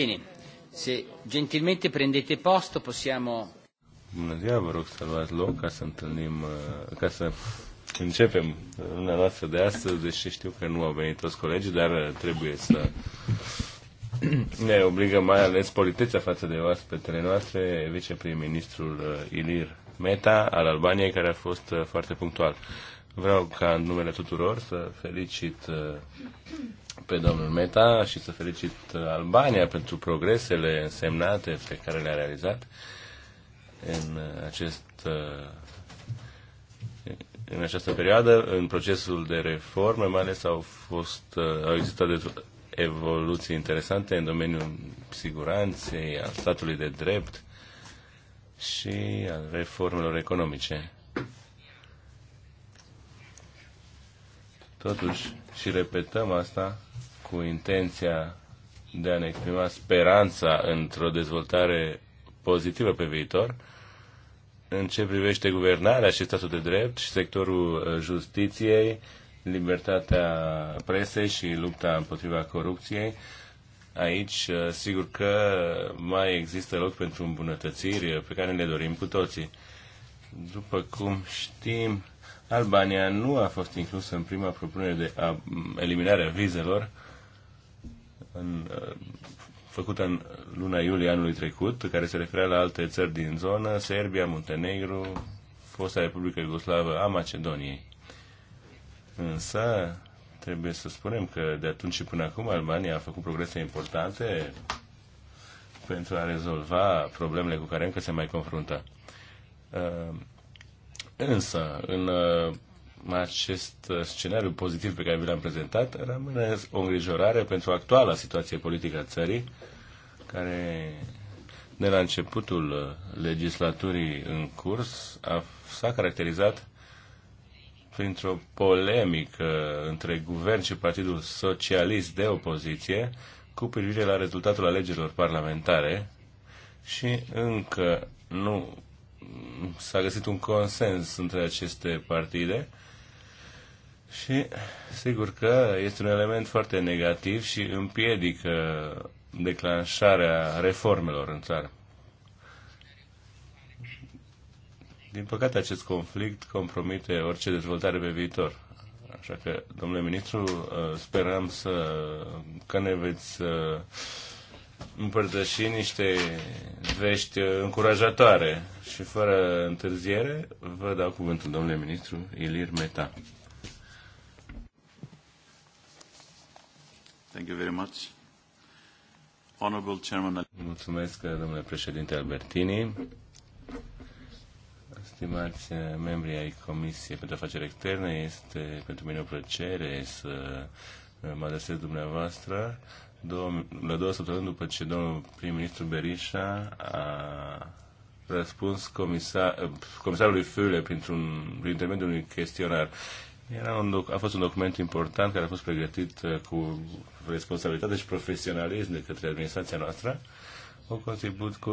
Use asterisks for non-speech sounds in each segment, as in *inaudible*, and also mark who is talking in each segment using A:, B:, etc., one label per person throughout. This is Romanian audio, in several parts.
A: Bine, se gentilmente prendete posto, possiamo...
B: Bună ziua, vă rog să luați loc ca să întâlnim, uh, ca să începem luna noastră de astăzi, deși știu că nu au venit toți colegii, dar uh, trebuie să *coughs* ne obligă mai ales politețea față de oaspetele noastre, viceprim-ministrul uh, Ilir Meta al Albaniei, care a fost foarte punctual. Vreau ca în numele tuturor să felicit pe domnul Meta și să felicit uh, Albania pentru progresele însemnate pe care le-a realizat în uh, acest uh, în această perioadă, în procesul de reforme, mai ales au fost, au existat evoluții interesante în domeniul siguranței, al statului de drept și al reformelor economice. Totuși, și repetăm asta cu intenția de a ne exprima speranța într-o dezvoltare pozitivă pe viitor, în ce privește guvernarea și statul de drept și sectorul uh, justiției, libertatea presei și lupta împotriva corupției. Aici, uh, sigur că mai există loc pentru îmbunătățiri pe care le dorim cu toții. După cum știm, Albania nu a fost inclusă în prima propunere de a, eliminarea vizelor în, uh, făcută în luna iulie anului trecut, care se referea la alte țări din zonă, Serbia, Muntenegru, fosta Republică Iugoslavă a Macedoniei. Însă, trebuie să spunem că de atunci și până acum Albania a făcut progrese importante pentru a rezolva problemele cu care încă se mai confruntă. Uh, Însă, în uh, acest uh, scenariu pozitiv pe care vi l-am prezentat, rămâne o îngrijorare pentru actuala situație politică a țării, care de la începutul uh, legislaturii în curs s-a caracterizat printr-o polemică între guvern și Partidul Socialist de opoziție cu privire la rezultatul alegerilor parlamentare și încă nu s-a găsit un consens între aceste partide și sigur că este un element foarte negativ și împiedică declanșarea reformelor în țară. Din păcate, acest conflict compromite orice dezvoltare pe viitor. Așa că, domnule ministru, sperăm să, că ne veți împărtăși niște vești încurajatoare și fără întârziere vă dau cuvântul domnule ministru Ilir Meta. Thank you very much. Honorable Chairman. Mulțumesc, domnule președinte Albertini. Stimați membri ai Comisiei pentru Afaceri Externe, este pentru mine o plăcere să mă adresez dumneavoastră două, la două săptămâni după ce domnul prim-ministru Berisha a răspuns comisar, eh, comisarului Füle printr-un, intermediul unui chestionar. Era un a fost un document important care a fost pregătit eh, cu responsabilitate și profesionalism de către administrația noastră, o, contribut cu,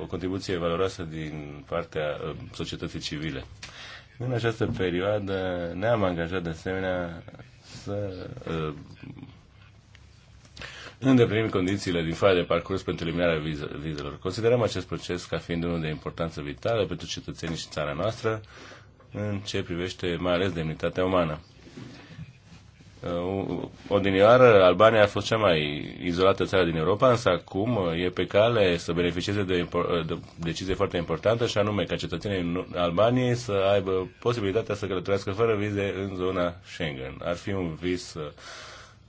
B: o contribuție valoroasă din partea eh, societății civile. În această perioadă ne-am angajat de asemenea să îndeplinim condițiile din foaia de parcurs pentru eliminarea vizelor. Considerăm acest proces ca fiind unul de importanță vitală pentru cetățenii și țara noastră, în ce privește mai ales demnitatea umană. Uh, odinioară, Albania a fost cea mai izolată țară din Europa, însă acum uh, e pe cale să beneficieze de, uh, de o decizie foarte importantă, și anume ca cetățenii Albaniei să aibă posibilitatea să călătorească fără vize în zona Schengen. Ar fi un vis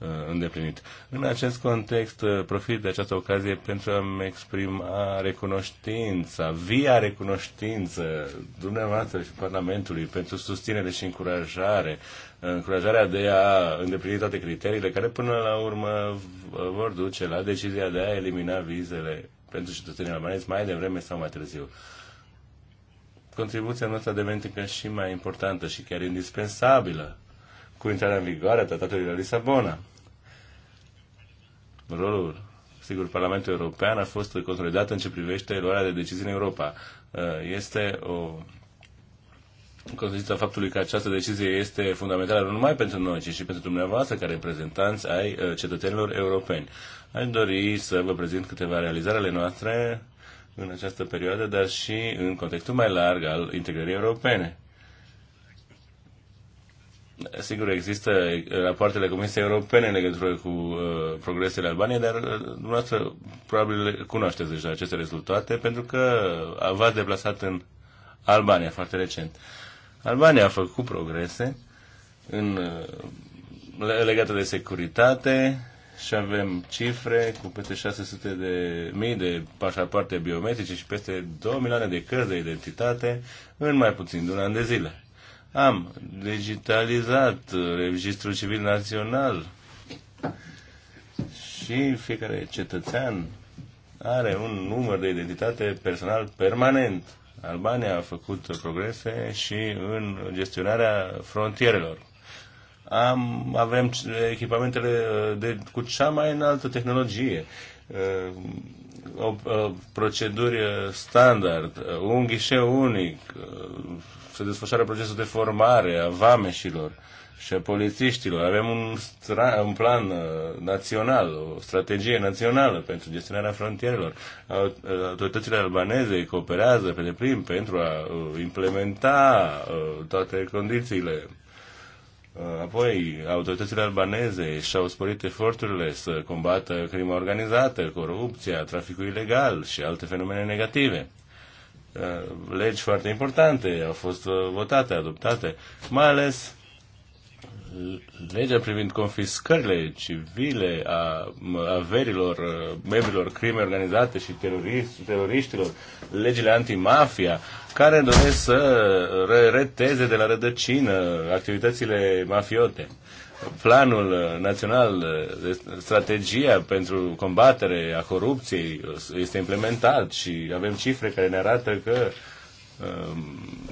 B: Uh, îndeplinit. În acest context, uh, profit de această ocazie pentru a-mi exprima recunoștința, via recunoștință dumneavoastră și Parlamentului pentru susținere și încurajare, încurajarea de a îndeplini toate criteriile care până la urmă vor duce la decizia de a elimina vizele pentru cetățenii albanezi mai devreme sau mai târziu contribuția noastră devine încă și mai importantă și chiar indispensabilă cu intrarea în vigoare a Tratatului de Lisabona rolul, sigur, Parlamentul European a fost consolidat în ce privește luarea de decizii în Europa. Uh, este o consecința faptului că această decizie este fundamentală nu numai pentru noi, ci și pentru dumneavoastră ca reprezentanți ai uh, cetățenilor europeni. Aș dori să vă prezint câteva realizări ale noastre în această perioadă, dar și în contextul mai larg al integrării europene. Sigur, există eh, rapoartele Comisiei Europene în legătură cu uh, progresele Albaniei, dar eh, dumneavoastră probabil cunoașteți deja aceste rezultate, pentru că v-ați deplasat în Albania foarte recent. Albania a făcut progrese în, uh, legate de securitate și avem cifre cu peste 600 de mii de pașapoarte biometrice și peste 2 milioane de cărți de identitate în mai puțin de un an de zile. Am digitalizat uh, Registrul Civil Național și fiecare cetățean are un număr de identitate personal permanent. Albania a făcut progrese și în gestionarea frontierelor. Am, avem echipamentele uh, de, cu cea mai înaltă tehnologie, o, uh, o proceduri standard, un ghișeu unic, se desfășoară procesul de formare a vameșilor și a polițiștilor. Avem un, un plan uh, național, o strategie națională pentru gestionarea frontierelor. Uh, autoritățile albaneze cooperează pe deplin pentru a uh, implementa toate condițiile Apoi, autoritățile albaneze și-au sporit eforturile să combată crima organizată, corupția, traficul ilegal și alte fenomene negative. Uh, legi foarte importante au fost uh, votate, adoptate, mai ales legea privind confiscările civile a averilor, uh, membrilor crime organizate și teroriștilor, legile antimafia, care doresc să reteze de la rădăcină activitățile mafiote. Planul uh, național, uh, strategia pentru combatere a corupției uh, este implementat și avem cifre care ne arată că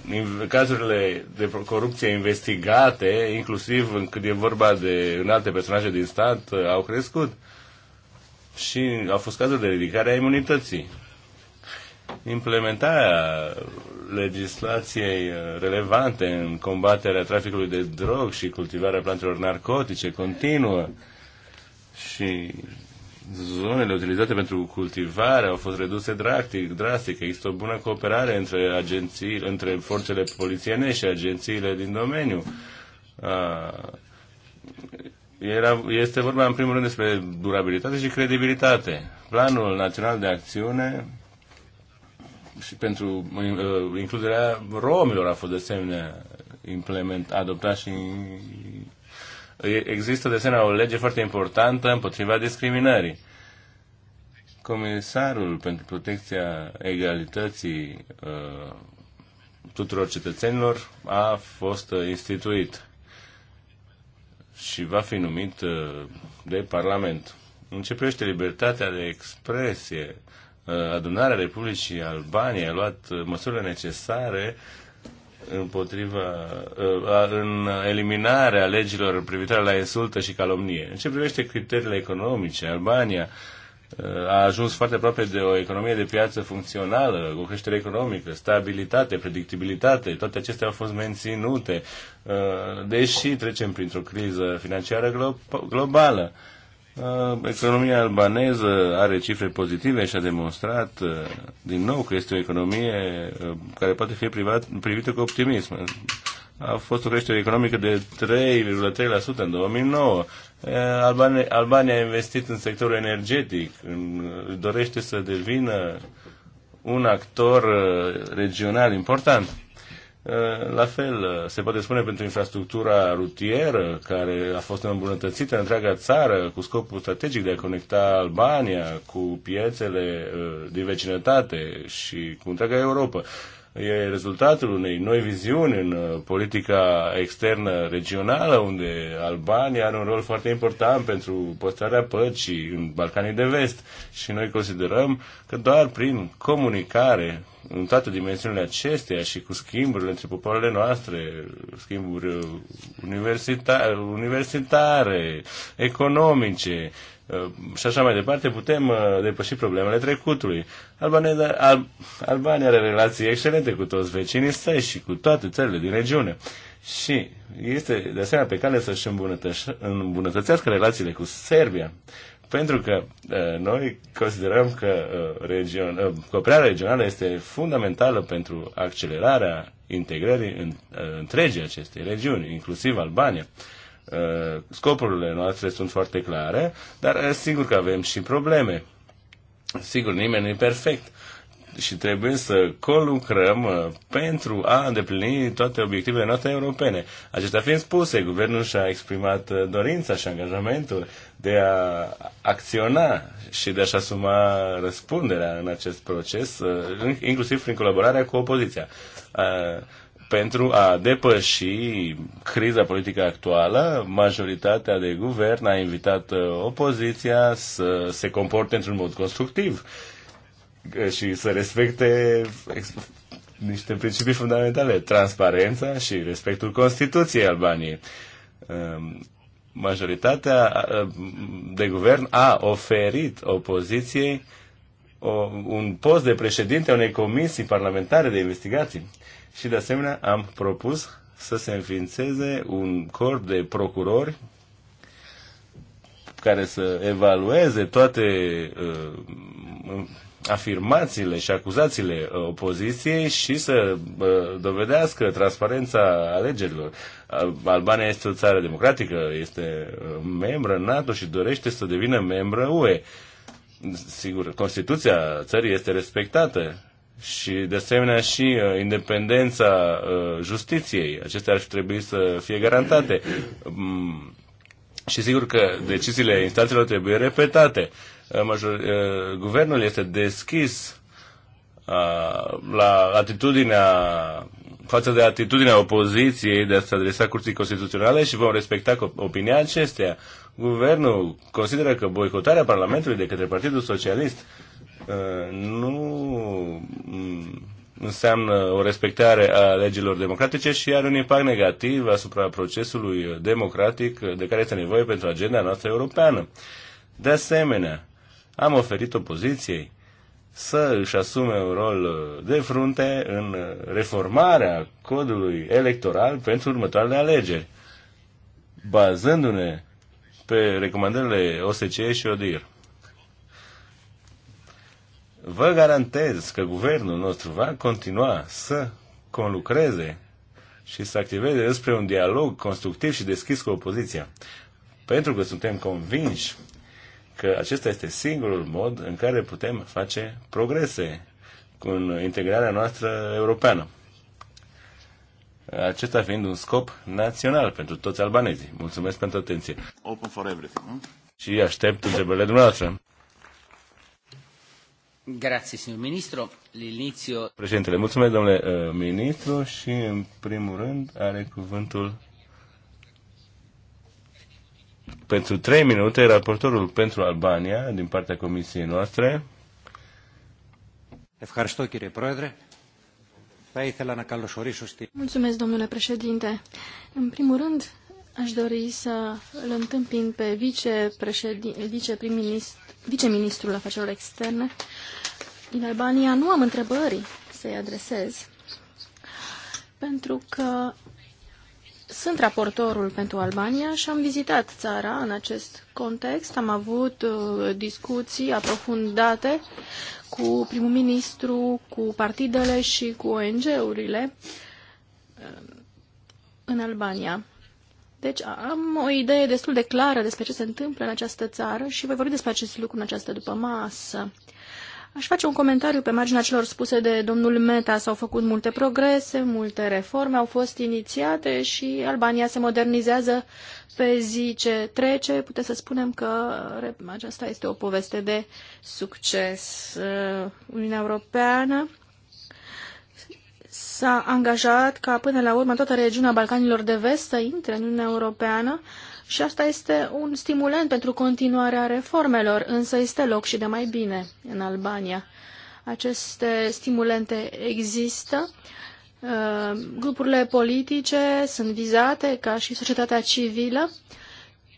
B: um, cazurile de corupție investigate, inclusiv când e vorba de în alte personaje din stat, au crescut și au fost cazuri de ridicare a imunității implementarea legislației uh, relevante în combaterea traficului de drog și cultivarea plantelor narcotice continuă și zonele utilizate pentru cultivare au fost reduse drastic, drastic. Există o bună cooperare între, agenții, între forțele polițiene și agențiile din domeniu. A, era, este vorba în primul rând despre durabilitate și credibilitate. Planul Național de Acțiune și pentru uh, includerea romilor a fost de asemenea implement, adoptat și există de asemenea o lege foarte importantă împotriva discriminării. Comisarul pentru protecția egalității uh, tuturor cetățenilor a fost uh, instituit și va fi numit uh, de Parlament. Începește libertatea de expresie adunarea Republicii Albaniei a luat măsurile necesare împotriva, în eliminarea legilor privitoare la insultă și calomnie. În ce privește criteriile economice, Albania a ajuns foarte aproape de o economie de piață funcțională, o creștere economică, stabilitate, predictibilitate, toate acestea au fost menținute, deși trecem printr-o criză financiară globală. Uh, economia albaneză are cifre pozitive și a demonstrat uh, din nou că este o economie uh, care poate fi privat, privită cu optimism. A fost o creștere economică de 3,3% în 2009. Albania, Albania a investit în sectorul energetic, în, dorește să devină un actor regional important. Uh, la fel, uh, se poate spune pentru infrastructura rutieră, care a fost îmbunătățită în întreaga țară cu scopul strategic de a conecta Albania cu piețele uh, din vecinătate și cu întreaga Europa e rezultatul unei noi viziuni în uh, politica externă regională, unde Albania are un rol foarte important pentru păstrarea păcii în Balcanii de Vest. Și noi considerăm că doar prin comunicare în toate dimensiunile acesteia și cu schimburile între popoarele noastre, schimburi uh, universita- universitare economice, Uh, și așa mai departe, putem uh, depăși problemele trecutului. Albania, Al, Albania are relații excelente cu toți vecinii săi și cu toate țările din regiune. Și este de asemenea pe cale să-și îmbunătățească relațiile cu Serbia. Pentru că uh, noi considerăm că region, cooperarea regională este fundamentală pentru accelerarea integrării în, întregii acestei regiuni, inclusiv Albania. Uh, scopurile noastre sunt foarte clare, dar uh, sigur că avem și probleme. Sigur, nimeni nu e perfect și trebuie să colucrăm uh, pentru a îndeplini toate obiectivele noastre europene. Acestea fiind spuse, guvernul și-a exprimat dorința și angajamentul de a acționa și de a-și asuma răspunderea în acest proces, inclusiv prin colaborarea cu opoziția pentru a depăși criza politică actuală, majoritatea de guvern a invitat uh, opoziția să se comporte într-un mod constructiv uh, și să respecte niște principii fundamentale, transparența și respectul Constituției Albaniei. Um, majoritatea uh, de guvern a oferit opoziției un post de președinte a unei comisii parlamentare de investigații și de asemenea am propus să se înființeze un corp de procurori care să evalueze toate uh, afirmațiile și acuzațiile uh, opoziției și să uh, dovedească transparența alegerilor. Albania este o țară democratică, este uh, membră NATO și dorește să devină membră UE. Sigur, Constituția țării este respectată și de asemenea și uh, independența uh, justiției. Acestea ar trebui să fie garantate. Mm. Și sigur că deciziile instanțelor trebuie repetate. Uh, major, guvernul este deschis la atitudinea față de atitudinea opoziției de a se adresa curții constituționale și vom respecta opinia acesteia. Guvernul consideră că boicotarea Parlamentului de către Partidul Socialist uh, nu mm, înseamnă o respectare a legilor democratice și are un impact negativ asupra procesului democratic de care este nevoie pentru agenda noastră europeană. De asemenea, am oferit opoziției să își asume un rol de frunte în reformarea codului electoral pentru următoarele alegeri, bazându-ne pe recomandările OSCE și ODIR. Vă garantez că guvernul nostru va continua să conlucreze și să activeze despre un dialog constructiv și deschis cu opoziția. Pentru că suntem convinși că acesta este singurul mod în care putem face progrese cu integrarea noastră europeană. Acesta fiind un scop național pentru toți albanezii. Mulțumesc pentru atenție. Open for everything. Și aștept întrebările dumneavoastră.
A: Grazie, signor Ministro. L'inizio... Președintele,
B: mulțumesc, domnule uh, ministru, și în primul rând are cuvântul pentru trei minute raportorul pentru Albania din partea comisiei noastre.
C: Ευχαριστώ, κύριε
D: Mulțumesc, domnule președinte. În primul rând, Aș dori să îl întâmpin pe viceministrul afacerilor externe din Albania. Nu am întrebări să-i adresez, pentru că sunt raportorul pentru Albania și am vizitat țara în acest context. Am avut uh, discuții aprofundate cu primul ministru, cu partidele și cu ONG-urile uh, în Albania. Deci am o idee destul de clară despre ce se întâmplă în această țară și voi vorbi despre acest lucru în această după masă. Aș face un comentariu pe marginea celor spuse de domnul Meta. S-au făcut multe progrese, multe reforme au fost inițiate și Albania se modernizează pe zi ce trece. Putem să spunem că aceasta este o poveste de succes. Uh, Uniunea Europeană s-a angajat ca până la urmă toată regiunea Balcanilor de Vest să intre în Uniunea Europeană și asta este un stimulant pentru continuarea reformelor, însă este loc și de mai bine în Albania. Aceste stimulente există, uh, grupurile politice sunt vizate ca și societatea civilă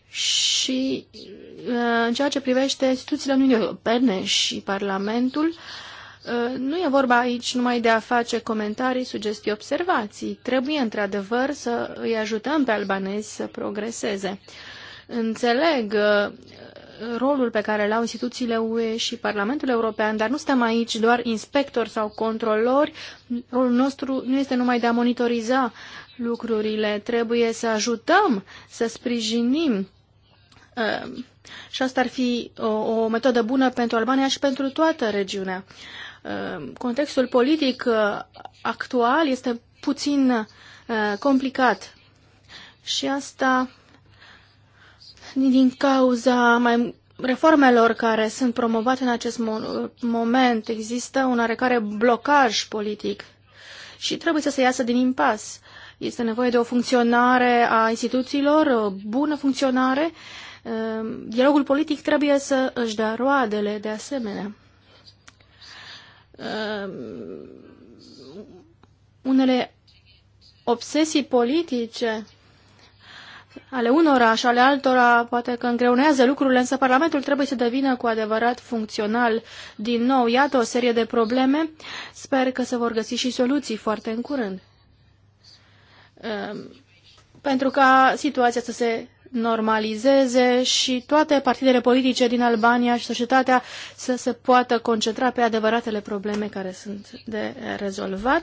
D: și uh, în ceea ce privește instituțiile Uniunii Europene și Parlamentul, Uh, nu e vorba aici numai de a face comentarii, sugestii, observații. Trebuie, într-adevăr, să îi ajutăm pe albanezi să progreseze. Înțeleg uh, rolul pe care l-au instituțiile UE și Parlamentul European, dar nu stăm aici doar inspectori sau controlori. Rolul nostru nu este numai de a monitoriza lucrurile, trebuie să ajutăm, să sprijinim uh, și asta ar fi o, o metodă bună pentru Albania și pentru toată regiunea. Ehm, contextul politic uh, actual este puțin uh, complicat. Și asta din cauza mai reformelor care sunt promovate în acest uh, moment. Există un oarecare blocaj politic și trebuie să se iasă din impas. Este nevoie de o funcționare a instituțiilor, o bună funcționare. Ehm, dialogul politic trebuie să își dea roadele de asemenea.
C: Um,
D: unele obsesii politice ale unora și ale altora poate că îngreunează lucrurile, însă Parlamentul trebuie să devină cu adevărat funcțional din nou. Iată o serie de probleme. Sper că se vor găsi și soluții foarte în curând. Um, pentru ca situația să se normalizeze și toate partidele politice din Albania și societatea să se poată concentra pe adevăratele probleme care sunt de rezolvat.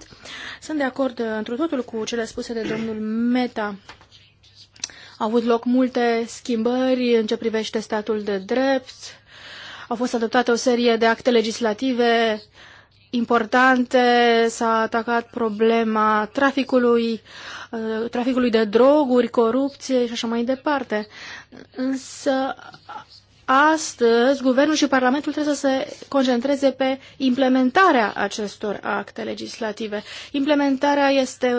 D: Sunt de acord într totul cu cele spuse de domnul Meta. Au avut loc multe schimbări în ce privește statul de drept, au fost adoptate o serie de acte legislative importante, s-a atacat problema traficului, uh, traficului de droguri, corupție și așa mai departe. Însă astăzi guvernul și parlamentul trebuie să se concentreze pe implementarea acestor acte legislative. Implementarea este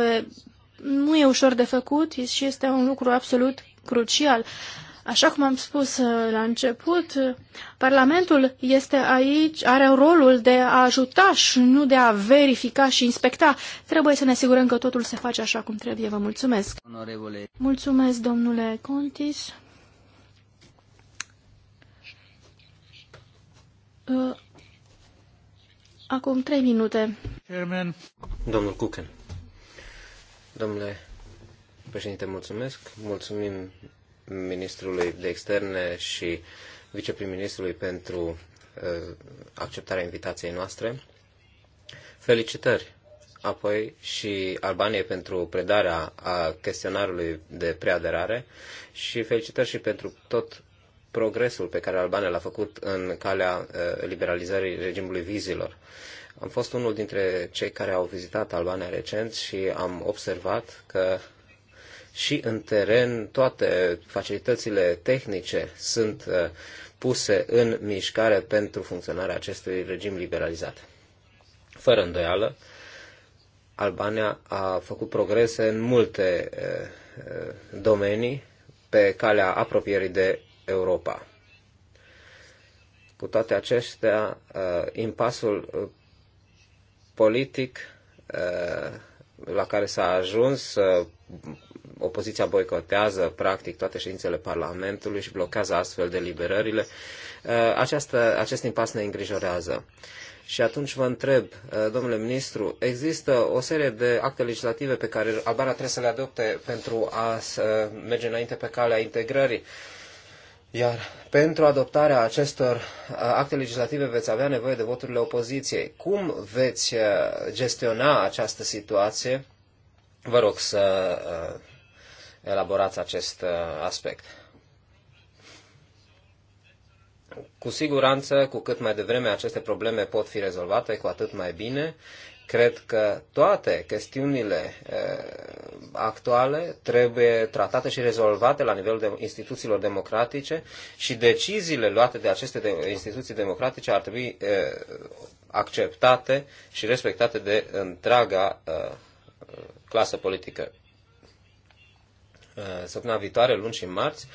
D: nu e ușor de făcut și este un lucru absolut crucial. Așa cum am spus uh, la început, uh, Parlamentul este aici, are rolul de a ajuta și nu de a verifica și inspecta. Trebuie să ne asigurăm că totul se face așa cum trebuie. Vă mulțumesc. Onorevole. Mulțumesc, domnule Contis. Uh, acum trei minute.
C: Chairman. Domnul Cucan.
E: Domnule președinte, mulțumesc. Mulțumim ministrului de externe și viceprim-ministrului pentru uh, acceptarea invitației noastre. Felicitări apoi și Albaniei pentru predarea a chestionarului de preaderare și felicitări și pentru tot progresul pe care Albania l-a făcut în calea uh, liberalizării regimului vizilor. Am fost unul dintre cei care au vizitat Albania recent și am observat că și în teren toate facilitățile tehnice sunt uh, puse în mișcare pentru funcționarea acestui regim liberalizat. Fără îndoială, Albania a făcut progrese în multe uh, uh, domenii pe calea apropierii de Europa. Cu toate acestea, impasul politic la care s-a ajuns opoziția boicotează practic toate ședințele Parlamentului și blochează astfel deliberările. Uh, această, acest impas ne îngrijorează. Și atunci vă întreb, uh, domnule ministru, există o serie de acte legislative pe care Albania trebuie să le adopte pentru a uh, merge înainte pe calea integrării. Iar pentru adoptarea acestor acte legislative veți avea nevoie de voturile opoziției. Cum veți gestiona această situație? Vă rog să elaborați acest uh, aspect. Cu siguranță, cu cât mai devreme aceste probleme pot fi rezolvate, cu atât mai bine. Cred că toate chestiunile uh, actuale trebuie tratate și rezolvate la nivelul de instituțiilor democratice și deciziile luate de aceste de, instituții democratice ar trebui uh, acceptate și respectate de întreaga clasă politică Uh, săptămâna viitoare, luni și marți,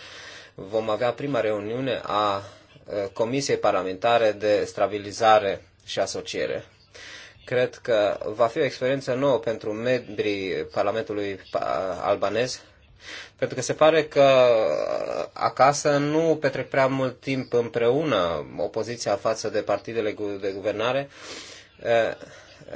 E: vom avea prima reuniune a uh, Comisiei Parlamentare de Stabilizare și Asociere. Cred că va fi o experiență nouă pentru membrii Parlamentului uh, albanez, pentru că se pare că acasă nu petrec prea mult timp împreună opoziția față de partidele de guvernare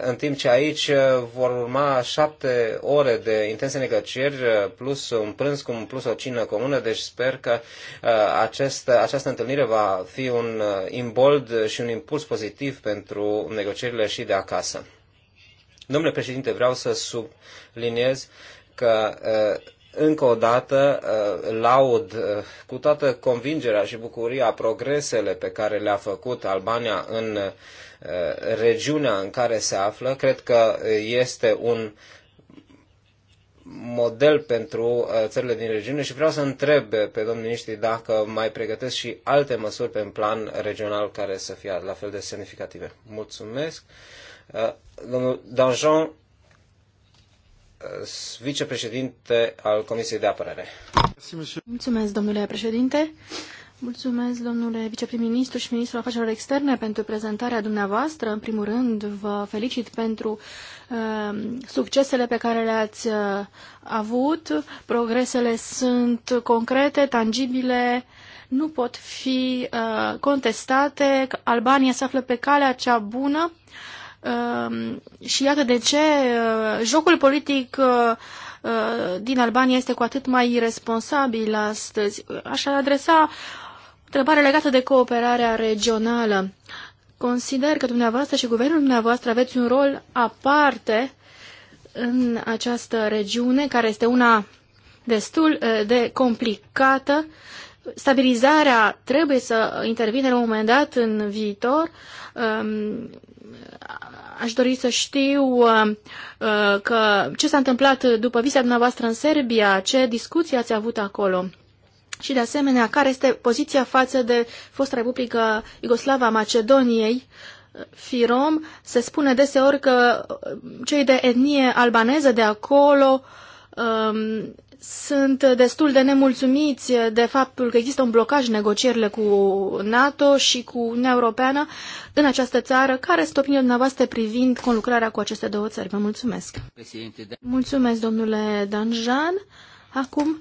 E: în timp ce aici uh, vor urma șapte ore de intense negocieri, uh, plus un prânz cu plus o cină comună, deci sper că uh, acest, această întâlnire va fi un imbold și un impuls pozitiv pentru negocierile și de acasă. Domnule președinte, vreau să subliniez că încă o dată laud cu toată convingerea și bucuria progresele pe care le-a făcut Albania în Eh, regiunea în care se află, cred că este un model pentru eh, țările din regiune și vreau să întreb pe domnul ministru dacă mai pregătesc și alte măsuri pe plan regional care să fie la fel de semnificative. Mulțumesc. Eh, domnul Danjon, vicepreședinte al Comisiei de Apărare.
D: Mulțumesc, domnule președinte. Mulțumesc, domnule viceprim-ministru și ministrul afacerilor externe, pentru prezentarea dumneavoastră. În primul rând, vă felicit pentru uh, succesele pe care le-ați uh, avut. Progresele sunt concrete, tangibile, nu pot fi uh, contestate. Albania se află pe calea cea bună uh, și iată de ce uh, jocul politic uh, uh din Albania este cu atât mai irresponsabil astăzi. Aș adresa Întrebare legată de cooperarea regională. Consider că dumneavoastră și guvernul dumneavoastră aveți un rol aparte în această regiune, care este una destul eh, de complicată. Stabilizarea trebuie să intervine la un moment dat în viitor. Ehm, aș dori să știu eh, eh, că ce s-a întâmplat după vizita dumneavoastră în Serbia, ce discuții ați avut acolo și, de asemenea, care este poziția față de fosta republica Iugoslava Macedoniei, Firom, se spune deseori că uh, cei de etnie albaneză de acolo um, sunt destul de nemulțumiți de faptul că există un blocaj în negocierile cu NATO și cu Uniunea Europeană în această țară. Care este opinia dumneavoastră privind conlucrarea cu aceste două țări? Vă mulțumesc! Mulțumesc, domnule Danjan. Acum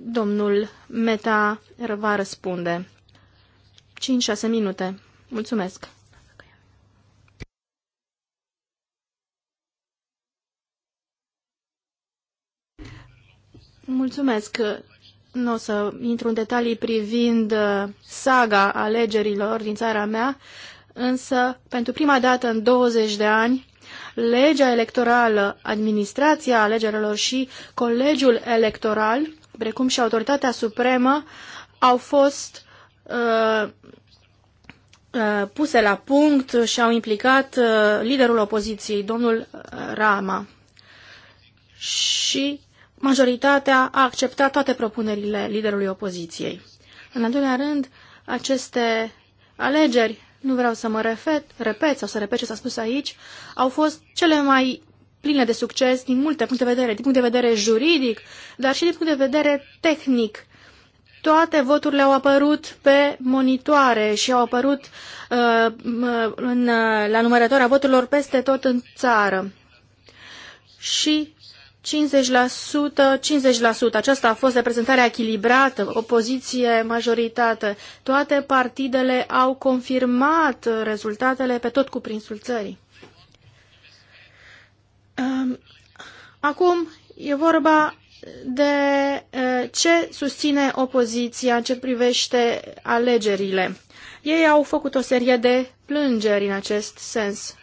D: domnul Meta va răspunde. 5-6 minute. Mulțumesc! Mulțumesc! Nu o să intru în detalii privind uh, saga alegerilor din țara mea, însă pentru prima dată în 20 de ani legea electorală, administrația alegerilor și colegiul electoral precum și Autoritatea Supremă, au fost uh, uh, puse la punct și au implicat uh, liderul opoziției, domnul uh, Rama. Și majoritatea a acceptat toate propunerile liderului opoziției. În al doilea rând, aceste alegeri, nu vreau să mă refet, repet sau să repet ce s-a spus aici, au fost cele mai plină de succes din multe puncte de vedere, din punct de vedere juridic, dar și din punct de vedere tehnic. Toate voturile au apărut pe monitoare și au apărut uh, în, uh, la numărătoarea voturilor peste tot în țară. Și 50%, 50%. Aceasta a fost reprezentarea echilibrată, opoziție, majoritate. Toate partidele au confirmat rezultatele pe tot cuprinsul țării. Ehm, acum e vorba de eh, ce susține opoziția în ce privește alegerile. Ei au făcut o serie de plângeri în acest sens.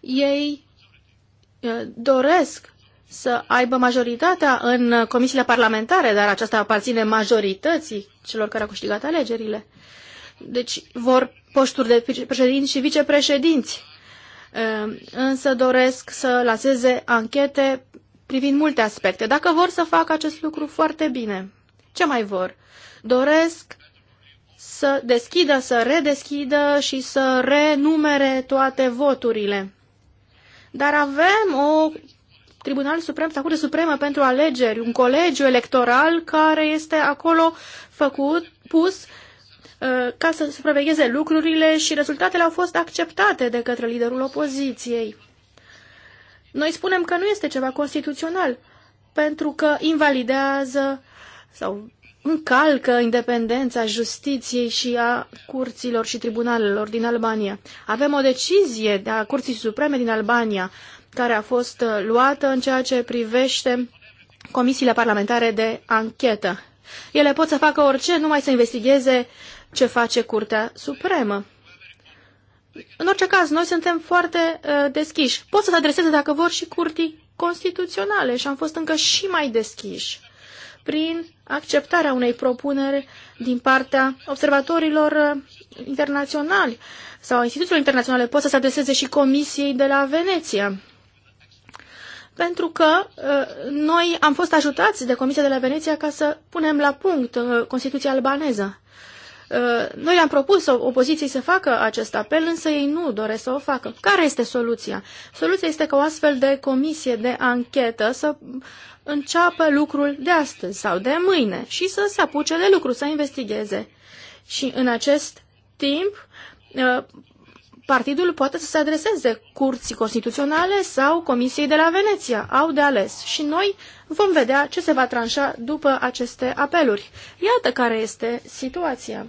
D: Ei eh, doresc să aibă majoritatea în comisiile parlamentare, dar aceasta aparține majorității celor care au câștigat alegerile. Deci vor posturi de președinți și vicepreședinți Ehm, însă doresc să lanseze anchete privind multe aspecte. Dacă vor să facă acest lucru, foarte bine. Ce mai vor? Doresc să deschidă, să redeschidă și să renumere toate voturile. Dar avem o Tribunal Suprem, Curte Supremă pentru Alegeri, un colegiu electoral care este acolo făcut, pus Uh, ca să supravegheze lucrurile și rezultatele au fost acceptate de către liderul opoziției. Noi spunem că nu este ceva constituțional, pentru că invalidează sau încalcă independența justiției și a curților și tribunalelor din Albania. Avem o decizie de a Curții Supreme din Albania care a fost uh, luată în ceea ce privește comisiile parlamentare de anchetă. Ele pot să facă orice, numai să investigheze ce face Curtea Supremă. În orice caz, noi suntem foarte uh, deschiși. Pot să se adreseze, dacă vor, și curtii constituționale și am fost încă și mai deschiși prin acceptarea unei propuneri din partea observatorilor uh, internaționali sau instituțiilor internaționale. Pot să se adreseze și Comisiei de la Veneția pentru că uh, noi am fost ajutați de Comisia de la Veneția ca să punem la punct uh, Constituția albaneză. Uh, noi am propus opoziției să facă acest apel, însă ei nu doresc să o facă. Care este soluția? Soluția este ca o astfel de comisie de anchetă să înceapă lucrul de astăzi sau de mâine și să se apuce de lucru, să investigheze. Și în acest timp, partidul poate să se adreseze curții constituționale sau comisiei de la Veneția. Au de ales și noi vom vedea ce se va tranșa după aceste apeluri. Iată care este situația.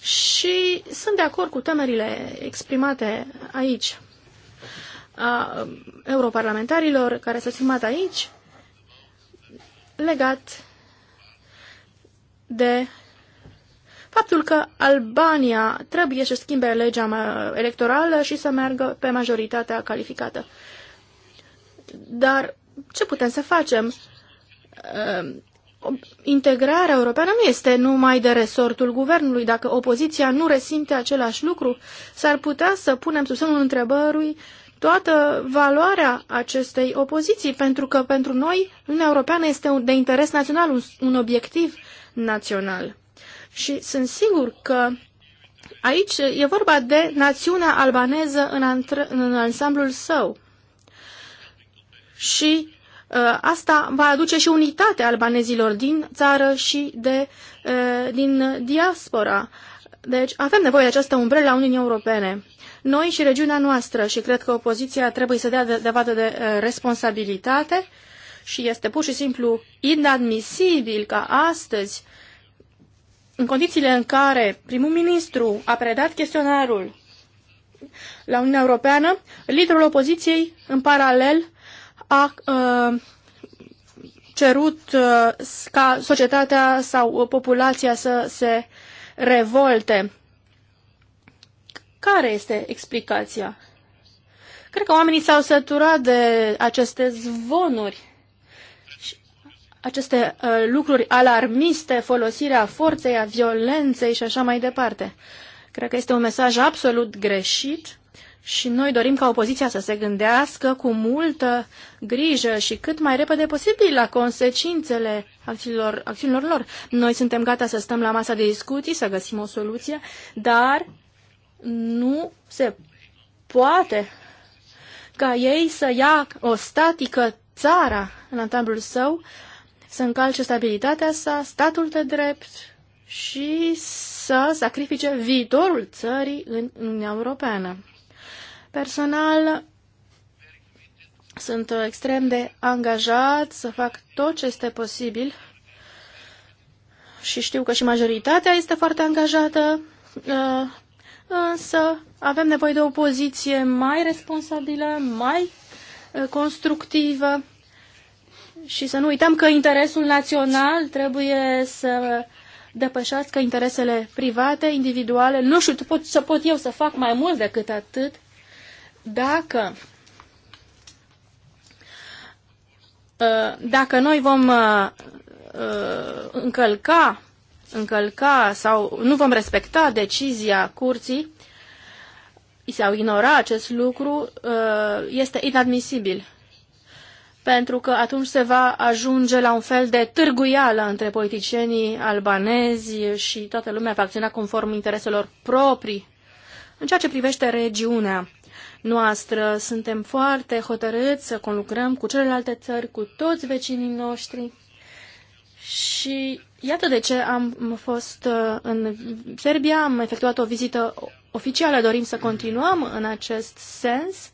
D: Și sunt de acord cu temerile exprimate aici a um, europarlamentarilor care s-au exprimat aici legat de faptul că Albania trebuie să schimbe legea electorală și să meargă pe majoritatea calificată. Dar ce putem să facem? Ehm, integrarea europeană nu este numai de resortul guvernului. Dacă opoziția nu resimte același lucru, s-ar putea să punem sub semnul întrebării toată valoarea acestei opoziții, pentru că pentru noi Uniunea Europeană este de interes național, un, un obiectiv național și sunt sigur că aici e vorba de națiunea albaneză în, în ansamblul său. Și uh, asta va aduce și unitate albanezilor din țară și de, uh, din diaspora. Deci avem nevoie de această umbrelă a Uniunii Europene. Noi și regiunea noastră și cred că opoziția trebuie să dea dovadă de, de, uh, de responsabilitate și este pur și simplu inadmisibil ca astăzi în condițiile în care primul ministru a predat chestionarul la Uniunea Europeană, liderul opoziției, în paralel, a uh, cerut uh, ca societatea sau populația să se revolte. Care este explicația? Cred că oamenii s-au săturat de aceste zvonuri aceste uh, lucruri alarmiste, folosirea forței, a violenței și așa mai departe. Cred că este un mesaj absolut greșit și noi dorim ca opoziția să se gândească cu multă grijă și cât mai repede posibil la consecințele acțiunilor, acțiunilor lor. Noi suntem gata să stăm la masa de discuții, să găsim o soluție, dar nu se poate ca ei să ia o statică țara în ansamblul său, să încalce stabilitatea sa, statul de drept și să sacrifice viitorul țării în Uniunea Europeană. Personal, sunt extrem de angajat să fac tot ce este posibil și știu că și majoritatea este foarte angajată, uh, însă avem nevoie de o poziție mai responsabilă, mai uh, constructivă și să nu uităm că interesul național trebuie să depășească interesele private, individuale. Nu știu, pot, să pot eu să fac mai mult decât atât dacă uh, dacă noi vom uh, uh, încălca încălca sau nu vom respecta decizia curții sau ignora acest lucru, este inadmisibil pentru că atunci se va ajunge la un fel de târguială între politicienii albanezi și toată lumea va acționa conform intereselor proprii. În ceea ce privește regiunea noastră, suntem foarte hotărâți să conlucrăm cu celelalte țări, cu toți vecinii noștri și iată de ce am fost uh, în Serbia, am efectuat o vizită oficială, dorim să continuăm în acest sens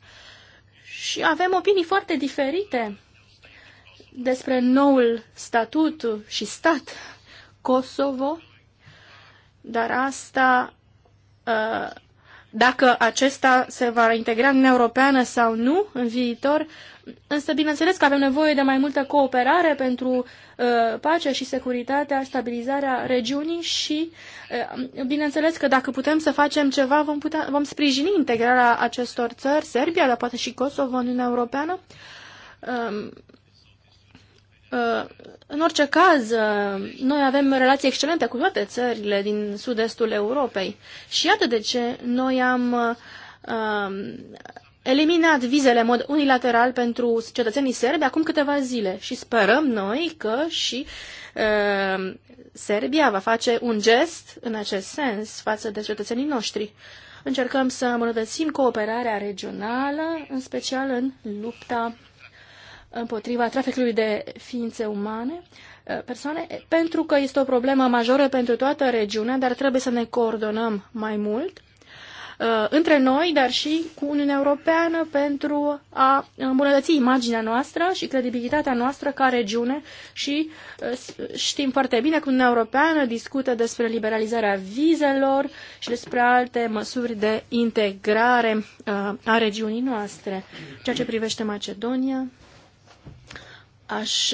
D: și avem opinii foarte diferite despre noul statut și stat Kosovo, dar asta, uh, dacă acesta se va integra în Europeană sau nu în viitor, Însă, bineînțeles că avem nevoie de mai multă cooperare pentru uh, pacea și securitatea, stabilizarea regiunii și, uh, bineînțeles că dacă putem să facem ceva, vom, putea, vom sprijini integrarea acestor țări, Serbia, dar poate și Kosovo în Uniunea Europeană. Um, uh, în orice caz, uh, noi avem relații excelente cu toate țările din sud-estul Europei și iată de ce noi am uh, eliminat vizele în mod unilateral pentru cetățenii serbi acum câteva zile și sperăm noi că și e, uh, Serbia va face un gest în acest sens față de cetățenii noștri. Încercăm să îmbunătățim cooperarea regională, în special în lupta împotriva traficului de ființe umane, uh, persoane, pentru că este o problemă majoră pentru toată regiunea, dar trebuie să ne coordonăm mai mult Uh, între noi, dar și cu Uniunea Europeană pentru a îmbunătăți imaginea noastră și credibilitatea noastră ca regiune și uh, știm foarte bine că Uniunea Europeană discută despre liberalizarea vizelor și despre alte măsuri de integrare uh, a regiunii noastre. Ceea ce privește Macedonia, aș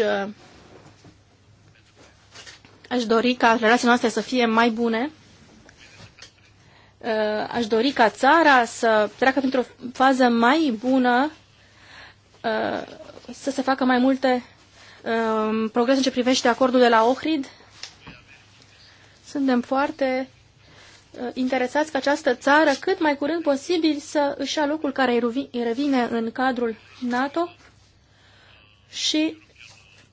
D: aș dori ca relațiile noastre să fie mai bune Uh, aș dori ca țara să treacă printr-o fază mai bună, uh, să se facă mai multe um, progrese în ce privește acordul de la Ohrid. Suntem foarte uh, interesați ca această țară cât mai curând posibil să își ia locul care îi revine în cadrul NATO și,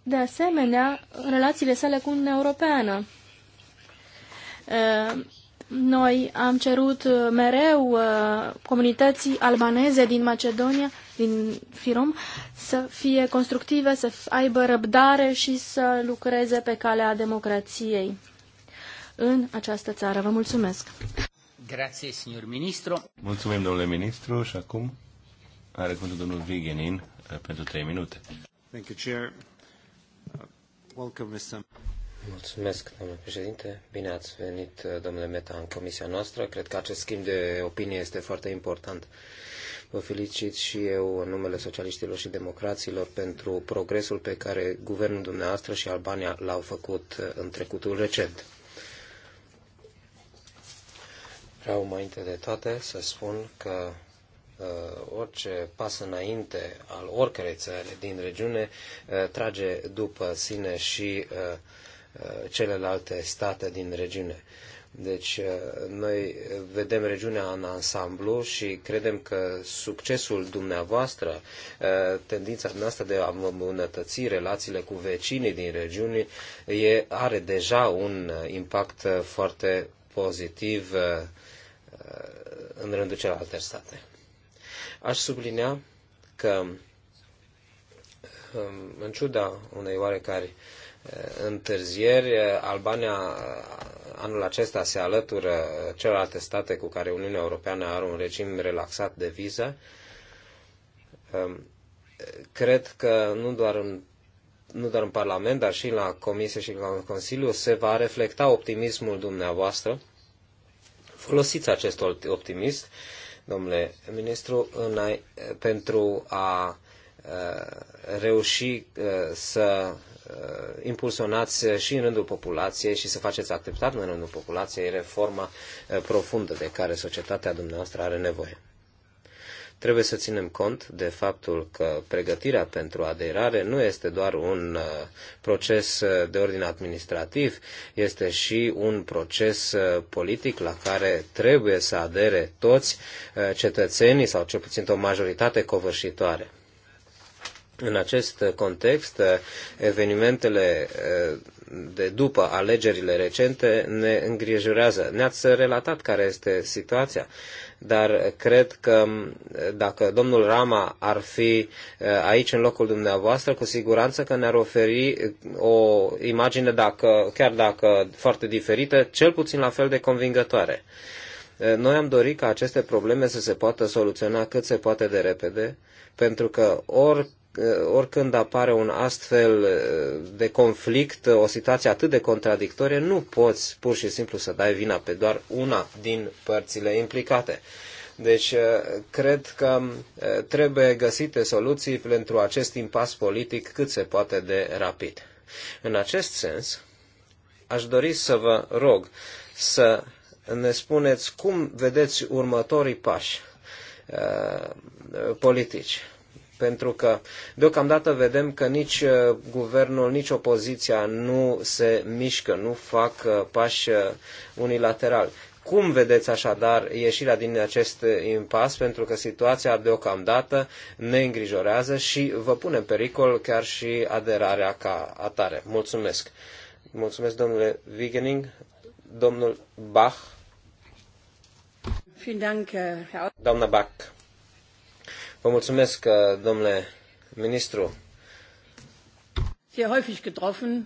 D: de asemenea, relațiile sale cu Uniunea Europeană noi am cerut uh, mereu uh, comunității albaneze din Macedonia, din Firom, să fie constructive, să aibă răbdare și să lucreze pe calea democrației în această țară. Vă mulțumesc!
A: Grazie, signor ministru!
B: Mulțumim, domnule ministru, și acum are cuvântul domnul Vigenin uh, pentru trei minute. Thank you,
E: Chair. Welcome, Mr. Mulțumesc, domnule președinte. Bine ați venit, domnule Meta, în comisia noastră. Cred că acest schimb de opinie este foarte important. Vă felicit și eu în numele socialiștilor și democraților pentru progresul pe care guvernul dumneavoastră și Albania l-au făcut uh, în trecutul recent. Vreau mai înainte de toate să spun că uh, orice pas înainte al oricărei țări din regiune uh, trage după sine și uh, Uh, celelalte state din regiune. Deci uh, noi vedem regiunea în ansamblu și credem că succesul dumneavoastră, uh, tendința noastră de a îmbunătăți relațiile cu vecinii din regiune, e, are deja un impact foarte pozitiv în rândul celelalte state. Aș sublinea că, um, în ciuda unei oarecare care întârzieri. Albania anul acesta se alătură celelalte state cu care Uniunea Europeană are un regim relaxat de viză. Ehm, cred că nu doar în nu doar în Parlament, dar și la Comisie și la Consiliu, se va reflecta optimismul dumneavoastră. Folosiți acest optimist, domnule ministru, pentru a ehm, reuși ehm, să Uh, impulsionați și în rândul populației și să faceți acceptat în rândul populației reforma uh, profundă de care societatea dumneavoastră are nevoie. Trebuie să ținem cont de faptul că pregătirea pentru aderare nu este doar un uh, proces de ordin administrativ, este și un proces politic la care trebuie să adere toți cetățenii sau cel puțin o majoritate covârșitoare în acest context, evenimentele eh, de după alegerile recente ne îngrijorează. Ne-ați relatat care este situația, dar cred că eh, dacă domnul Rama ar fi eh, aici în locul dumneavoastră, cu siguranță că ne-ar oferi o imagine, dacă, chiar dacă foarte diferită, cel puțin la fel de convingătoare. Noi am dorit ca aceste probleme să se poată soluționa cât se poate de repede, pentru că ori oricând apare un astfel de conflict, o situație atât de contradictorie, nu poți pur și simplu să dai vina pe doar una din părțile implicate. Deci, cred că trebuie găsite soluții pentru acest impas politic cât se poate de rapid. În acest sens, aș dori să vă rog să ne spuneți cum vedeți următorii pași politici pentru că deocamdată vedem că nici uh, guvernul, nici opoziția nu se mișcă, nu fac uh, pași uh, unilaterali. Cum vedeți așadar ieșirea din acest impas? Pentru că situația deocamdată ne îngrijorează și vă pune în pericol chiar și aderarea ca atare. Mulțumesc. Mulțumesc, domnule Wigening. Domnul Bach. Doamna Bach. Vă mulțumesc, uh, domnule ministru.
A: Sehr häufig getroffen,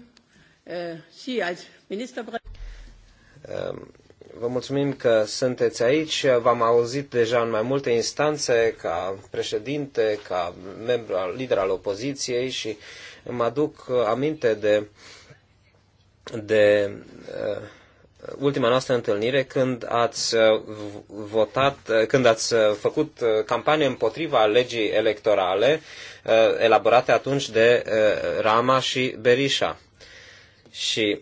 A: äh, Sie als Ministerpräsident.
E: Um, vă mulțumim că sunteți aici. V-am auzit deja în mai multe instanțe ca președinte, ca membru, lider al opoziției și îmi aduc aminte de, de uh, Uh, ultima noastră întâlnire când ați uh, votat, uh, când ați făcut campanie împotriva legii electorale elaborate atunci de Rama și Berisha. Și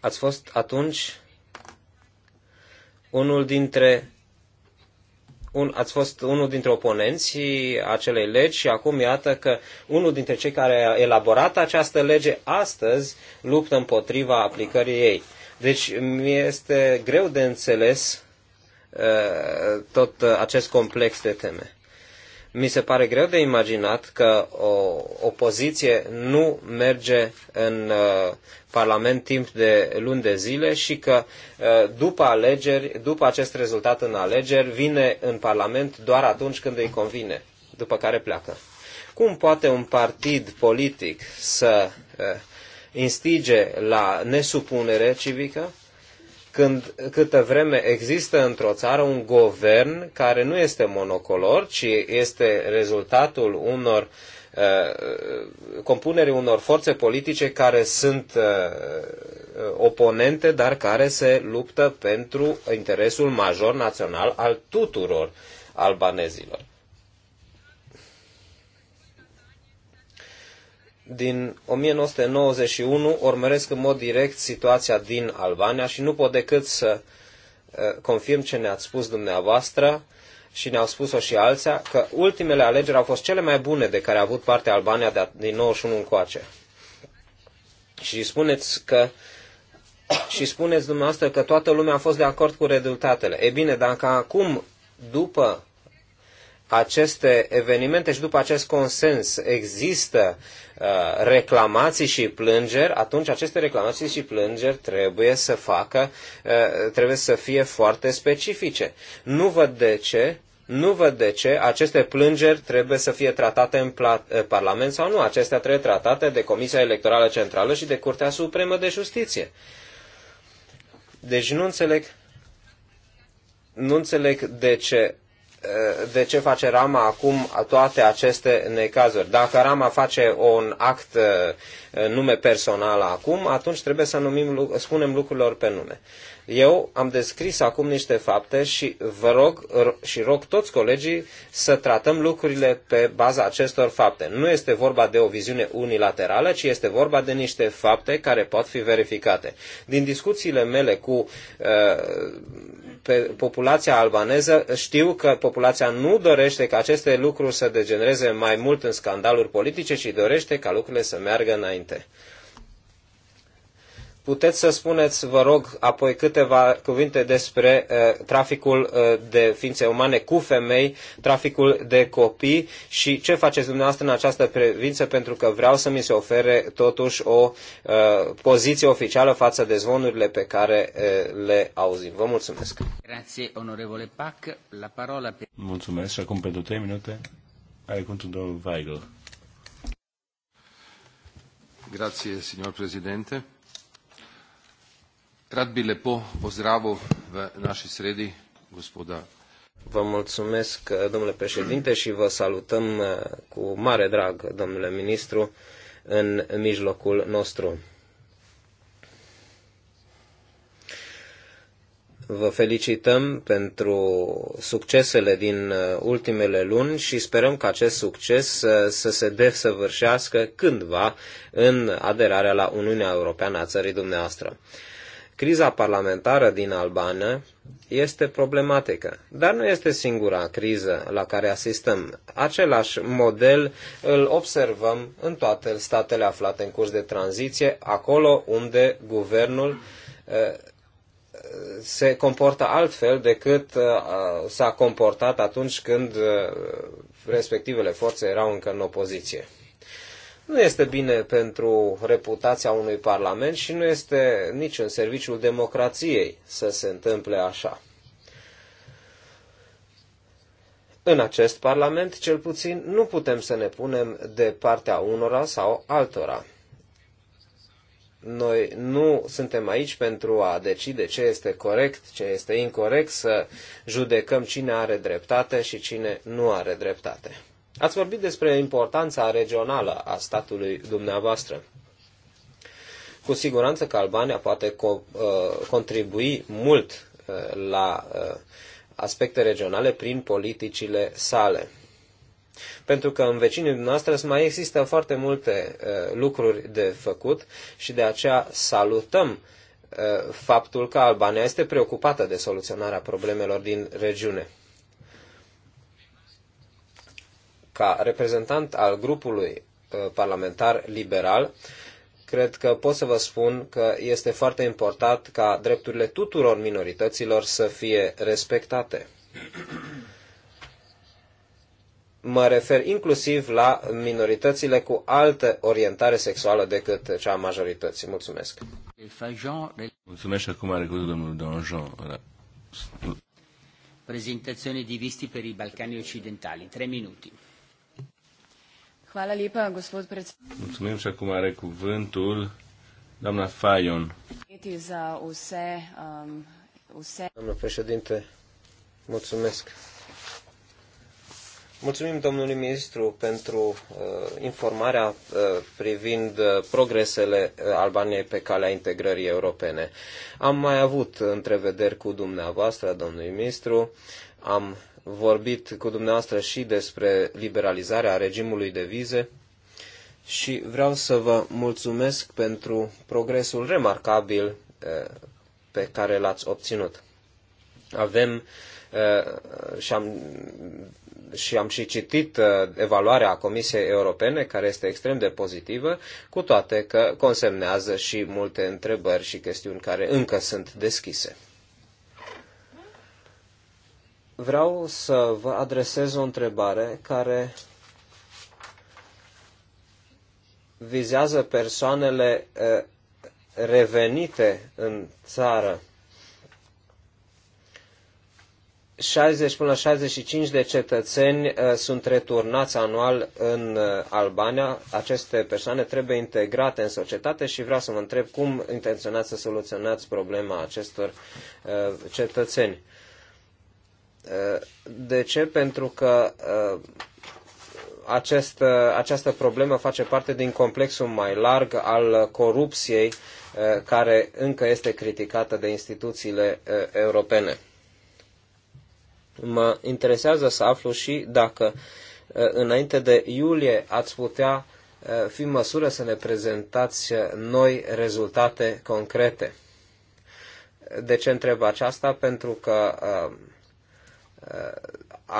E: ați fost atunci unul dintre un, ați fost unul dintre oponenții acelei legi și acum iată că unul dintre cei care a elaborat această lege astăzi luptă împotriva aplicării ei. Deci mi este greu de înțeles uh, tot uh, acest complex de teme. Mi se pare greu de imaginat că o opoziție nu merge în uh, Parlament timp de luni de zile și că uh, după alegeri, după acest rezultat în alegeri, vine în Parlament doar atunci când îi convine, după care pleacă. Cum poate un partid politic să uh, instige la nesupunere civică când câtă vreme există într-o țară un guvern care nu este monocolor, ci este rezultatul unor uh, compunerii unor forțe politice care sunt uh, uh, oponente, dar care se luptă pentru interesul major național al tuturor albanezilor. din 1991 urmăresc în mod direct situația din Albania și nu pot decât să uh, confirm ce ne-ați spus dumneavoastră și ne-au spus-o și alții, că ultimele alegeri au fost cele mai bune de care a avut parte Albania de, din 91 încoace. Și spuneți că *coughs* și spuneți dumneavoastră că toată lumea a fost de acord cu rezultatele. E bine, dacă acum, după aceste evenimente și după acest consens există Uh, reclamații și plângeri, atunci aceste reclamații și plângeri trebuie să facă, uh, trebuie să fie foarte specifice. Nu văd de ce nu văd de ce aceste plângeri trebuie să fie tratate în uh, Parlament sau nu. Acestea trebuie tratate de Comisia Electorală Centrală și de Curtea Supremă de Justiție. Deci nu înțeleg, nu înțeleg de ce Eh, de ce face Rama acum toate aceste necazuri. Dacă Rama face un act eh, nume personal acum, atunci trebuie să numim, spunem lucrurilor pe nume. Eu am descris acum niște fapte și vă rog și rog toți colegii să tratăm lucrurile pe baza acestor fapte. Nu este vorba de o viziune unilaterală, ci este vorba de niște fapte care pot fi verificate. Din discuțiile mele cu uh, pe populația albaneză, știu că populația nu dorește ca aceste lucruri să degenereze mai mult în scandaluri politice, ci dorește ca lucrurile să meargă înainte. Puteți să spuneți, vă rog, apoi câteva cuvinte despre uh, traficul uh, de ființe umane cu femei, traficul de copii și ce faceți dumneavoastră în această privință, pentru că vreau să mi se ofere totuși o uh, poziție oficială față de zvonurile pe care uh, le auzim. Vă mulțumesc.
A: Grazie, onorevole Pac. La parola pe...
B: Mulțumesc și acum pentru 3 minute are cuvântul domnul Weigl.
C: Grazie, signor Presidente. Rad bi lepo pozdravil v naši sredi gospoda. Vă
E: mulțumesc, domnule președinte, și vă salutăm uh, cu mare drag, domnule ministru, în mijlocul nostru. Vă felicităm pentru succesele din uh, ultimele luni și sperăm că acest succes uh, să se desăvârșească cândva în aderarea la Uniunea Europeană a țării dumneavoastră. Criza parlamentară din Albană este problematică, dar nu este singura criză la care asistăm. Același model îl observăm în toate statele aflate în curs de tranziție, acolo unde guvernul eh, se comportă altfel decât eh, s-a comportat atunci când eh, respectivele forțe erau încă în opoziție. Nu este bine pentru reputația unui parlament și nu este nici în serviciul democrației să se întâmple așa. În acest parlament, cel puțin, nu putem să ne punem de partea unora sau altora. Noi nu suntem aici pentru a decide ce este corect, ce este incorrect, să judecăm cine are dreptate și cine nu are dreptate. Ați vorbit despre importanța regională a statului dumneavoastră. Cu siguranță că Albania poate co- uh, contribui mult uh, la uh, aspecte regionale prin politicile sale. Pentru că în vecinii noastre mai există foarte multe lucruri de făcut și de aceea salutăm faptul că Albania este preocupată de soluționarea problemelor din regiune. ca reprezentant al grupului uh, parlamentar liberal, cred că pot să vă spun că este foarte important ca drepturile tuturor minorităților să fie respectate. Mă refer inclusiv la minoritățile cu altă orientare sexuală decât cea a majorității. Mulțumesc.
B: Mulțumesc și acum are cuvântul domnul Donjon.
E: Prezentazione di
A: visti per i Balcani occidentali. Tre minuti.
D: Hvala lepa, gospod predsednik.
B: Mulțumim și acum are cuvântul doamna Fajon.
E: Za vse, um, vse. Doamna președinte, mulțumesc. Mulțumim domnului ministru pentru uh, informarea uh, privind uh, progresele uh, Albaniei pe calea integrării europene. Am mai avut întrevederi cu dumneavoastră, domnului ministru, am vorbit cu dumneavoastră și despre liberalizarea regimului de vize și vreau să vă mulțumesc pentru progresul remarcabil eh, pe care l-ați obținut. Avem eh, și am, și am și citit eh, evaluarea Comisiei Europene, care este extrem de pozitivă, cu toate că consemnează și multe întrebări și chestiuni care încă sunt deschise vreau să vă adresez o întrebare care vizează persoanele revenite în țară. 60 până la 65 de cetățeni sunt returnați anual în Albania. Aceste persoane trebuie integrate în societate și vreau să vă întreb cum intenționați să soluționați problema acestor cetățeni. De ce? Pentru că uh, această, uh, această problemă face parte din complexul mai larg al corupției uh, care încă este criticată de instituțiile europene. Mă interesează să aflu și dacă înainte de iulie ați putea fi în măsură să ne prezentați noi rezultate concrete. De ce întreb aceasta? Pentru că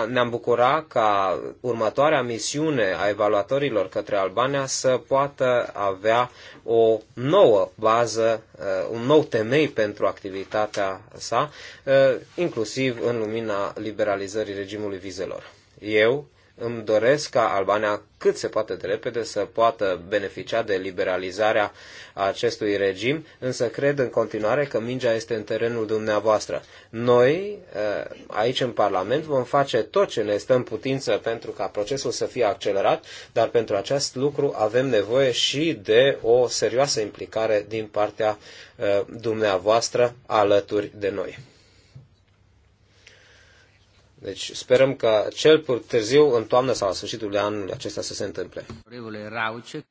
E: ne-am bucura ca următoarea misiune a evaluatorilor către Albania să poată avea o nouă bază, uh, un nou temei pentru activitatea sa, uh, inclusiv în lumina liberalizării regimului vizelor. Eu îmi doresc ca Albania cât se poate de repede să poată beneficia de liberalizarea acestui regim, însă cred în continuare că mingea este în terenul dumneavoastră. Noi, eh, aici în Parlament, vom face tot ce ne stă în putință pentru ca procesul să fie accelerat, dar pentru acest lucru avem nevoie și de o serioasă implicare din partea eh, dumneavoastră alături de noi. Deci sperăm că cel târziu, în toamnă sau la sfârșitul anului acesta să se întâmple.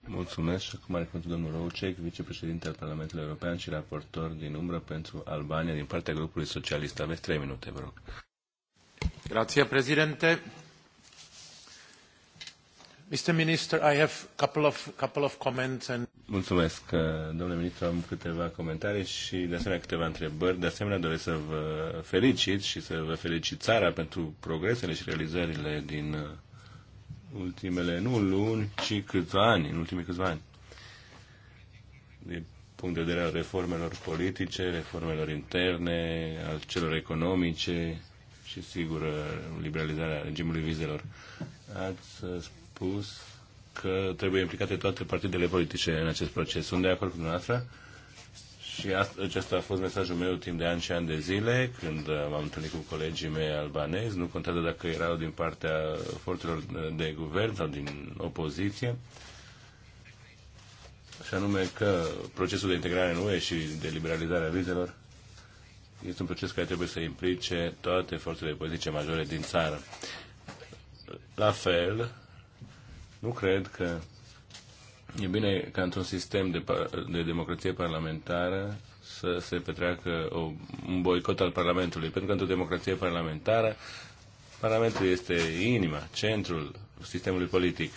B: Mulțumesc și acum are domnul Roucek, vicepreședinte al Parlamentului European și raportor din umbră pentru Albania din partea grupului socialist. Aveți trei minute, vă rog. Grație,
C: președinte. Mr. Minister, I have couple of, couple of comments and...
B: Mulțumesc, uh, domnule ministru, am câteva comentarii și de asemenea câteva întrebări. De asemenea, doresc să vă felicit și să vă felicit țara pentru progresele și realizările din uh, ultimele, nu luni, ci câțiva ani, în ultimii câțiva ani. Din punct de vedere al reformelor politice, reformelor interne, al celor economice și, sigur, uh, liberalizarea regimului vizelor. Ați spus că trebuie implicate toate partidele politice în acest proces. Sunt de acord cu dumneavoastră și acesta a fost mesajul meu timp de ani și ani de zile, când m-am întâlnit cu colegii mei albanezi, nu contează dacă erau din partea forțelor de guvern sau din opoziție, și anume că procesul de integrare în UE și de liberalizare a vizelor este un proces care trebuie să implice toate forțele politice majore din țară. La fel, nu cred că e bine ca într-un sistem de, de democrație parlamentară să se petreacă o, un boicot al Parlamentului, pentru că într-o democrație parlamentară Parlamentul este inima, centrul sistemului politic.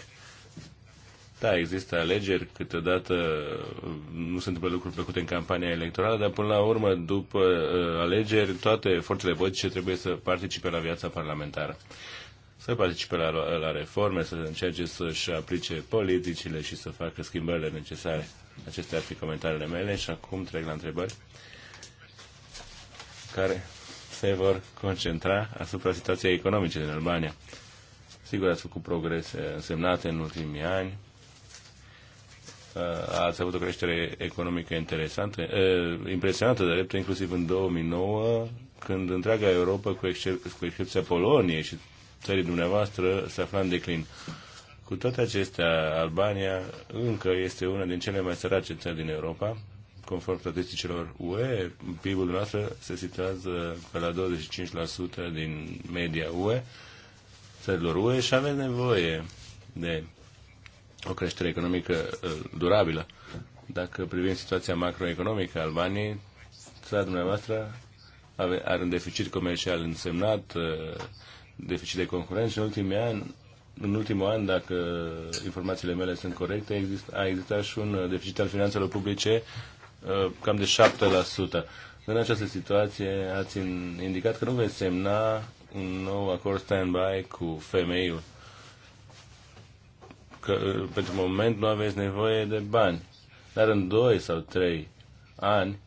B: Da, există alegeri, câteodată nu se întâmplă lucruri plăcute în campania electorală, dar până la urmă, după uh, alegeri, toate forțele politice trebuie să participe la viața parlamentară să participe la, la reforme, să încerce să-și aplice politicile și să facă schimbările necesare. Acestea ar fi comentariile mele și acum trec la întrebări care se vor concentra asupra situației economice din Albania. Sigur, ați făcut progrese însemnate în ultimii ani, uh, ați avut o creștere economică interesantă, uh, impresionantă de drept, inclusiv în 2009, când întreaga Europa, cu, excep- cu excepția Poloniei și țării dumneavoastră se afla în declin. Cu toate acestea, Albania încă este una din cele mai sărace țări din Europa. Conform statisticilor UE, PIB-ul noastră se situează pe la 25% din media UE, țărilor UE și avem nevoie de o creștere economică ă, durabilă. Dacă privim situația macroeconomică a Albaniei, țara dumneavoastră are un deficit comercial însemnat, ă, deficit de concurență. În ultimii ani, în ultimul an, dacă informațiile mele sunt corecte, exist, a existat și un deficit al finanțelor publice uh, cam de 7%. În această situație ați indicat că nu veți semna un nou acord stand-by cu femeiul. Că uh, pentru moment nu aveți nevoie de bani. Dar în 2 sau 3 ani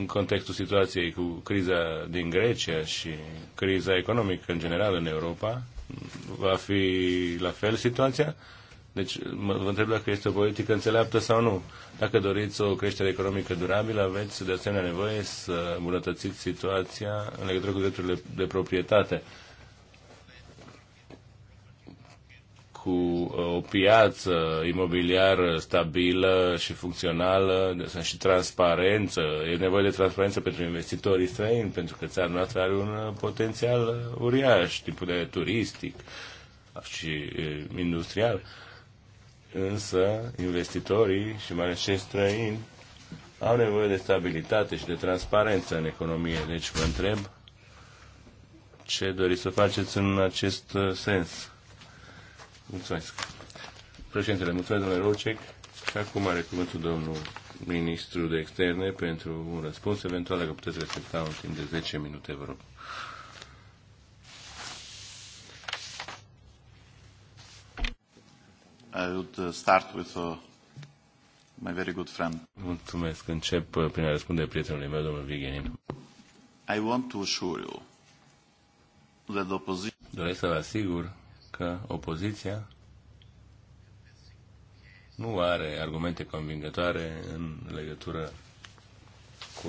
B: în contextul situației cu criza din Grecia și criza economică în general în Europa, va fi la fel situația? Deci mă, vă întreb dacă este o politică înțeleaptă sau nu. Dacă doriți o creștere economică durabilă, aveți de asemenea nevoie să îmbunătățiți situația în legătură cu drepturile de proprietate. cu uh, o piață imobiliară stabilă și funcțională și transparență. E nevoie de transparență pentru investitorii străini, pentru că țara noastră are un uh, potențial uh, uriaș, din punct de turistic și industrial. Însă, investitorii și mai ales cei străini au nevoie de stabilitate și de transparență în economie. Deci vă întreb ce doriți să faceți în acest sens. Mulțumesc. Președintele, mulțumesc, domnule Rocek. Și acum are cuvântul domnul ministru de externe pentru un răspuns, eventual dacă puteți respecta un timp de 10 minute, vă rog. I would uh, start with a uh, my very good friend. Mulțumesc. Încep uh, prin a răspunde prietenului meu, domnul Vigenin. I want to assure you that the opposition... Doresc să vă asigur că opoziția nu are argumente convingătoare în legătură cu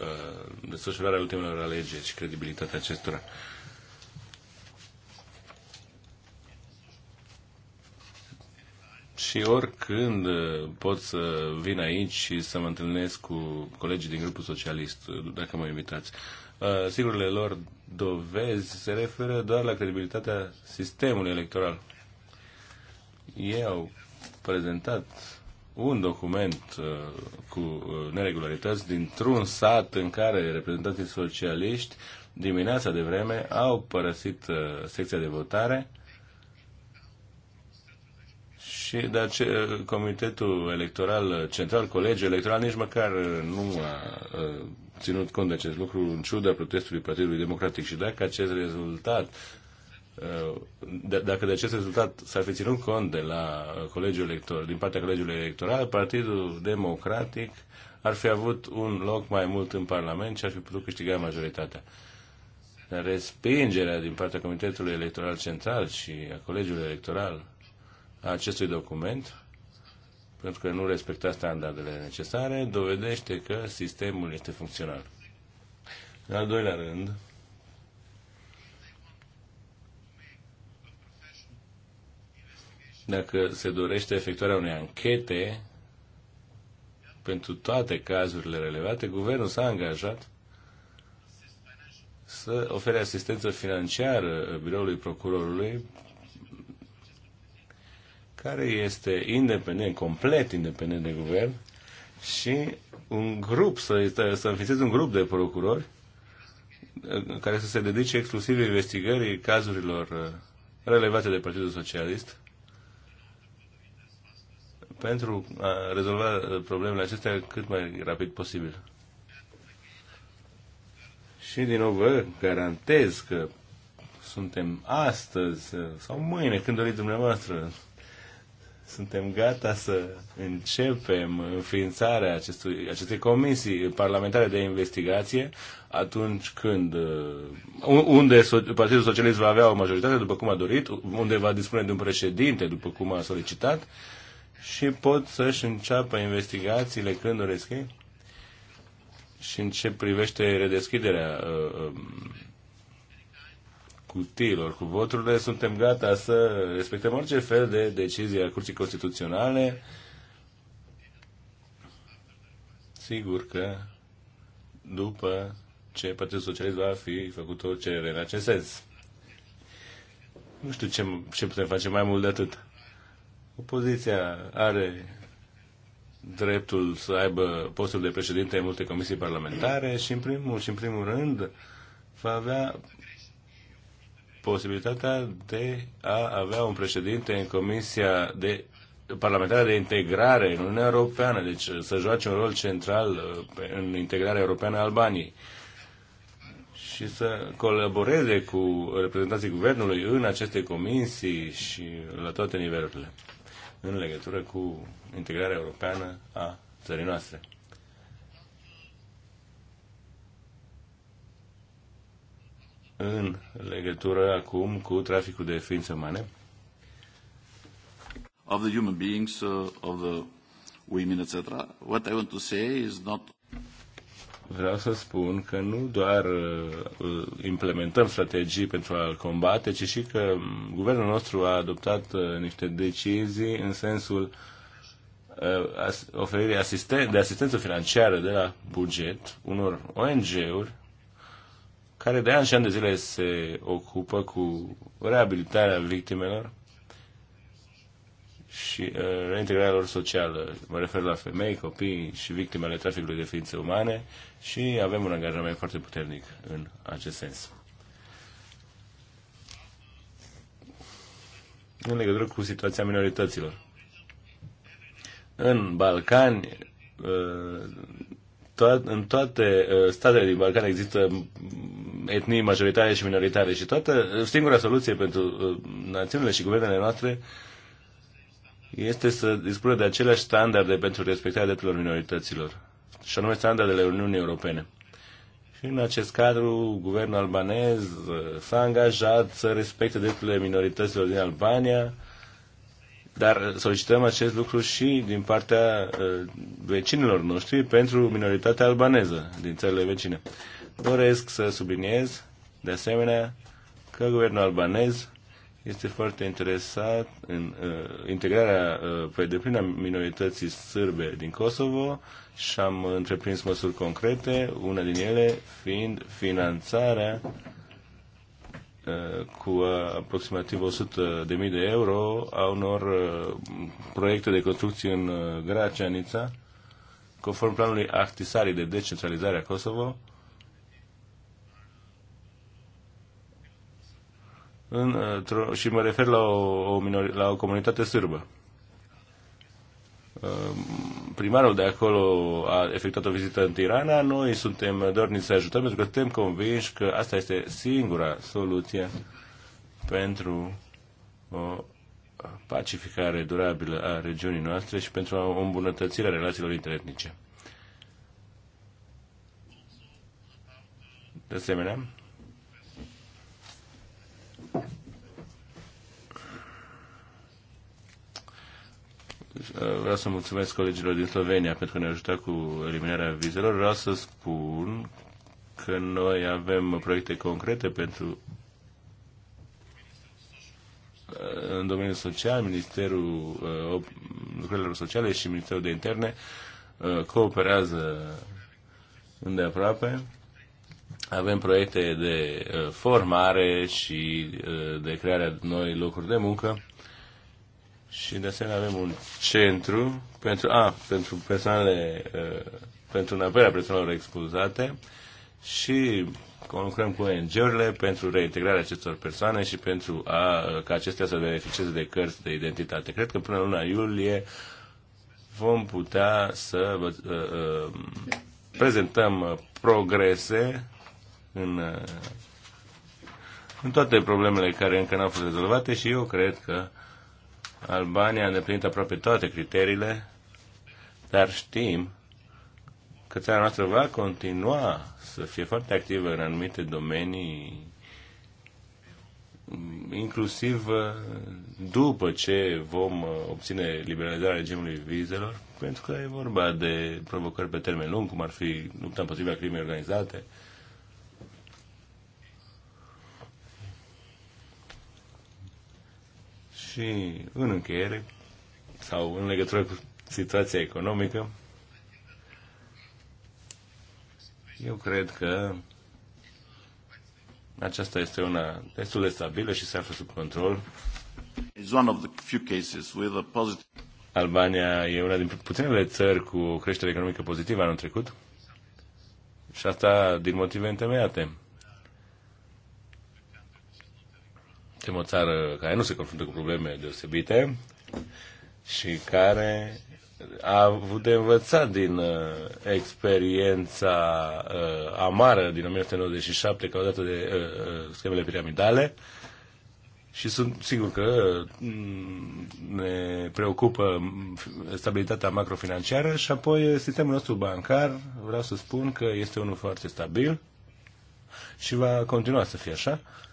B: uh, desfășurarea ultimelor alegeri și credibilitatea acestora. Și oricând uh, pot să vin aici și să mă întâlnesc cu colegii din grupul socialist, uh, dacă mă invitați. Uh, Uh, sigurile lor dovezi se referă doar la credibilitatea sistemului electoral. Ei au prezentat un document uh, cu uh, neregularități dintr-un sat în care reprezentanții socialiști dimineața de vreme au părăsit uh, secția de votare și de ace- uh, Comitetul Electoral Central, Colegiul Electoral, nici măcar uh, nu a uh, ținut cont de acest lucru în ciuda protestului Partidului Democratic. Și dacă acest rezultat uh, da, dacă de acest rezultat s-ar fi ținut cont de la colegiul elector, din partea colegiului electoral, Partidul Democratic ar fi avut un loc mai mult în Parlament și ar fi putut câștiga majoritatea. Dar respingerea din partea Comitetului Electoral Central și a Colegiului Electoral a acestui document pentru că nu respecta standardele necesare, dovedește că sistemul este funcțional. În al doilea rând, dacă se dorește efectuarea unei anchete pentru toate cazurile relevate, guvernul s-a angajat să ofere asistență financiară biroului procurorului care este independent, complet independent de guvern și un grup, să, să înființeze un grup de procurori uh, care să se dedice exclusiv investigării cazurilor uh, relevate de Partidul Socialist pentru a rezolva uh, problemele acestea cât mai rapid posibil. Și din nou vă garantez că suntem astăzi sau mâine, când doriți dumneavoastră, suntem gata să începem înființarea acestui, acestei comisii parlamentare de investigație atunci când, uh, unde Partidul Socialist va avea o majoritate, după cum a dorit, unde va dispune de un președinte, după cum a solicitat, și pot să-și înceapă investigațiile când doresc ei. Și în ce privește redeschiderea uh, um, cutiilor. Cu voturile suntem gata să respectăm orice fel de decizie a Curții Constituționale. Sigur că după ce Partidul Socialist va fi făcut o cerere în acest sens. Nu știu ce, ce putem face mai mult de atât. Opoziția are dreptul să aibă postul de președinte în multe comisii parlamentare și în primul și în primul rând va avea posibilitatea de a avea un președinte în Comisia de parlamentară de integrare în Uniunea Europeană, deci să joace un rol central uh, în integrarea europeană a Albaniei și să colaboreze cu reprezentanții guvernului în aceste comisii și la toate nivelurile în legătură cu integrarea europeană a țării noastre. în legătură acum cu traficul de ființe umane. Of the human beings, uh, of the women, etc. What I want to say is not Vreau să spun că nu doar uh, implementăm strategii pentru a-l combate, ci și că um, guvernul nostru a adoptat uh, niște decizii în sensul uh, oferirii asisten- de asistență financiară de la buget unor ONG-uri care de ani și ani de zile se ocupă cu reabilitarea victimelor și uh, reintegrarea lor socială. Mă refer la femei, copii și victimele traficului de ființe umane și avem un angajament foarte puternic în acest sens. În legătură cu situația minorităților. În Balcani, uh, toat, în toate uh, statele din Balcan există etnii majoritare și minoritare și toată uh, singura soluție pentru uh, națiunile și guvernele noastre este să dispună de aceleași standarde pentru respectarea drepturilor minorităților, și anume standardele Uniunii Europene. Și în acest cadru, guvernul albanez s-a angajat să respecte drepturile minorităților din Albania, dar solicităm acest lucru și din partea uh, vecinilor noștri pentru minoritatea albaneză din țările vecine. Doresc să subliniez, de asemenea, că guvernul albanez este foarte interesat în uh, integrarea uh, pe deplin a minorității sârbe din Kosovo și am întreprins măsuri concrete, una din ele fiind finanțarea Uh, cu aproximativ 100.000 de de euro a unor uh, proiecte de construcție în uh, Gracianița, conform planului Ahtisarii de decentralizare a Kosovo, în, și mă refer la o, o, minori, la o comunitate sârbă. Ehm, primarul de acolo a efectuat o vizită în Tirana, noi suntem dorniți să ajutăm pentru că suntem convinși că asta este singura soluție pentru o pacificare durabilă a regiunii noastre și pentru o îmbunătățire a relațiilor interetnice. De asemenea, vreau să mulțumesc colegilor din Slovenia pentru că ne-au ajutat cu eliminarea vizelor. Vreau să spun că noi avem proiecte concrete pentru în domeniul social, Ministerul uh, Lucrărilor Sociale și Ministerul de Interne uh, cooperează îndeaproape. Avem proiecte de uh, formare și de crearea de noi locuri de muncă și de asemenea avem un centru pentru, a, pentru persoanele, pentru înapărea persoanelor expulzate și lucrăm cu ONG-urile pentru reintegrarea acestor persoane și pentru a, ca acestea să beneficieze de cărți de identitate. Cred că până luna iulie vom putea să vă, uh, uh, prezentăm progrese în, uh, în toate problemele care încă n-au fost rezolvate și eu cred că Albania a îndeplinit aproape toate criteriile, dar știm că țara noastră va continua să fie foarte activă în anumite domenii, inclusiv uh, după ce vom uh, obține liberalizarea regimului vizelor, pentru că e vorba de provocări pe termen lung, cum ar fi lupta împotriva crimei organizate, Și în încheiere, sau în legătură cu situația economică, eu cred că aceasta este una destul de stabilă și se află sub control. Albania e una din puținele țări cu creștere economică pozitivă anul trecut și asta din motive întemeiate. Suntem o țară care nu se confruntă cu probleme deosebite și care a avut de învățat din uh, experiența uh, amară din 1997 cauzată de uh, uh, schemele piramidale și sunt sigur că uh, ne preocupă stabilitatea macrofinanciară și apoi uh, sistemul nostru bancar, vreau să spun că este unul foarte stabil și va continua să fie așa. Uh,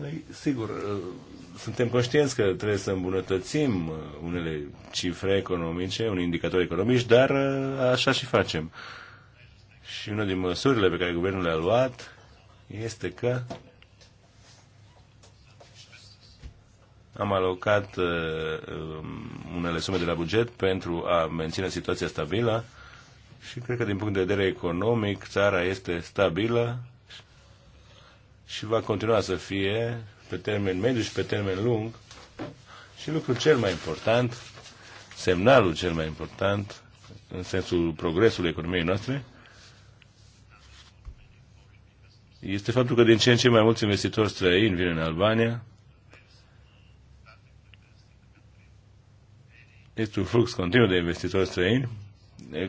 B: noi, sigur, ă, suntem conștienți că trebuie să îmbunătățim ă, unele cifre economice, un indicatori economici, dar ă, așa și facem. Și una din măsurile pe care guvernul le-a luat este că am alocat um, unele sume de la buget pentru a menține situația stabilă și cred că din punct de vedere economic țara este stabilă și va continua să fie pe termen mediu și pe termen lung. Și lucrul cel mai important, semnalul cel mai important în sensul progresului economiei noastre, este faptul că din ce în ce mai mulți investitori străini vin în Albania. Este un flux continuu de investitori străini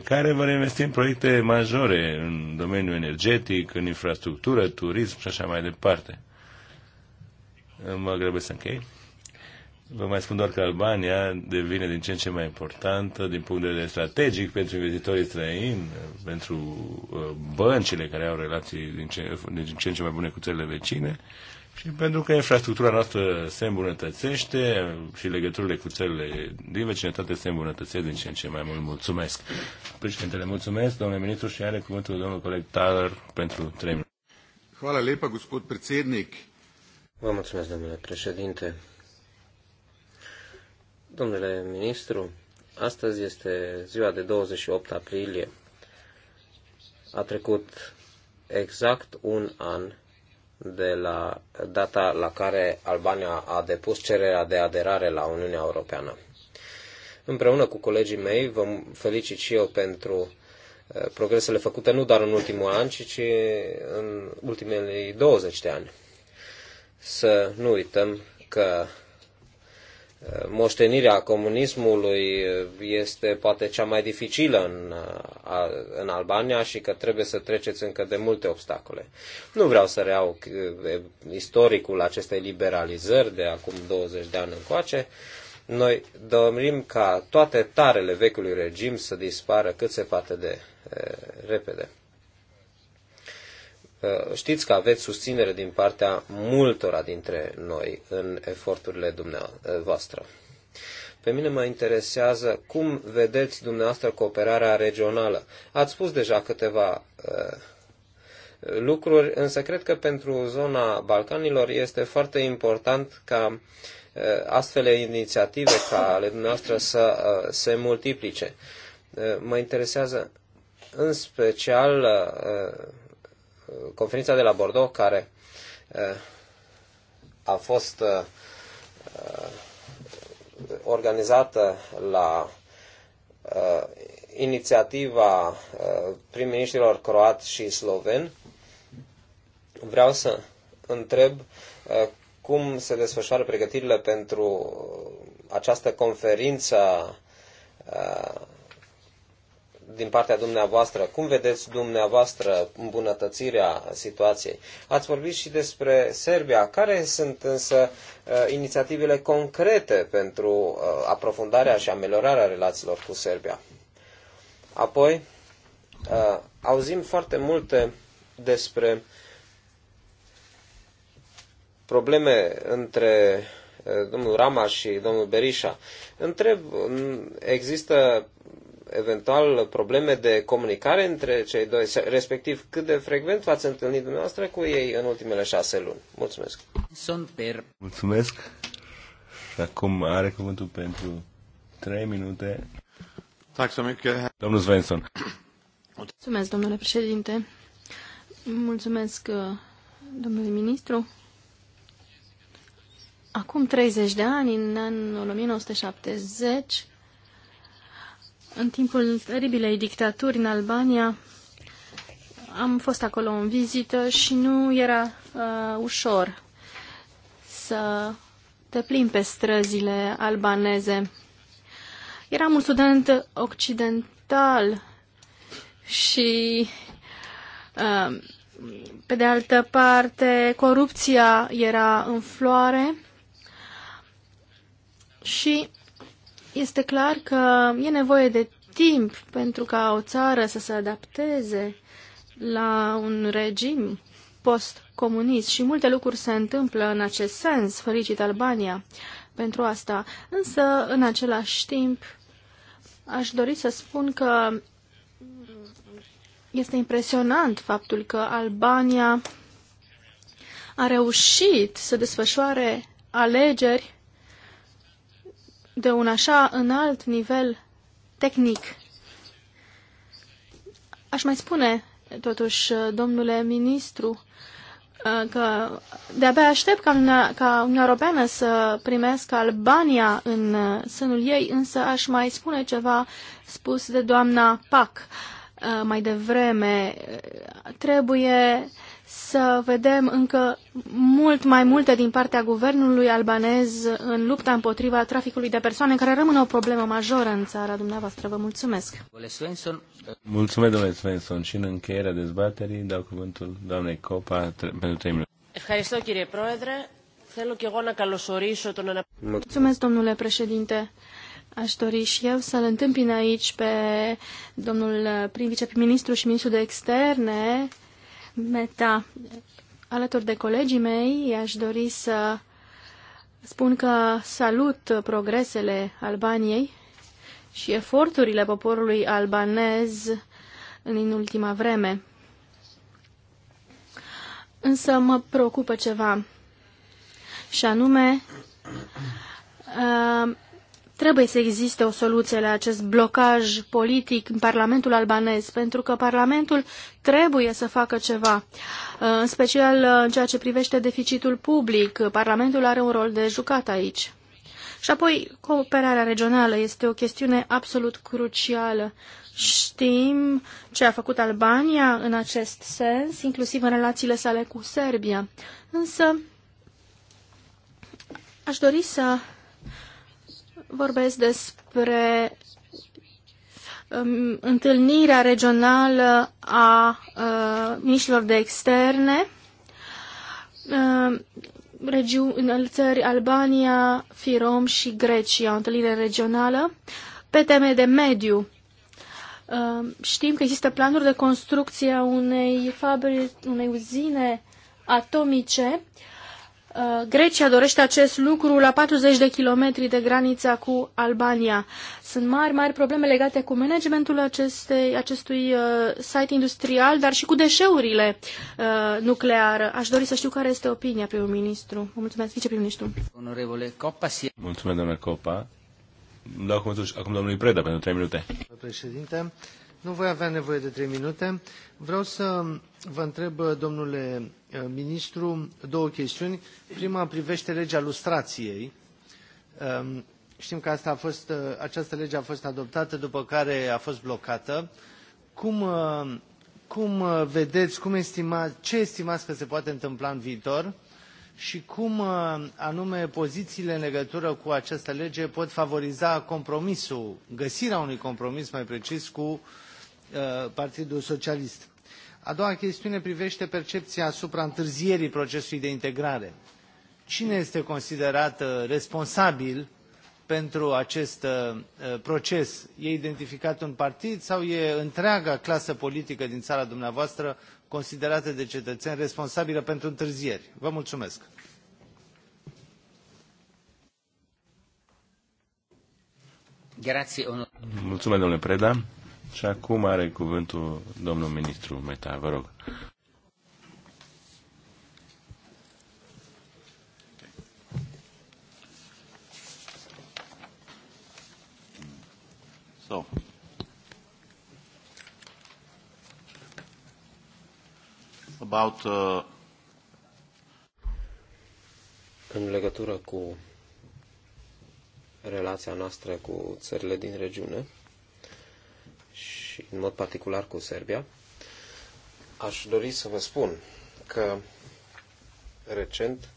B: care vor investi în proiecte majore în domeniul energetic, în infrastructură, turism și așa mai departe. Mă grăbesc să închei. Vă mai spun doar că Albania devine din ce în ce mai importantă din punct de vedere strategic pentru investitorii străini, pentru uh, băncile care au relații din ce, din ce în ce mai bune cu țările vecine. Uh, și pentru că infrastructura noastră se îmbunătățește și legăturile cu țările din vecinătate se îmbunătățesc din ce în ce mai mult. Mulțumesc. Președintele, mulțumesc, domnule ministru, și are cuvântul domnul coleg Taler pentru 3 minute.
C: Hvala lepa, gospod predsednik. Vă mulțumesc, domnule
E: președinte. Domnule ministru, astăzi este ziua de 28 aprilie. A trecut exact un an de la data la care Albania a depus cererea de aderare la Uniunea Europeană. Împreună cu colegii mei, vă felicit și eu pentru uh, progresele făcute nu doar în ultimul an, ci, și în ultimele 20 de ani. Să nu uităm că moștenirea comunismului este poate cea mai dificilă în, în Albania și că trebuie să treceți încă de multe obstacole. Nu vreau să reau istoricul acestei liberalizări de acum 20 de ani încoace. Noi dorim ca toate tarele vechiului regim să dispară cât se poate de repede. Uh, știți că aveți susținere din partea multora dintre noi în eforturile dumneavoastră. Pe mine mă interesează cum vedeți dumneavoastră cooperarea regională. Ați spus deja câteva uh, lucruri, însă cred că pentru zona Balcanilor este foarte important ca uh, astfel de inițiative ca ale dumneavoastră să se multiplice. mă interesează în special uh, conferința de la Bordeaux, care eh, a fost eh, eh, organizată la inițiativa prim-ministrilor croați și sloveni, vreau să întreb cum se desfășoară pregătirile pentru această conferință din partea dumneavoastră. Cum vedeți dumneavoastră îmbunătățirea situației? Ați vorbit și despre Serbia. Care sunt însă uh, inițiativele concrete pentru uh, aprofundarea și ameliorarea relațiilor cu Serbia? Apoi, uh, auzim foarte multe despre probleme între domnul Rama și domnul Berisha. Întreb, um, există eventual probleme de comunicare între cei doi, respectiv cât de frecvent v-ați întâlnit dumneavoastră cu ei în ultimele șase luni. Mulțumesc. Sunt per.
B: Mulțumesc. Și acum are cuvântul pentru trei minute. Domnul Svensson.
D: Mulțumesc, domnule președinte. Mulțumesc, uh, domnule ministru. Acum 30 de ani, în anul 1970, în timpul teribilei dictaturi în Albania am fost acolo în vizită și nu era uh, ușor să te plimbi pe străzile albaneze. Eram un student occidental și uh, pe de altă parte, corupția era în floare și este clar că e nevoie de timp pentru ca o țară să se adapteze la un regim post-comunist și multe lucruri se întâmplă în acest sens, felicit Albania pentru asta. Însă, în același timp, aș dori să spun că este impresionant faptul că Albania a reușit să desfășoare alegeri de un așa înalt nivel tehnic. Aș mai spune, totuși, domnule ministru, uh, că de-abia aștept ca Uniunea, ca Uniunea Europeană să primească Albania în uh, sânul ei, însă aș mai spune ceva spus de doamna Pac uh, mai devreme. Trebuie uh, să vedem încă mult mai multe din partea guvernului albanez în lupta împotriva traficului de persoane, care rămâne o problemă majoră în țara dumneavoastră. Vă mulțumesc!
A: Uh,
B: mulțumesc, domnule Svensson, și în încheierea dezbaterii dau cuvântul doamnei Copa pentru 3 minute.
D: Mulțumesc, domnule președinte! Aș dori și eu să-l întâmpin aici pe domnul prim ministru și ministru de externe, Meta. Alături de colegii mei, i-aș dori să spun că salut progresele Albaniei și eforturile poporului albanez în ultima vreme. Însă mă preocupă ceva, și anume uh, Trebuie să existe o soluție la acest blocaj politic în Parlamentul albanez, pentru că Parlamentul trebuie să facă ceva, uh, în special uh, în ceea ce privește deficitul public. Parlamentul are un rol de jucat aici. Și apoi, cooperarea regională este o chestiune absolut crucială. Știm ce a făcut Albania în acest sens, inclusiv în relațiile sale cu Serbia. Însă, aș dori să vorbesc despre um, întâlnirea regională a uh, de externe, uh, țări Albania, Firom și Grecia, o întâlnire regională, pe teme de mediu. Uh, știm că există planuri de construcție a unei fabrici, unei uzine atomice uh, Uh, Grecia dorește acest lucru la 40 de kilometri de granița cu Albania. Sunt mari, mari probleme legate cu managementul acestei, acestui uh, site industrial, dar și cu deșeurile uh, nucleare. Aș dori să știu care este opinia prim-ministru. Mulțumesc, viceprim-ministru.
C: Onorevole Copa.
B: Mulțumesc, domnule Copa. Dau cuvântul acum domnului Preda pentru 3 minute.
C: Președinte, nu voi avea nevoie de trei minute. Vreau să vă întreb, domnule eh, ministru, două chestiuni. Prima privește legea lustrației. Ehm, știm că asta a fost, eh, această lege a fost adoptată, după care a fost blocată. Cum, eh, cum vedeți, cum estimați, ce estimați că se poate întâmpla în viitor și cum anume pozițiile în legătură cu această lege pot favoriza compromisul, găsirea unui compromis mai precis cu Uh, Partidul Socialist. A doua chestiune privește percepția asupra întârzierii procesului de integrare. Cine este considerat uh, responsabil pentru acest uh, proces? E identificat un partid sau e întreaga clasă politică din țara dumneavoastră considerată de cetățeni responsabilă pentru întârzieri? Vă mulțumesc!
B: Mulțumesc, domnule Preda. Și acum are cuvântul domnul ministru Meta, vă rog.
C: So.
E: About, uh... În legătură cu relația noastră cu țările din regiune, și în mod particular cu Serbia, aș dori să vă spun că recent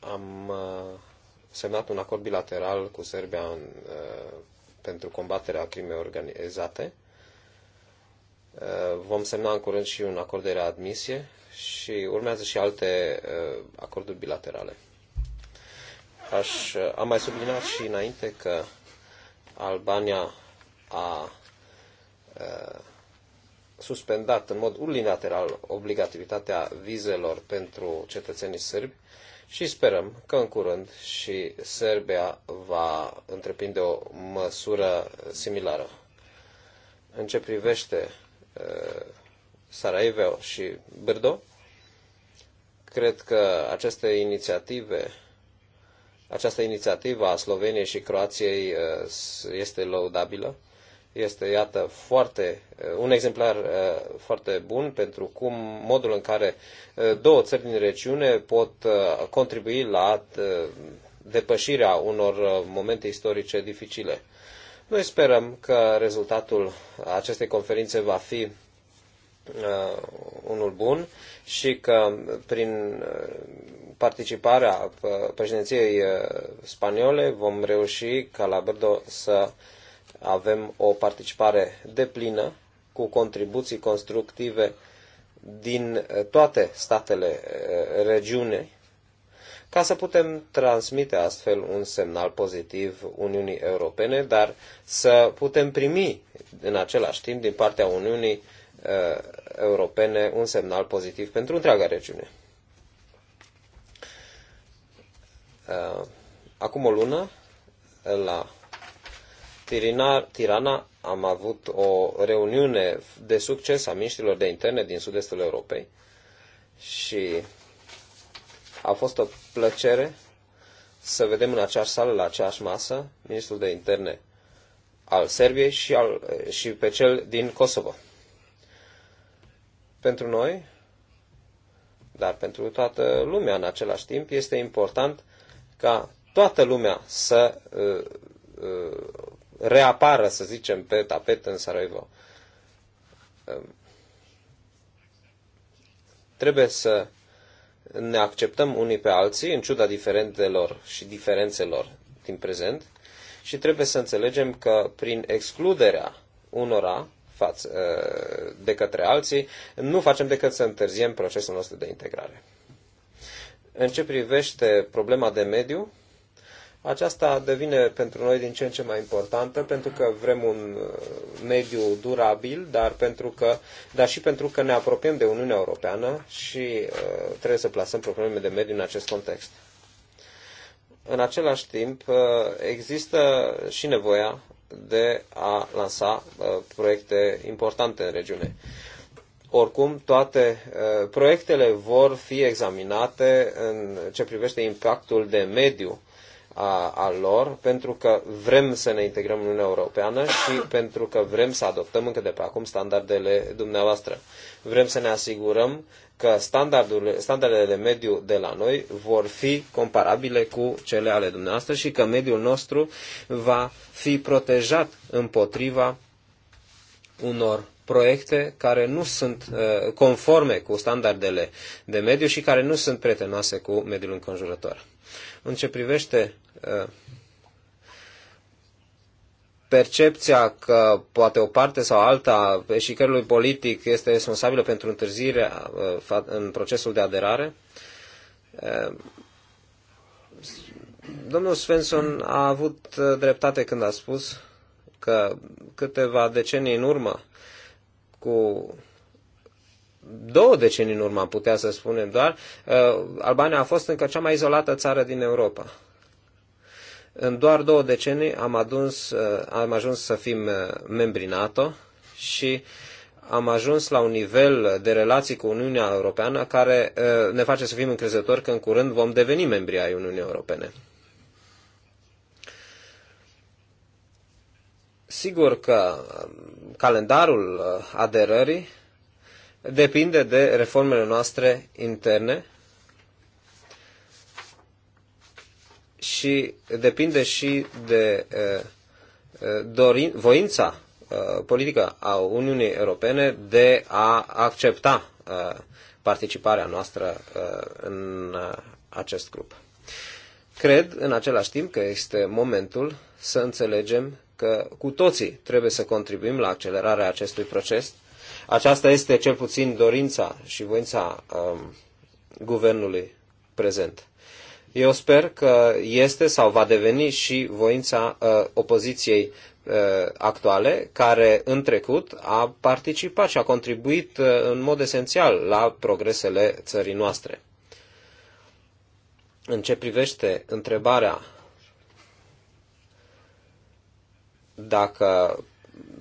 E: am uh, semnat un acord bilateral cu Serbia în, uh, pentru combaterea crimei organizate. Uh, vom semna în curând și un acord de readmisie și urmează și alte acorduri bilaterale. Aș, am mai subliniat și înainte că Albania a Uh, suspendat în mod unilateral obligativitatea vizelor pentru cetățenii sârbi și sperăm că în curând și Serbia va întreprinde o măsură similară. În ce privește uh, Sarajevo și Brdo, cred că aceste inițiative această inițiativă a Sloveniei și Croației uh, este lăudabilă este, iată, foarte, uh, un exemplar uh, foarte bun pentru cum modul în care uh, două țări din regiune pot contribui la depășirea unor momente istorice dificile. Noi sperăm că rezultatul acestei conferințe va fi unul bun și că prin participarea președinției spaniole vom reuși ca la Brdo să avem o participare deplină cu contribuții constructive din eh, toate statele eh, regiunii, ca să putem transmite astfel un semnal pozitiv Uniunii Europene, dar să putem primi în același timp din partea Uniunii eh, Europene un semnal pozitiv pentru întreaga regiune. Acum o lună, la Tirina, Tirana am avut o reuniune de succes a miștilor de interne din sud-estul Europei și a fost o plăcere să vedem în aceeași sală, la aceeași masă, ministrul de interne al Serbiei și, al, și pe cel din Kosovo. Pentru noi, dar pentru toată lumea în același timp, este important ca toată lumea să uh, uh, reapară, să zicem, pe tapet în Sarajevo. Ehm, trebuie să ne acceptăm unii pe alții, în ciuda diferentelor și diferențelor din prezent, și trebuie să înțelegem că prin excluderea unora față, ehm, de către alții, nu facem decât să întârziem procesul nostru de integrare. În ce privește problema de mediu, aceasta devine pentru noi din ce în ce mai importantă, pentru că vrem un uh, mediu durabil, dar, pentru că, dar și pentru că ne apropiem de Uniunea Europeană și uh, trebuie să plasăm problemele de mediu în acest context. În același timp, uh, există și nevoia de a lansa uh, proiecte importante în regiune. Oricum, toate uh, proiectele vor fi examinate în ce privește impactul de mediu a, a lor, pentru că vrem să ne integrăm în Uniunea Europeană și pentru că vrem să adoptăm încă de pe acum standardele dumneavoastră. Vrem să ne asigurăm că standardurile, standardele de mediu de la noi vor fi comparabile cu cele ale dumneavoastră și că mediul nostru va fi protejat împotriva unor proiecte care nu sunt uh, conforme cu standardele de mediu și care nu sunt prietenoase cu mediul înconjurător. În ce privește ă, percepția că poate o parte sau alta eșicărului politic este responsabilă pentru întârzire ă, în procesul de aderare. Ă, domnul Svensson a avut dreptate când a spus că câteva decenii în urmă, cu două decenii în urmă, putea să spunem doar, uh, Albania a fost încă cea mai izolată țară din Europa. În doar două decenii am, uh, am ajuns să fim uh, membri NATO și am ajuns la un nivel de relații cu Uniunea Europeană care uh, ne face să fim încrezători că în curând vom deveni membri ai Uniunii Europene. Sigur că calendarul aderării depinde de reformele noastre interne și depinde și de eh, eh, dorin, voința eh, politică a Uniunii Europene de a accepta participarea noastră în acest grup. Cred, în același timp, că este momentul să înțelegem că cu toții trebuie să contribuim la accelerarea acestui proces aceasta este cel puțin dorința și voința um, guvernului prezent. Eu sper că este sau va deveni și voința uh, opoziției uh, actuale, care în trecut a participat și a contribuit uh, în mod esențial la progresele țării noastre. În ce privește întrebarea dacă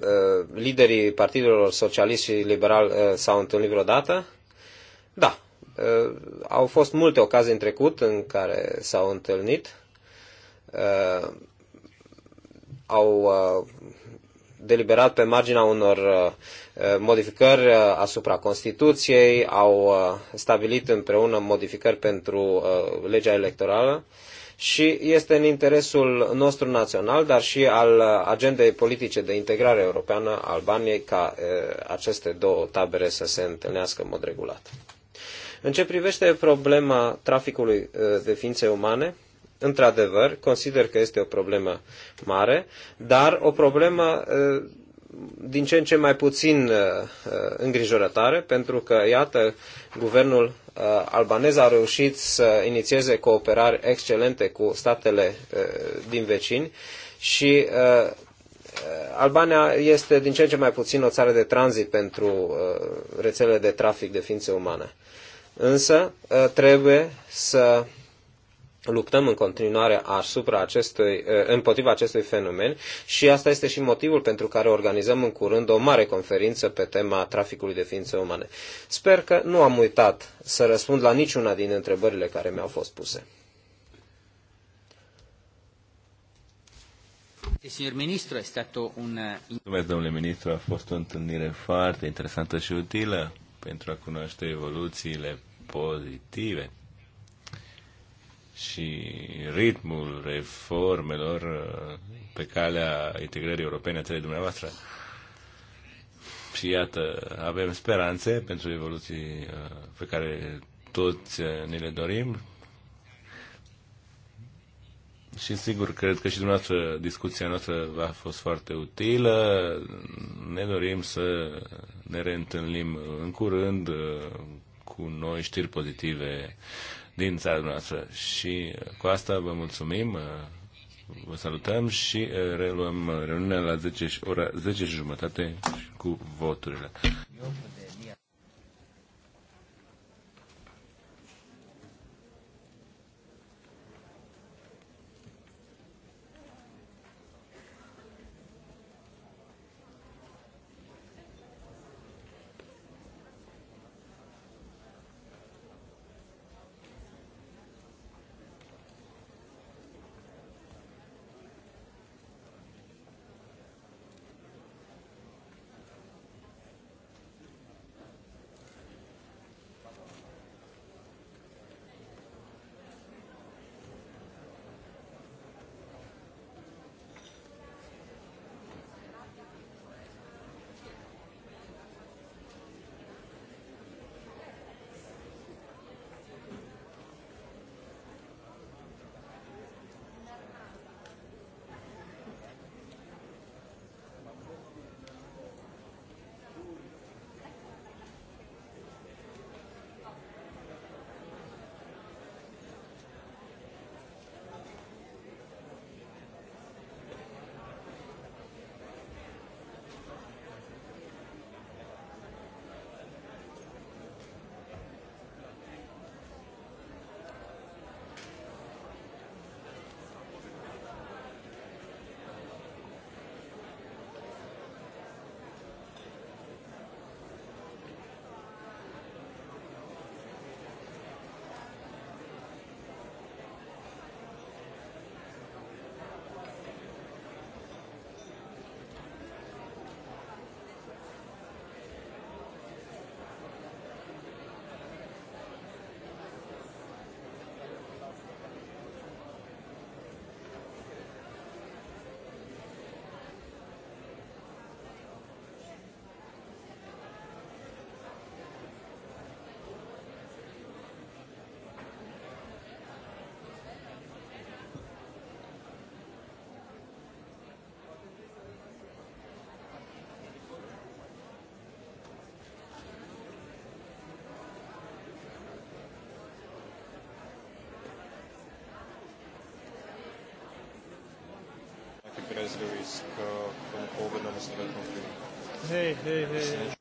E: Uh, liderii partidelor socialist și liberal uh, s-au întâlnit vreodată? Da. Uh, au fost multe ocazii în trecut în care s-au întâlnit. Au deliberat pe marginea unor modificări asupra Constituției, au stabilit împreună modificări pentru legea electorală și este în interesul nostru național, dar și al agendei politice de integrare europeană a Albaniei ca aceste două tabere să se întâlnească în mod regulat. În ce privește problema traficului de ființe umane, într-adevăr, consider că este o problemă mare, dar o problemă din ce în ce mai puțin uh, uh, îngrijorătoare, pentru că, iată, guvernul uh, albanez a reușit să inițieze cooperare excelente cu statele din vecini și Albania este din ce în ce mai puțin o țară de tranzit pentru rețelele de trafic de ființe umane. Însă trebuie să luptăm în continuare asupra acestui, eh, împotriva acestui fenomen și asta este și motivul pentru care organizăm în curând o mare conferință pe tema traficului de ființe umane. Sper că nu am uitat să răspund la niciuna din întrebările care mi-au fost puse.
A: Eh,
B: Mulțumesc, domnule Ministru, a fost o întâlnire foarte interesantă și utilă pentru a cunoaște evoluțiile pozitive și ritmul reformelor uh, pe calea integrării europene a țării dumneavoastră. Și iată, avem speranțe pentru evoluții uh, pe care toți uh, ne le dorim. Și sigur, cred că și dumneavoastră discuția noastră a fost foarte utilă. Ne dorim să ne reîntâlnim în curând cu noi știri pozitive din țara noastră. Și uh, cu asta vă mulțumim, uh, vă salutăm și uh, reluăm reuniunea la 10, ora 10 jumătate cu voturile.
E: prezli risk uh, from
C: Hej, hej, hej.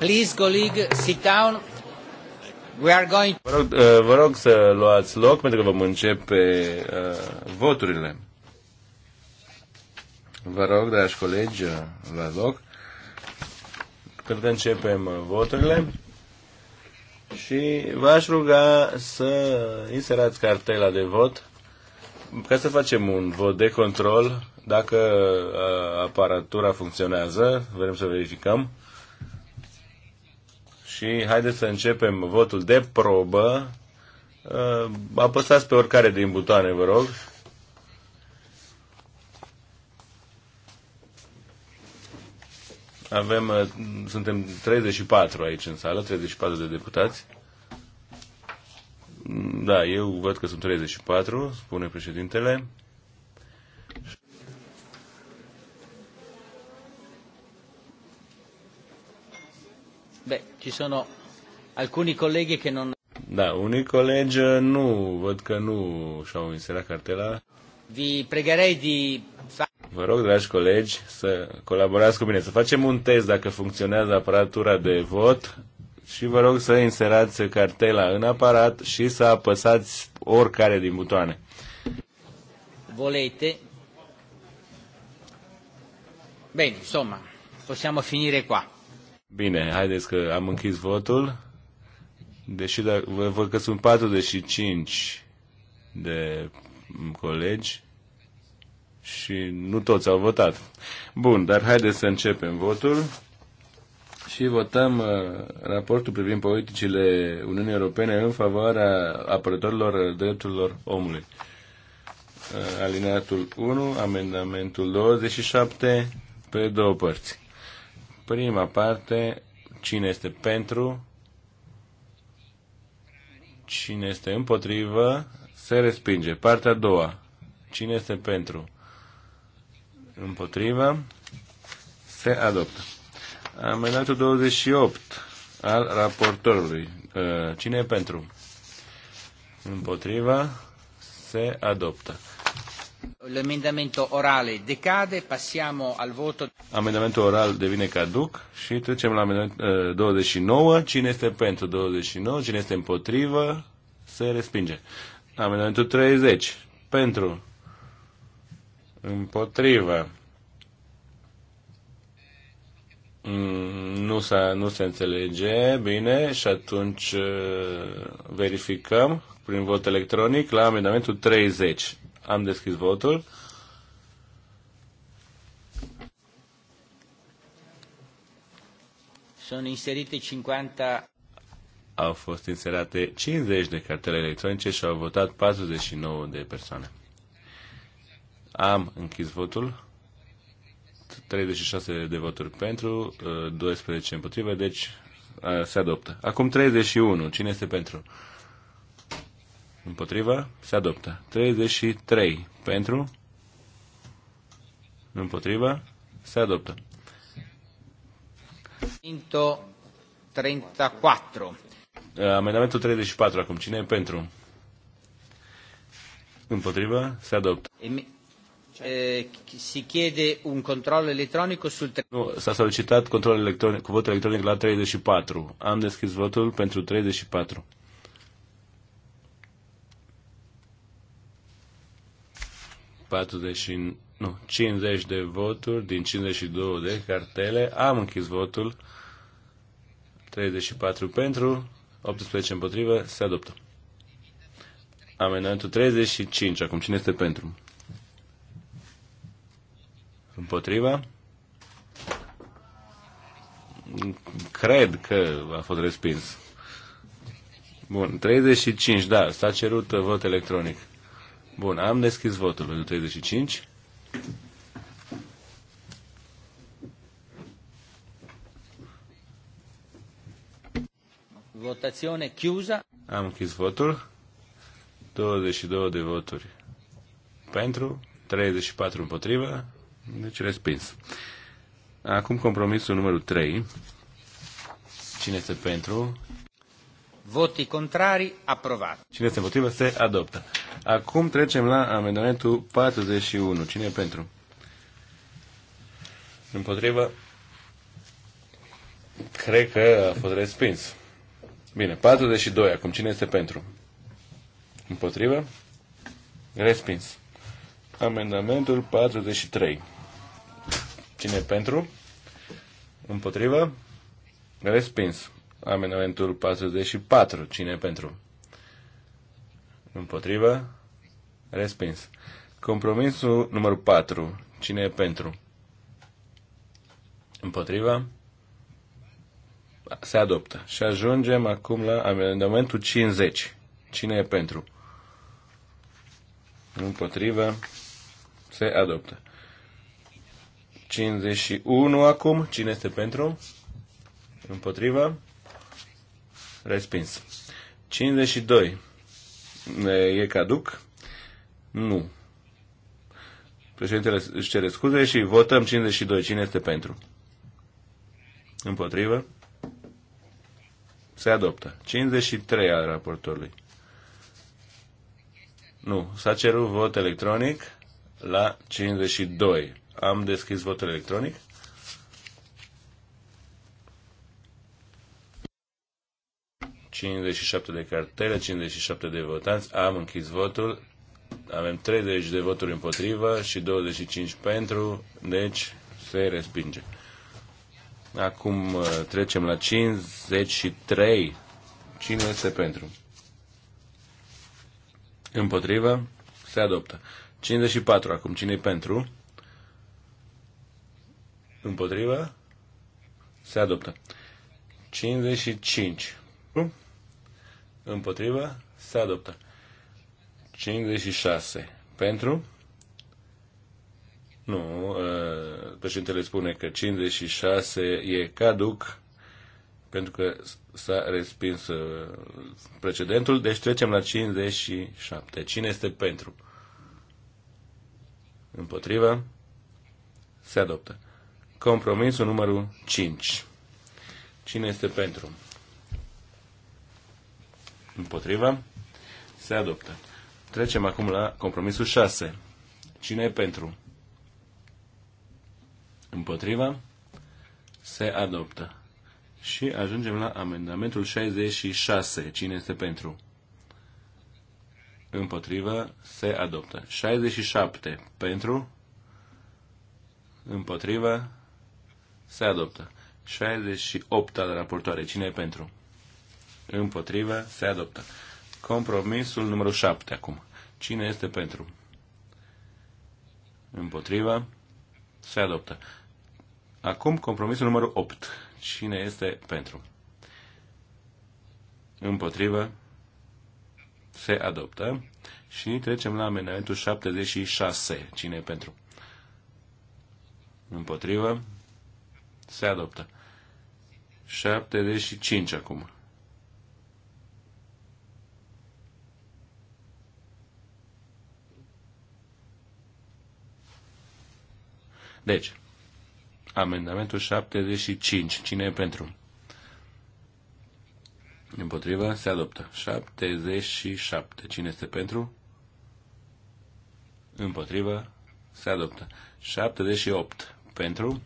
A: Please, colleague, sit down.
B: We are going... Vă rog, uh, vă rog să luați loc pentru că vom începe uh, voturile. Vă rog, dragi colegi, uh, la loc. Pentru că începem uh, voturile. Și v-aș ruga să inserați cartela de vot ca să facem un vot de control. Dacă aparatura funcționează, vrem să verificăm. Și haideți să începem votul de probă. Uh, apăsați pe oricare din butoane, vă rog. Avem, uh, suntem 34 aici în sală, 34 de deputați. Da, eu văd că sunt 34, spune președintele.
A: Ci sono alcuni colleghi che non...
B: Da, unii colegi eh, nu, văd că nu și-au inserat cartela.
A: Vi pregarei di...
B: Vă rog, dragi colegi, să colaborați cu mine, să facem un test dacă funcționează aparatura de vot și vă rog să inserați cartela în aparat și să apăsați oricare din butoane.
A: Volete? Bine, insomma, possiamo finire qua.
B: Bine, haideți că am închis votul. Deși dacă, vă văd că sunt 45 de colegi și nu toți au votat. Bun, dar haideți să începem votul și votăm uh, raportul privind politicile Uniunii Europene în favoarea apărătorilor drepturilor omului. Uh, alineatul 1, amendamentul 27 pe două părți. Prima parte, cine este pentru, cine este împotrivă, se respinge. Partea a doua, cine este pentru, împotrivă, se adoptă. Amendatul 28 al raportorului. Uh, cine e pentru? Împotriva se adoptă
A: l'emendamento orale decade, passiamo al voto.
B: Amendamentul oral devine caduc și trecem la amendamentul eh, 29. Cine este pentru 29? Cine este împotrivă? Se respinge. Amendamentul 30. Pentru. Împotrivă. Mm, nu, s-a, nu se înțelege bine și atunci eh, verificăm prin vot electronic la amendamentul 30. Am deschis votul.
A: Sunt inserite 50...
B: Au fost inserate 50 de cartele electronice și au votat 49 de persoane. Am închis votul. 36 de voturi pentru, 12 uh, împotrivă, deci uh, se adoptă. Acum 31. Cine este pentru? Împotriva? Se adoptă. 33 pentru? Împotriva? Se adoptă.
A: 134.
B: Amendamentul 34 acum. Cine e pentru? Împotriva? Se adoptă.
A: E, si chiede un control electronic. sul... Nu,
B: s-a solicitat control electronic, cu vot electronic la 34. Am deschis votul pentru 34. 40, nu, 50 de voturi din 52 de cartele. Am închis votul. 34 pentru, 18 împotrivă, se adoptă. Amendamentul 35. Acum cine este pentru? Împotriva? Cred că a fost respins. Bun, 35, da, s-a cerut vot electronic. Bun, am deschis votul pentru 35.
A: Votazione chiusa.
B: Am închis votul. 22 de voturi pentru, 34 împotrivă, deci respins. Acum compromisul numărul 3. Cine este pentru?
A: Voti contrari, approvato.
B: Cine se împotrivă, se adoptă. Acum trecem la amendamentul 41. Cine e pentru? Împotrivă? Cred că a fost respins. Bine, 42. Acum cine este pentru? Împotrivă? Respins. Amendamentul 43. Cine e pentru? Împotrivă? Respins. Amendamentul 44. Cine pentru? Împotrivă? Respins. Compromisul numărul 4. Cine e pentru? Împotriva? Se adoptă. Și ajungem acum la amendamentul 50. Cine e pentru? Împotriva? Se adoptă. 51 acum. Cine este pentru? Împotriva? Respins. 52. E caduc? Nu. Președintele își cere scuze și votăm 52. Cine este pentru? Împotrivă? Se adoptă. 53 al raportorului. Nu. S-a cerut vot electronic la 52. Am deschis votul electronic. 57 de cartele, 57 de votanți. Am închis votul. Avem 30 de voturi împotrivă și 25 pentru, deci se respinge. Acum uh, trecem la 53. Cine este pentru? Împotrivă? Se adoptă. 54. Acum cine e pentru? Împotrivă? Se adoptă. 55. Împotriva? Se adoptă. 56. Pentru? Nu. Ă, președintele spune că 56 e caduc pentru că s-a respins ă, precedentul. Deci trecem la 57. Cine este pentru? Împotriva? Se adoptă. Compromisul numărul 5. Cine este pentru? Împotriva? Se adoptă. Trecem acum la compromisul 6. Cine e pentru? Împotriva? Se adoptă. Și ajungem la amendamentul 66. Cine este pentru? Împotrivă. Se adoptă. 67. Pentru? Împotrivă. Se adoptă. 68 de raportoare. Cine e pentru? Împotrivă. Se adoptă. Compromisul numărul 7 acum. Cine este pentru? Împotrivă. Se adoptă. Acum compromisul numărul 8. Cine este pentru? Împotrivă. Se adoptă. Și trecem la amendamentul 76. Cine e pentru? Împotrivă. Se adoptă. 75 acum. Deci, amendamentul 75. Cine e pentru? Împotrivă? Se adoptă. 77. Cine este pentru? Împotrivă? Se adoptă. 78. Pentru?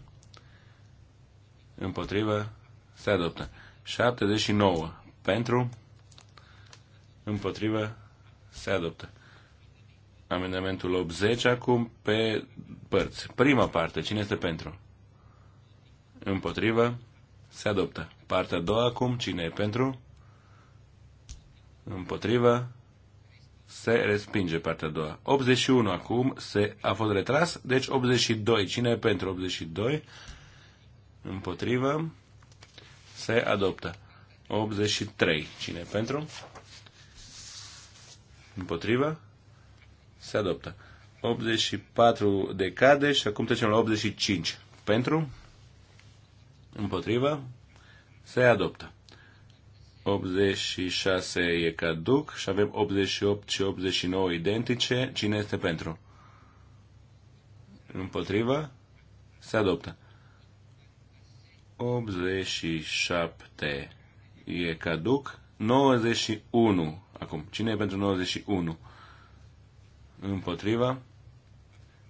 B: Împotrivă? Se adoptă. 79. Pentru? Împotrivă? Se adoptă. Amendamentul 80 acum pe părți. Prima parte, cine este pentru? Împotrivă? Se adoptă. Partea a doua acum, cine e pentru? Împotrivă? Se respinge partea a doua. 81 acum se, a fost retras, deci 82. Cine e pentru 82? Împotrivă? Se adoptă. 83. Cine e pentru? Împotrivă? Se adoptă. 84 cade și acum trecem la 85. Pentru? Împotrivă? Se adoptă. 86 e caduc și avem 88 și 89 identice. Cine este pentru? Împotrivă? Se adoptă. 87 e caduc. 91 acum. Cine e pentru 91? Împotriva?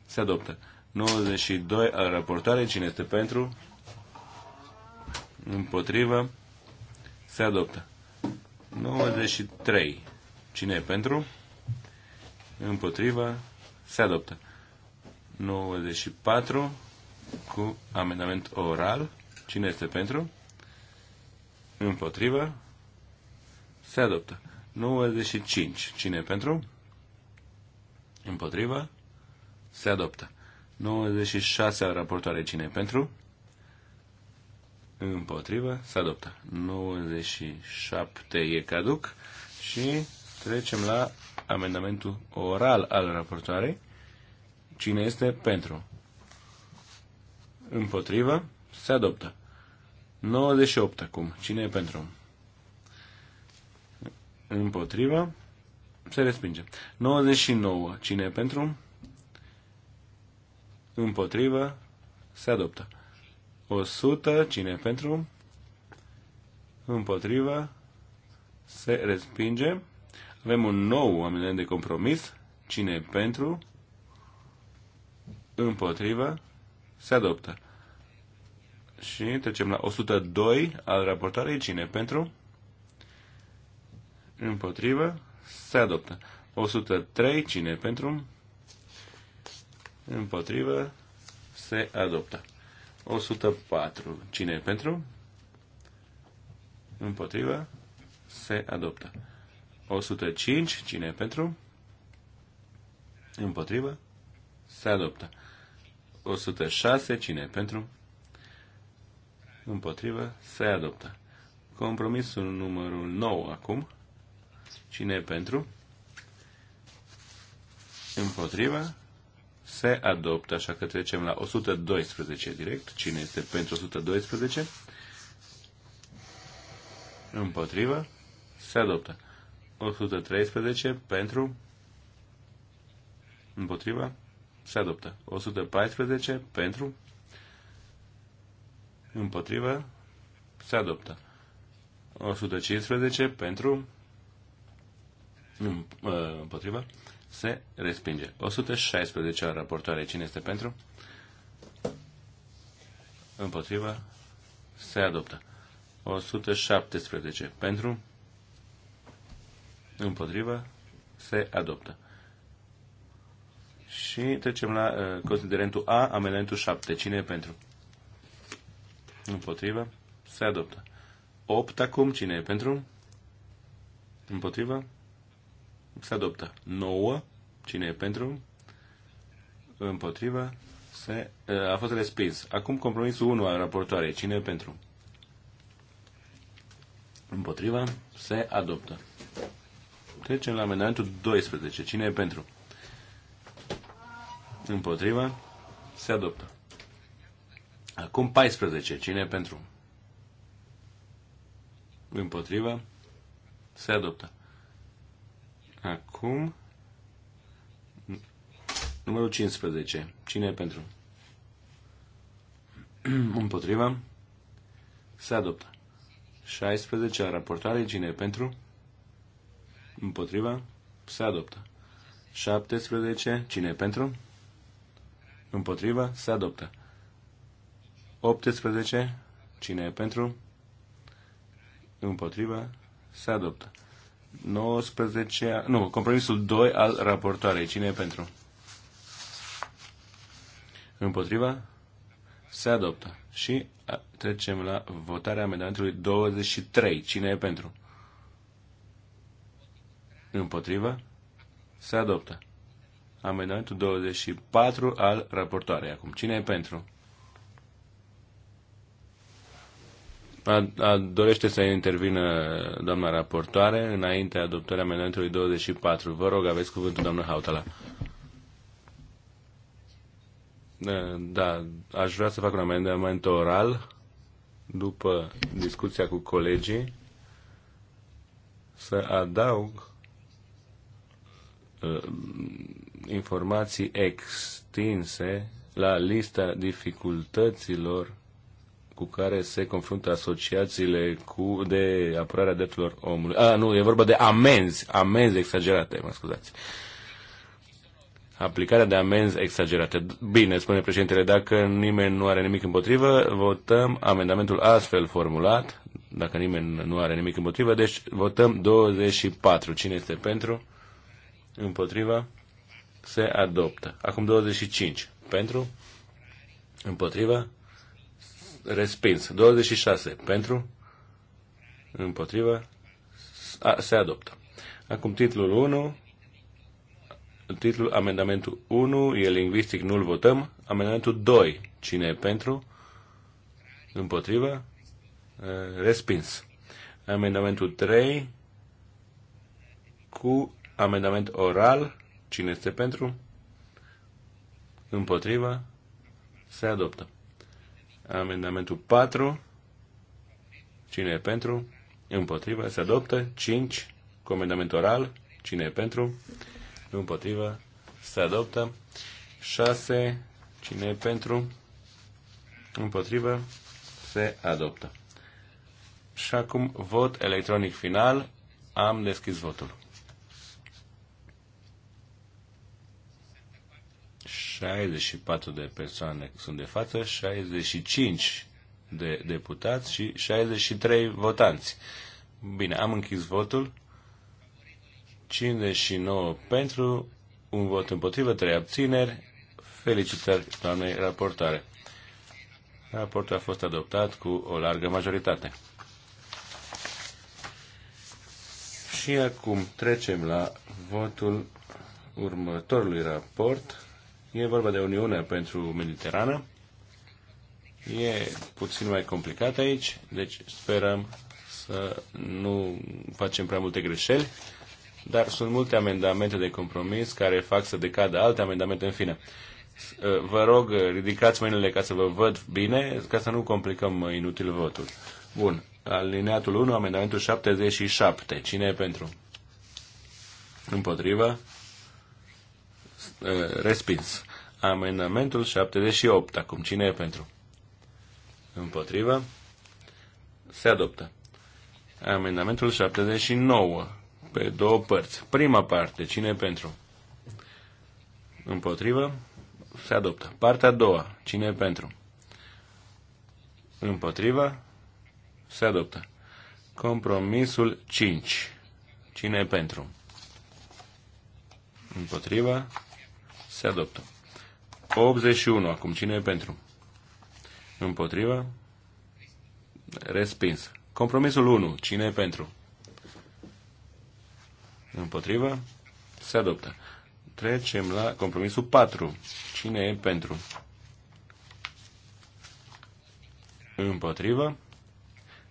B: Se adoptă. 92 al raportoarei. Cine este pentru? Împotrivă. Se adoptă. 93. Cine e pentru? Împotrivă. Se adoptă. 94 cu amendament oral. Cine este pentru? Împotrivă. Se adoptă. 95. Cine e pentru? Împotrivă. Se adoptă. 96 a raportoare cine pentru? Împotrivă. Se adoptă. 97 e caduc. Și trecem la amendamentul oral al raportoarei. Cine este pentru? Împotrivă. Se adoptă. 98 acum. Cine e pentru? Împotrivă. Se respinge. 99. Cine e pentru? împotrivă, se adoptă. 100, cine pentru, împotrivă, se respinge. Avem un nou amendament de compromis, cine pentru, împotrivă, se adoptă. Și trecem la 102 al raportarei, cine pentru, împotrivă, se adoptă. 103, cine pentru, Împotrivă. Se adoptă. 104. Cine e pentru? Împotrivă. Se adoptă. 105. Cine e pentru? Împotrivă. Se adoptă. 106. Cine e pentru? Împotrivă. Se adoptă. Compromisul numărul 9 acum. Cine e pentru? Împotrivă se adoptă, așa că trecem la 112 direct. Cine este pentru 112? Împotrivă. Se adoptă. 113 pentru. Împotrivă. Se adoptă. 114 pentru. Împotrivă. Se adoptă. 115 pentru. Ă, împotrivă se respinge. 116 al raportoare. Cine este pentru? Împotriva. Se adoptă. 117 pentru. Împotriva. Se adoptă. Și trecem la uh, considerentul A, amendamentul 7. Cine e pentru? Împotriva. Se adoptă. 8 acum. Cine e pentru? Împotriva se adoptă. 9, cine e pentru? Împotrivă, se, a fost respins. Acum compromisul 1 al raportoarei, cine e pentru? Împotrivă, se adoptă. Trecem la amendamentul 12. Cine e pentru? Împotrivă, se adoptă. Acum 14. Cine e pentru? Împotrivă, se adoptă. Acum, numărul 15. Cine e pentru? *clears throat* Împotriva? Se adoptă. 16 a raportare. Cine e pentru? Împotriva? Se adoptă. 17. Cine e pentru? Împotriva? Se adoptă. 18. Cine e pentru? Împotriva? Se adoptă. 19, nu, compromisul 2 al raportoarei. Cine e pentru? Împotriva? Se adoptă. Și trecem la votarea amendamentului 23. Cine e pentru? Împotriva? Se adoptă. Amendamentul 24 al raportoarei. Acum, cine e pentru? A, a, dorește să intervină doamna raportoare înainte adoptării amendamentului 24. Vă rog, aveți cuvântul, doamnă Hautala. Da, aș vrea să fac un amendament oral după discuția cu colegii să adaug uh, informații extinse la lista dificultăților cu care se confruntă asociațiile cu, de apărarea drepturilor omului. A, nu, e vorba de amenzi, amenzi exagerate, mă scuzați. Aplicarea de amenzi exagerate. Bine, spune președintele, dacă nimeni nu are nimic împotrivă, votăm amendamentul astfel formulat. Dacă nimeni nu are nimic împotrivă, deci votăm 24. Cine este pentru? Împotriva? Se adoptă. Acum 25. Pentru? Împotriva? respins. 26 pentru, împotrivă, a, se adoptă. Acum titlul 1, titlul amendamentul 1 e lingvistic, nu-l votăm. Amendamentul 2, cine e pentru, împotrivă, respins. Amendamentul 3 cu amendament oral, cine este pentru, împotrivă, se adoptă. Amendamentul 4. Cine e pentru? Împotrivă. Se adoptă. 5. Cu amendament oral. Cine e pentru? Împotrivă. Se adoptă. 6. Cine e pentru? Împotrivă. Se adoptă. Și acum vot electronic final. Am deschis votul. 64 de persoane sunt de față, 65 de deputați și 63 votanți. Bine, am închis votul. 59 pentru, un vot împotrivă, 3 abțineri. Felicitări, doamnei raportare. Raportul a fost adoptat cu o largă majoritate. Și acum trecem la votul următorului raport. E vorba de Uniunea pentru Mediterană. E puțin mai complicat aici, deci sperăm să nu facem prea multe greșeli, dar sunt multe amendamente de compromis care fac să decadă alte amendamente în fine. Uh, vă rog, ridicați mâinile ca să vă văd bine, ca să nu complicăm inutil votul. Bun. Alineatul 1, amendamentul 77. Cine e pentru? Împotrivă? Uh, respins. Amendamentul 78. Acum cine e pentru? Împotrivă. Se adoptă. Amendamentul 79. Pe două părți. Prima parte. Cine e pentru? Împotrivă. Se adoptă. Partea a doua. Cine e pentru? Împotrivă. Se adoptă. Compromisul 5. Cine e pentru? Împotriva. Se adoptă. 81. Acum cine e pentru? Împotriva? Respins. Compromisul 1. Cine e pentru? Împotriva? Se adoptă. Trecem la compromisul 4. Cine e pentru? Împotriva?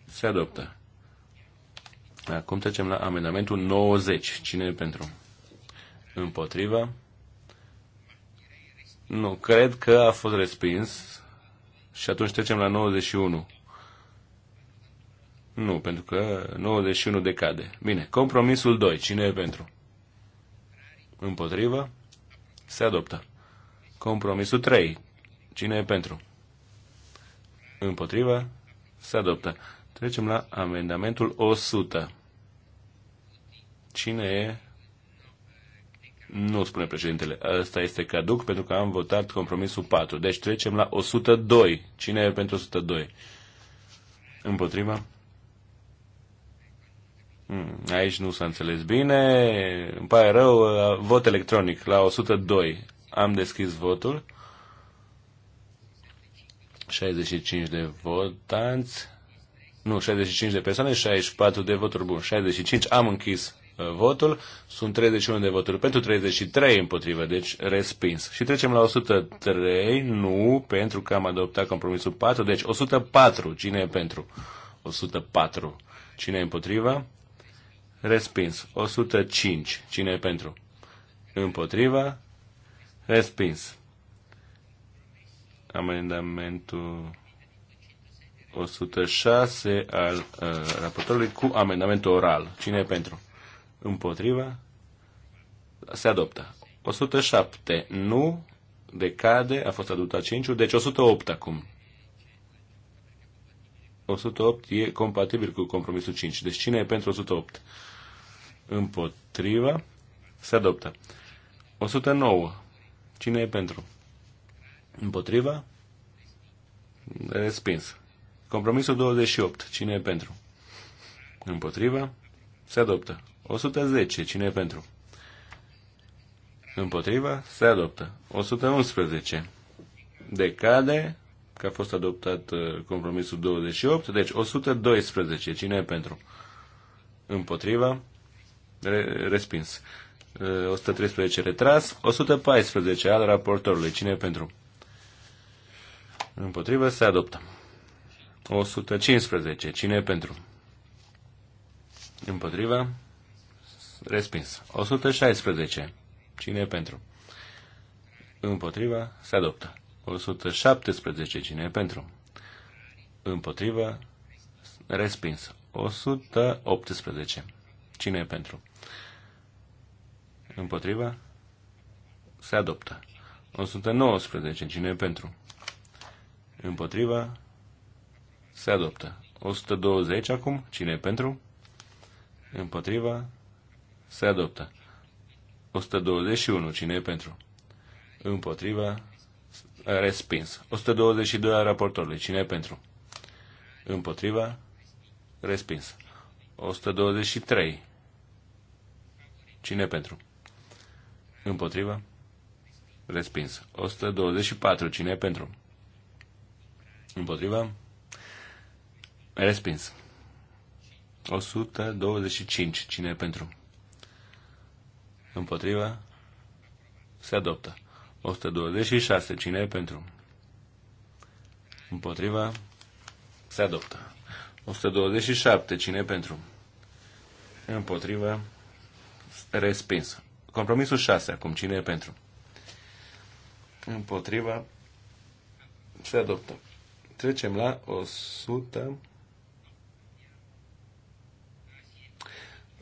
B: Se adoptă. Acum trecem la amendamentul 90. Cine e pentru? Împotriva? Nu, cred că a fost respins și atunci trecem la 91. Nu, pentru că 91 decade. Bine, compromisul 2. Cine e pentru? Împotrivă? Se adoptă. Compromisul 3. Cine e pentru? Împotrivă? Se adoptă. Trecem la amendamentul 100. Cine e nu, spune președintele, ăsta este caduc pentru că am votat compromisul 4. Deci trecem la 102. Cine e pentru 102? Împotriva? Hmm, aici nu s-a înțeles bine. Îmi pare rău. Uh, vot electronic la 102. Am deschis votul. 65 de votanți. Nu, 65 de persoane, 64 de voturi. Bun, 65. Am închis Uh, votul. Sunt 31 de voturi pentru 33 împotrivă, deci respins. Și trecem la 103, nu, pentru că am adoptat compromisul 4, deci 104. Cine e pentru? 104. Cine e împotriva? Respins. 105. Cine e pentru? Împotriva? Respins. Amendamentul 106 al uh, raportorului cu amendamentul oral. Cine e pentru? împotriva, se adoptă. 107 nu, decade, a fost adoptat 5 deci 108 acum. 108 e compatibil cu compromisul 5. Deci cine e pentru 108? Împotriva, se adoptă. 109. Cine e pentru? Împotriva? Respins. Compromisul 28. Cine e pentru? Împotriva? Se adoptă. 110. Cine e pentru? Împotriva? Se adoptă. 111. Decade, că a fost adoptat uh, compromisul 28, deci 112. Cine e pentru? Împotriva? Re- respins. 113 uh, retras, 114 al raportorului. Cine e pentru? Împotrivă se adoptă. 115. Cine e pentru? Împotriva Respins. 116. Cine e pentru? Împotriva. Se adoptă. 117. Cine e pentru? Împotriva. Respins. 118. Cine e pentru? Împotriva. Se adoptă. 119. Cine e pentru? Împotriva. Se adoptă. 120 acum. Cine e pentru? Împotriva. Se adoptă. 121. Cine e pentru? Împotriva. Respins. 122 raportorului. Cine e pentru? Împotriva. Respins. 123. Cine e pentru? Împotriva. Respins. 124. Cine e pentru? Împotriva. Respins. 125. Cine e pentru? Împotriva? Se adoptă. 126. Cine e pentru? Împotriva? Se adoptă. 127. Cine e pentru? Împotriva? Respins. Compromisul 6. Acum cine e pentru? Împotriva? Se adoptă. Trecem la 100.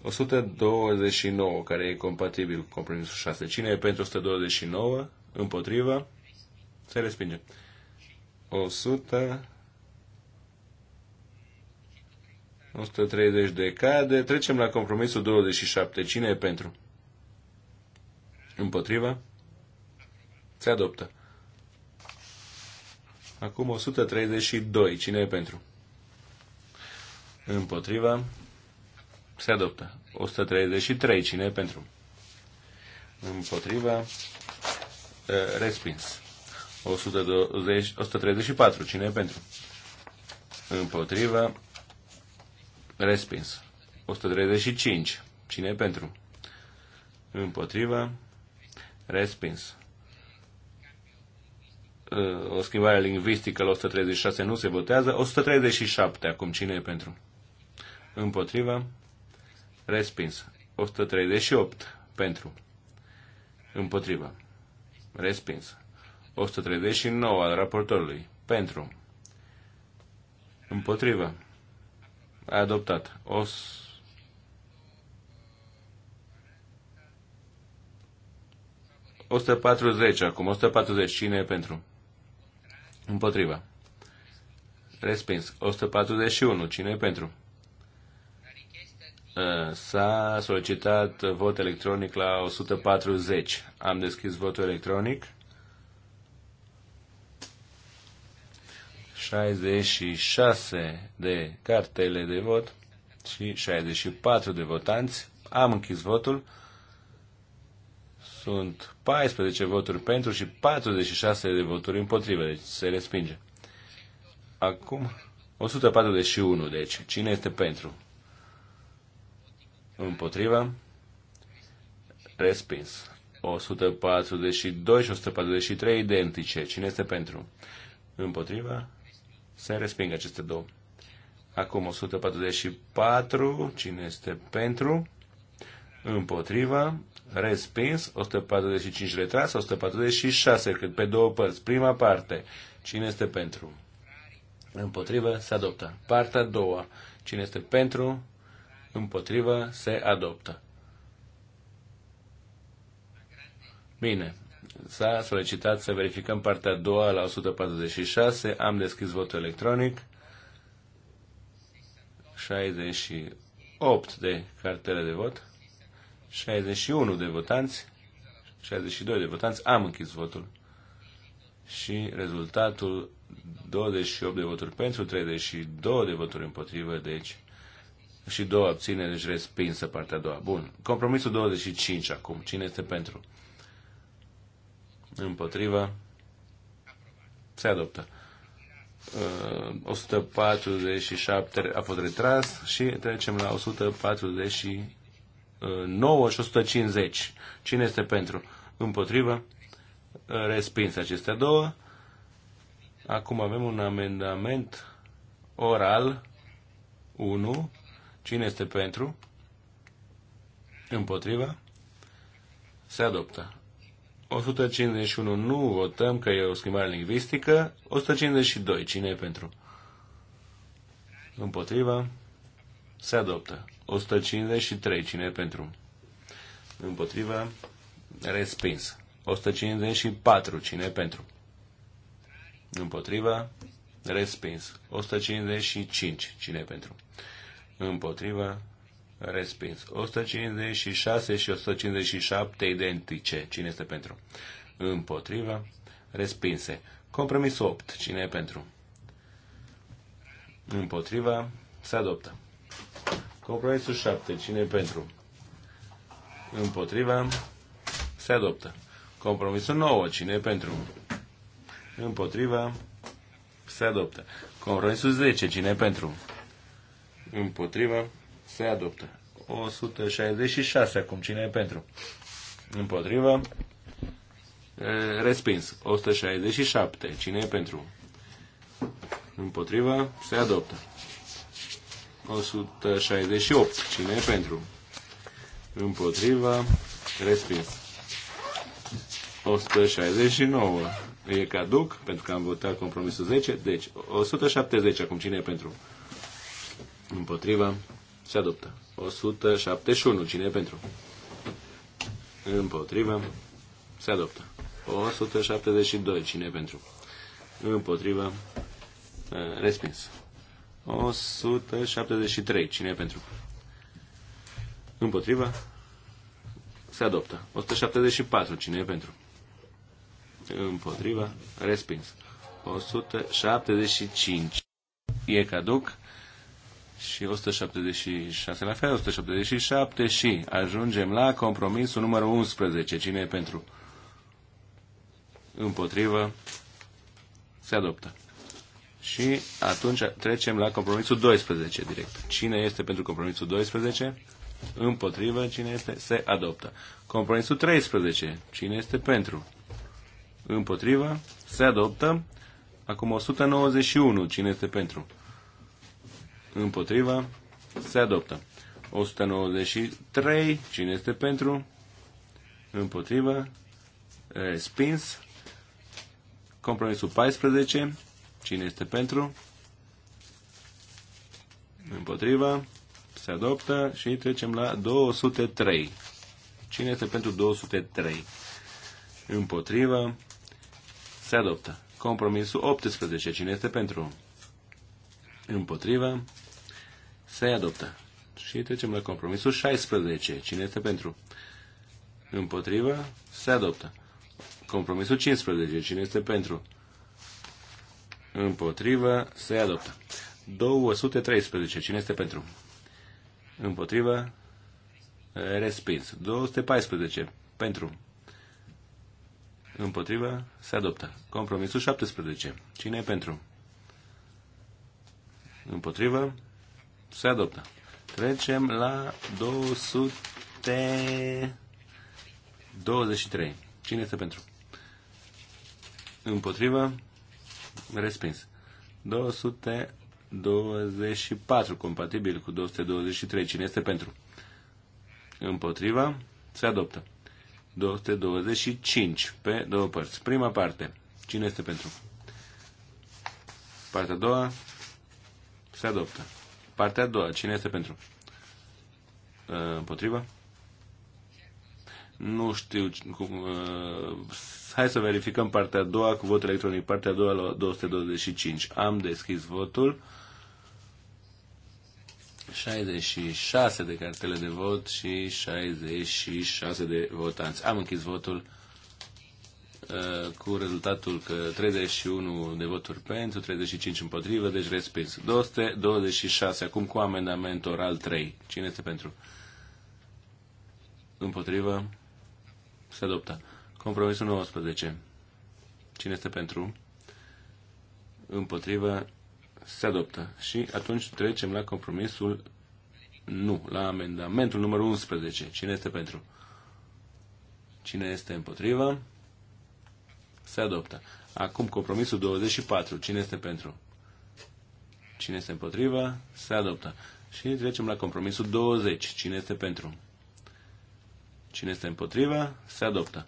B: 129, care e compatibil cu compromisul 6. Cine e pentru 129? Împotriva? Se respinge. 100... 130 de cade. Trecem la compromisul 27. Cine e pentru? Împotriva? Se adoptă. Acum 132. Cine e pentru? Împotriva? Se adoptă. 133. Cine pentru? Împotriva. Respins. 120, 134. Cine pentru? Împotriva. Respins. 135. Cine pentru? Împotriva. Respins. O schimbare lingvistică la 136 nu se votează. 137. Acum cine e pentru? Împotriva. Respins. 138 pentru. Împotriva. Respins. 139 al raportorului. Pentru. Împotriva. Adoptat. Os... 140 acum. 140. Cine e pentru? Împotriva. Respins. 141. Cine e pentru? Uh, s-a solicitat vot electronic la 140. Am deschis votul electronic. 66 de cartele de vot și 64 de votanți. Am închis votul. Sunt 14 voturi pentru și 46 de voturi împotrivă, deci se respinge. Acum, 141, deci. Cine este pentru? împotriva, respins. 142 și 143 identice. Cine este pentru? Împotriva, se resping aceste două. Acum 144, cine este pentru? Împotriva, respins, 145 retras, 146, cât pe două părți. Prima parte, cine este pentru? Împotrivă, se adoptă. Partea a doua, cine este pentru? împotrivă, se adoptă. Bine, s-a solicitat să verificăm partea a doua la 146, am deschis votul electronic, 68 de cartele de vot, 61 de votanți, 62 de votanți, am închis votul. Și rezultatul 28 de voturi pentru, 32 de voturi împotrivă, deci și două abțineri, își deci respinsă partea a doua. Bun. Compromisul 25 acum. Cine este pentru? Împotrivă. Se adoptă. 147 uh, a fost retras și trecem la 149 și 150. Cine este pentru? Împotrivă. Uh, Respins acestea două. Acum avem un amendament oral 1 Cine este pentru? Împotriva? Se adoptă. 151 nu votăm, că e o schimbare lingvistică. 152, cine e pentru? Împotriva? Se adoptă. 153, cine e pentru? Împotriva? Respins. 154, cine e pentru? Împotriva? Respins. 155, cine e pentru? împotriva, respins. 156 și 157 identice. Cine este pentru? Împotriva, respinse. Compromis 8. Cine e pentru? Împotriva, se adoptă. Compromisul 7. Cine e pentru? Împotriva, se adoptă. Compromisul 9. Cine e pentru? Împotriva, se adoptă. Compromisul 10. Cine e pentru? Împotriva. Se adoptă. 166 acum. Cine e pentru? Împotriva. Respins. 167. Cine e pentru? Împotriva. Se adoptă. 168. Cine e pentru? Împotriva. Respins. 169. E caduc, pentru că am votat compromisul 10. Deci, 170 acum. Cine e pentru? Împotriva. Se adoptă. 171. Cine e pentru? Împotriva. Se adoptă. 172. Cine e pentru? Împotriva. Respins. 173. Cine e pentru? Împotriva. Se adoptă. 174. Cine e pentru? Împotriva. Respins. 175. E caduc și 176 la fel, 177 și ajungem la compromisul numărul 11. Cine e pentru? Împotrivă. Se adoptă. Și atunci trecem la compromisul 12 direct. Cine este pentru compromisul 12? Împotrivă. Cine este? Se adoptă. Compromisul 13. Cine este pentru? Împotrivă. Se adoptă. Acum 191. Cine este pentru? împotriva, se adoptă. 193, cine este pentru, împotriva, respins. Compromisul 14, cine este pentru, împotriva, se adoptă și trecem la 203. Cine este pentru 203? Împotriva, Se adoptă. Compromisul 18. Cine este pentru? Împotriva. Se adoptă. Și trecem la compromisul 16. Cine este pentru? Împotriva. Se adoptă. Compromisul 15. Cine este pentru? Împotriva. Se adoptă. 213. Cine este pentru? Împotriva. Respins. 214. Pentru. Împotriva. Se adoptă. Compromisul 17. Cine e pentru? Împotrivă? Se adoptă. Trecem la 223. Cine este pentru? Împotrivă? Respins. 224. Compatibil cu 223. Cine este pentru? Împotriva? Se adoptă. 225 pe două părți. Prima parte. Cine este pentru? Partea a doua. Se adoptă. Partea a doua. Cine este pentru? Uh, Împotriva? Nu știu. Cum, uh, hai să verificăm partea a doua cu vot electronic. Partea a doua la 225. Am deschis votul. 66 de cartele de vot și 66 de votanți. Am închis votul. Uh, cu rezultatul că 31 de voturi pentru, 35 împotrivă, deci respins. 226, acum cu amendament oral 3. Cine este pentru? Împotrivă? Se adoptă. Compromisul 19. Cine este pentru? Împotrivă? Se adoptă. Și atunci trecem la compromisul nu, la amendamentul numărul 11. Cine este pentru? Cine este împotrivă? Se adoptă. Acum compromisul 24. Cine este pentru? Cine este împotrivă? Se adoptă. Și trecem la compromisul 20. Cine este pentru? Cine este împotrivă? Se adoptă.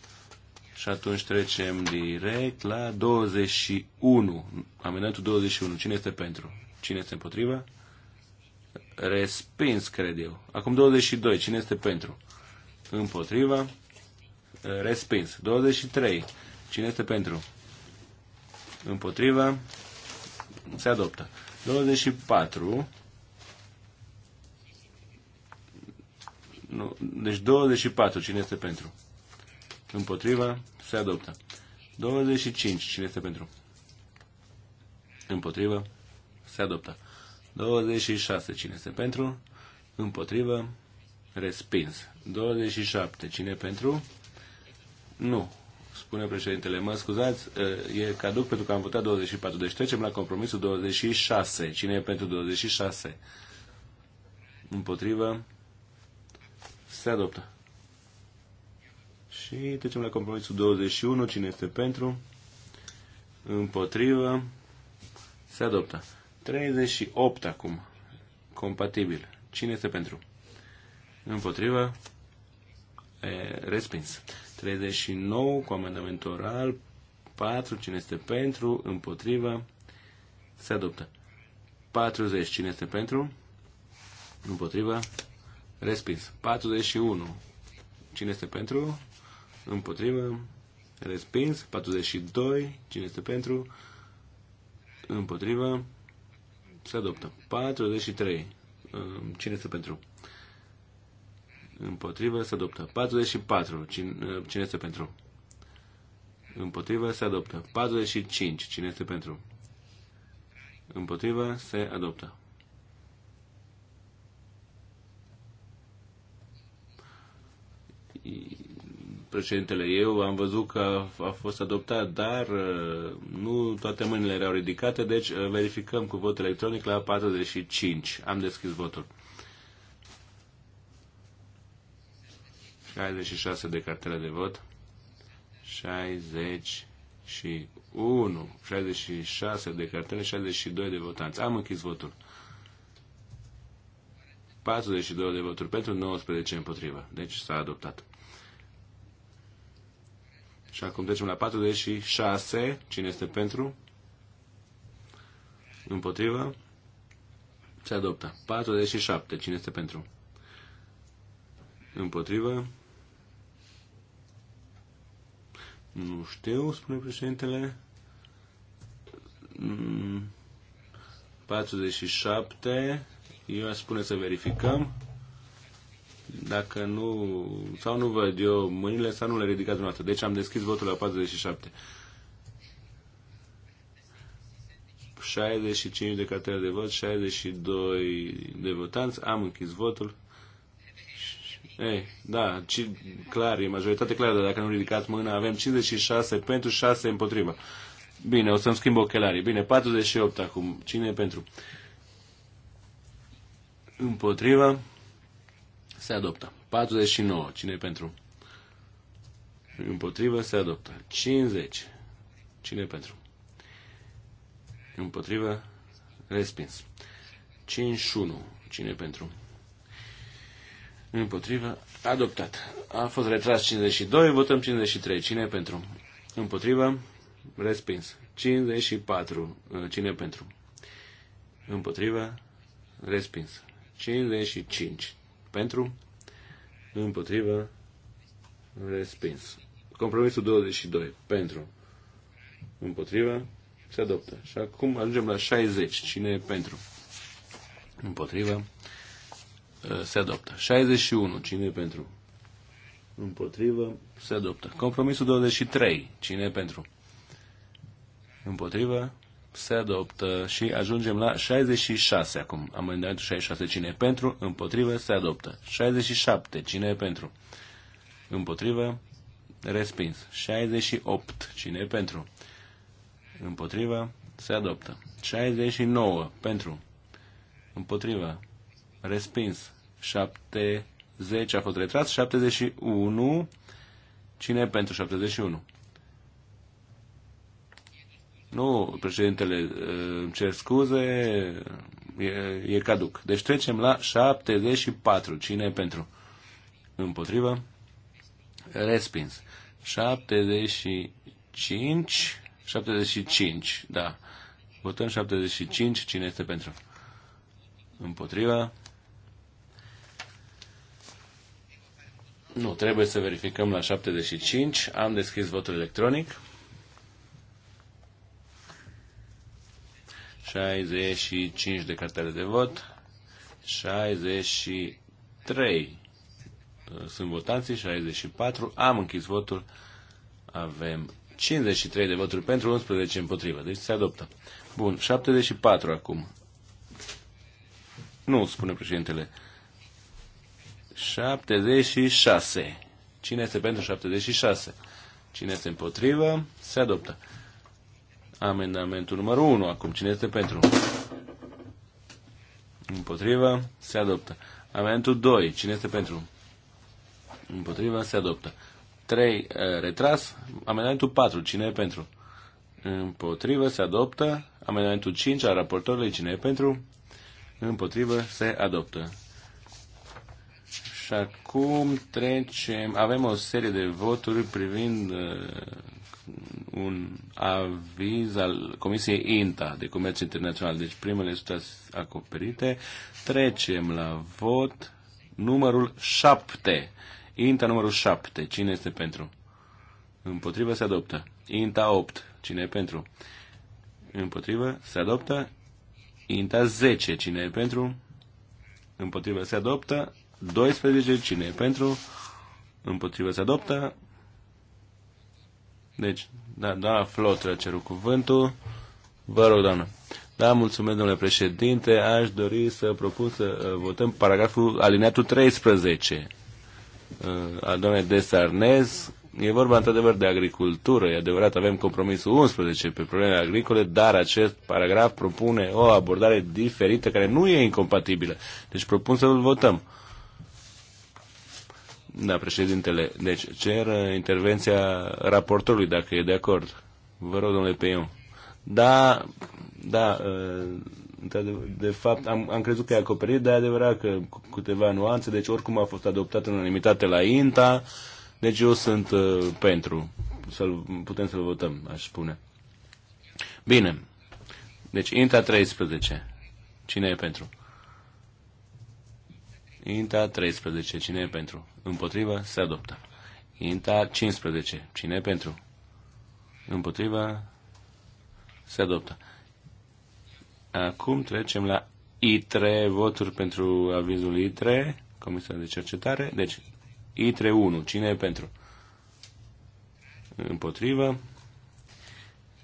B: Și atunci trecem direct la 21. Amendamentul 21. Cine este pentru? Cine este împotrivă? Respins, cred eu. Acum 22. Cine este pentru? Împotriva? Respins. 23. Cine este pentru? Împotriva? Se adoptă. 24. Nu, deci 24. Cine este pentru? Împotriva? Se adoptă. 25. Cine este pentru? Împotrivă? Se adoptă. 26. Deci Cine este pentru? Împotrivă? Respins. 27. Cine pentru? Nu spune președintele. Mă scuzați, e caduc pentru că am votat 24. Deci trecem la compromisul 26. Cine e pentru 26? Împotrivă? Se adoptă. Și trecem la compromisul 21. Cine este pentru? Împotrivă? Se adoptă. 38 acum. Compatibil. Cine este pentru? Împotrivă? E, respins. 39 cu amendament oral, 4 cine este pentru, împotrivă, se adoptă. 40 cine este pentru, împotrivă, respins. 41 cine este pentru, împotrivă, respins. 42 cine este pentru, împotrivă, se adoptă. 43 uh, cine este pentru, Împotrivă se adoptă. 44. Cine, cine este pentru? Împotrivă se adoptă. 45. Cine este pentru? Împotrivă se adoptă. Președintele, eu am văzut că a fost adoptat, dar uh, nu toate mâinile erau ridicate, deci uh, verificăm cu vot electronic la 45. Am deschis votul. 66 de cartele de vot, 61, 66 de cartele, 62 de votanți. Am închis votul. 42 de voturi pentru, 19 împotrivă. Deci s-a adoptat. Și acum trecem la 46. Cine este pentru? Împotrivă? Se adoptă. 47. Cine este pentru? Împotrivă? Nu știu, spune președintele. 47. Mm, eu aș spune să verificăm. Dacă nu, sau nu văd eu mâinile, sau nu le ridicați dumneavoastră. Deci am deschis votul la 47. 65 de cartele de vot, 62 de votanți. Am închis votul. Ei, da, ci, clar, e majoritate clară, dar dacă nu ridicați mâna, avem 56 pentru, 6 împotriva. Bine, o să-mi schimb ochelarii. Bine, 48 acum. Cine e pentru? Împotriva. Se adoptă. 49. Cine e pentru? Împotriva. Se adoptă. 50. Cine e pentru? Împotriva. Respins. 51. Cine e pentru? Împotrivă. Adoptat. A fost retras 52, votăm 53. Cine pentru? Împotrivă. Respins. 54. Uh, cine pentru? Împotrivă. Respins. 55. Pentru? Împotrivă. Respins. Compromisul 22. Pentru. Împotrivă. Se adoptă. Și acum ajungem la 60. Cine e pentru? Împotrivă. Uh, se adoptă. 61. Cine e pentru? Împotrivă. Se adoptă. Compromisul 23. Cine e pentru? Împotrivă. Se adoptă. Și ajungem la 66 acum. Amendamentul 66. Cine e pentru? Împotrivă. Se adoptă. 67. Cine e pentru? Împotrivă. Respins. 68. Cine e pentru? Împotrivă. Se adoptă. 69. Pentru. Împotrivă. Respins. 70 a fost retras. 71. Cine e pentru 71? Nu, președintele, îmi cer scuze, e, e caduc. Deci trecem la 74. Cine e pentru? Împotrivă. Respins. 75. 75, da. Votăm 75. Cine este pentru? Împotriva. Nu, trebuie să verificăm la 75. Am deschis votul electronic. 65 de cartele de vot. 63 uh, sunt votanții, 64. Am închis votul. Avem 53 de voturi pentru, 11 împotrivă. Deci se adoptă. Bun, 74 acum. Nu, spune președintele. 76. Cine este pentru 76? Cine este împotrivă? Se adoptă. Amendamentul numărul 1. Acum, cine este pentru? Împotrivă? Se adoptă. Amendamentul 2. Cine este pentru? Împotrivă? Se adoptă. 3. Uh, retras. Amendamentul 4. Cine e pentru? Împotrivă? Se adoptă. Amendamentul 5 A raportorului. Cine e pentru? Împotrivă? Se adoptă. Și acum trecem, avem o serie de voturi privind uh, un aviz al Comisiei INTA de Comerț Internațional. Deci primele sunt acoperite. Trecem la vot numărul 7. INTA numărul 7. Cine este pentru? Împotrivă se adoptă. INTA 8. Cine e pentru? Împotrivă se adoptă. INTA 10. Cine e pentru? Împotrivă se adoptă. 12. Cine e pentru? Împotrivă se adoptă. Deci, da, da, flotul a cerut cuvântul. Vă rog, doamnă. Da, mulțumesc, domnule președinte. Aș dori să propun să uh, votăm paragraful alineatul 13 uh, al doamnei Desarnez. E vorba într-adevăr de agricultură, e adevărat, avem compromisul 11 pe problemele agricole, dar acest paragraf propune o abordare diferită care nu e incompatibilă. Deci propun să-l votăm. Da, președintele. Deci cer uh, intervenția raportorului, dacă e de acord. Vă rog, domnule Peion. Da, da, uh, de fapt am, am crezut că e acoperit, dar e adevărat că cu câteva nuanțe, deci oricum a fost adoptat în unanimitate la INTA, deci eu sunt uh, pentru. Să putem să-l votăm, aș spune. Bine. Deci INTA 13. Cine e pentru? Inta 13. Cine e pentru? Împotrivă? Se adoptă. Inta 15. Cine e pentru? Împotrivă? Se adoptă. Acum trecem la I3, voturi pentru avizul I3, Comisia de Cercetare. Deci, I3-1, cine e pentru? Împotrivă.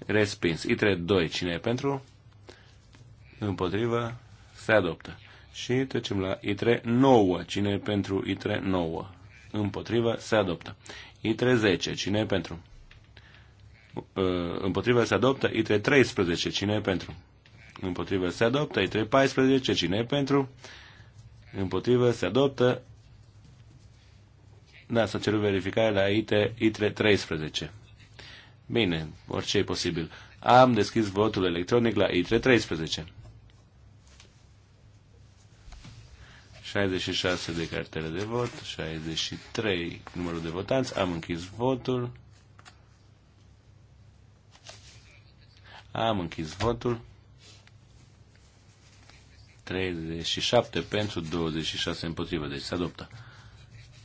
B: Respins. I3-2, cine e pentru? Împotrivă. Se adoptă. Și trecem la I3 9. Cine e pentru I3 9? Împotrivă se adoptă. I3 10. Uh, Cine e pentru? Împotrivă se adoptă. I3 13. Cine e pentru? Împotrivă se adoptă. I3 14. Cine e pentru? Împotrivă se adoptă. Da, s-a cerut verificare la IT, ITRE 13. Bine, orice e posibil. Am deschis votul electronic la ITRE 13. 66 de cartele de vot, 63 numărul de votanți, am închis votul. Am închis votul. 37 pentru, 26 împotrivă, deci se adoptă.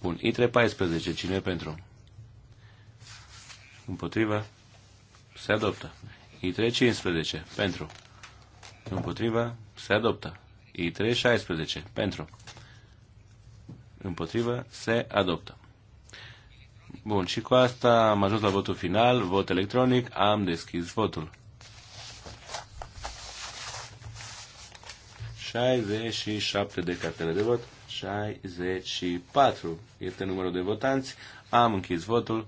B: Bun, I314, cine e pentru? Împotrivă, se adoptă. I315, pentru. Împotrivă, se adoptă. I316, pentru împotrivă, se adoptă. Bun, și cu asta am ajuns la votul final, vot electronic, am deschis votul. 67 de cartele de vot, 64 este numărul de votanți, am închis votul.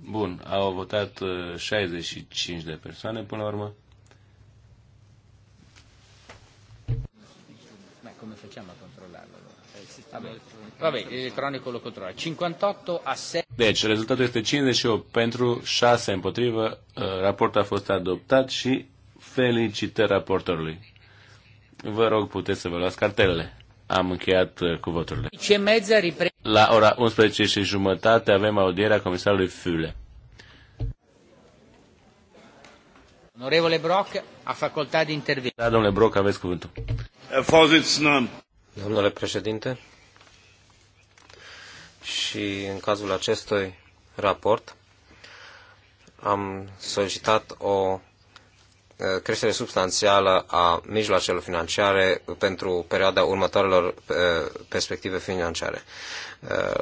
B: Bun, au votat 65 uh, de persoane până la urmă.
A: cum se cheamă? Vabbè, elettronico lo controlla. 58 a 7.
B: Deci, rezultatul este 58 pentru, 6 împotrivă. Uh, raportul a fost adoptat și felicitări raportorului. Vă rog, puteți să vă luați cartelele. Am încheiat uh, cu voturile. La ora 11 și jumătate avem audierea comisarului Fule.
A: Onorevole Brock, a facoltà di intervenire.
B: Da, domnule Brock, aveți cuvântul.
E: Domnule președinte, și în cazul acestui raport am solicitat o eh, creștere substanțială a mijloacelor financiare pentru perioada următoarelor eh, perspective financiare. Eh,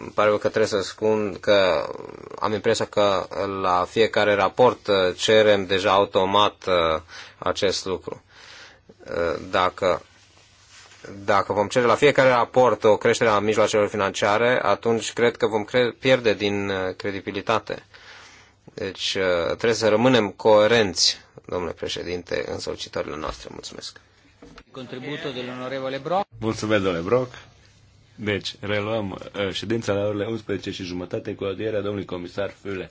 E: îmi pare că trebuie să spun că am impresia că la fiecare raport cerem deja automat acest lucru. Dacă dacă vom cere la fiecare raport o creștere a mijloacelor financiare, atunci cred că vom pierde din uh, credibilitate. Deci uh, trebuie să rămânem coerenți, domnule președinte, în solicitările noastre. Mulțumesc.
A: Contributul de onorevole Broc.
E: Mulțumesc, domnule Broc. Deci, reluăm uh, ședința la orele 11 și jumătate
B: cu audierea domnului comisar Füle.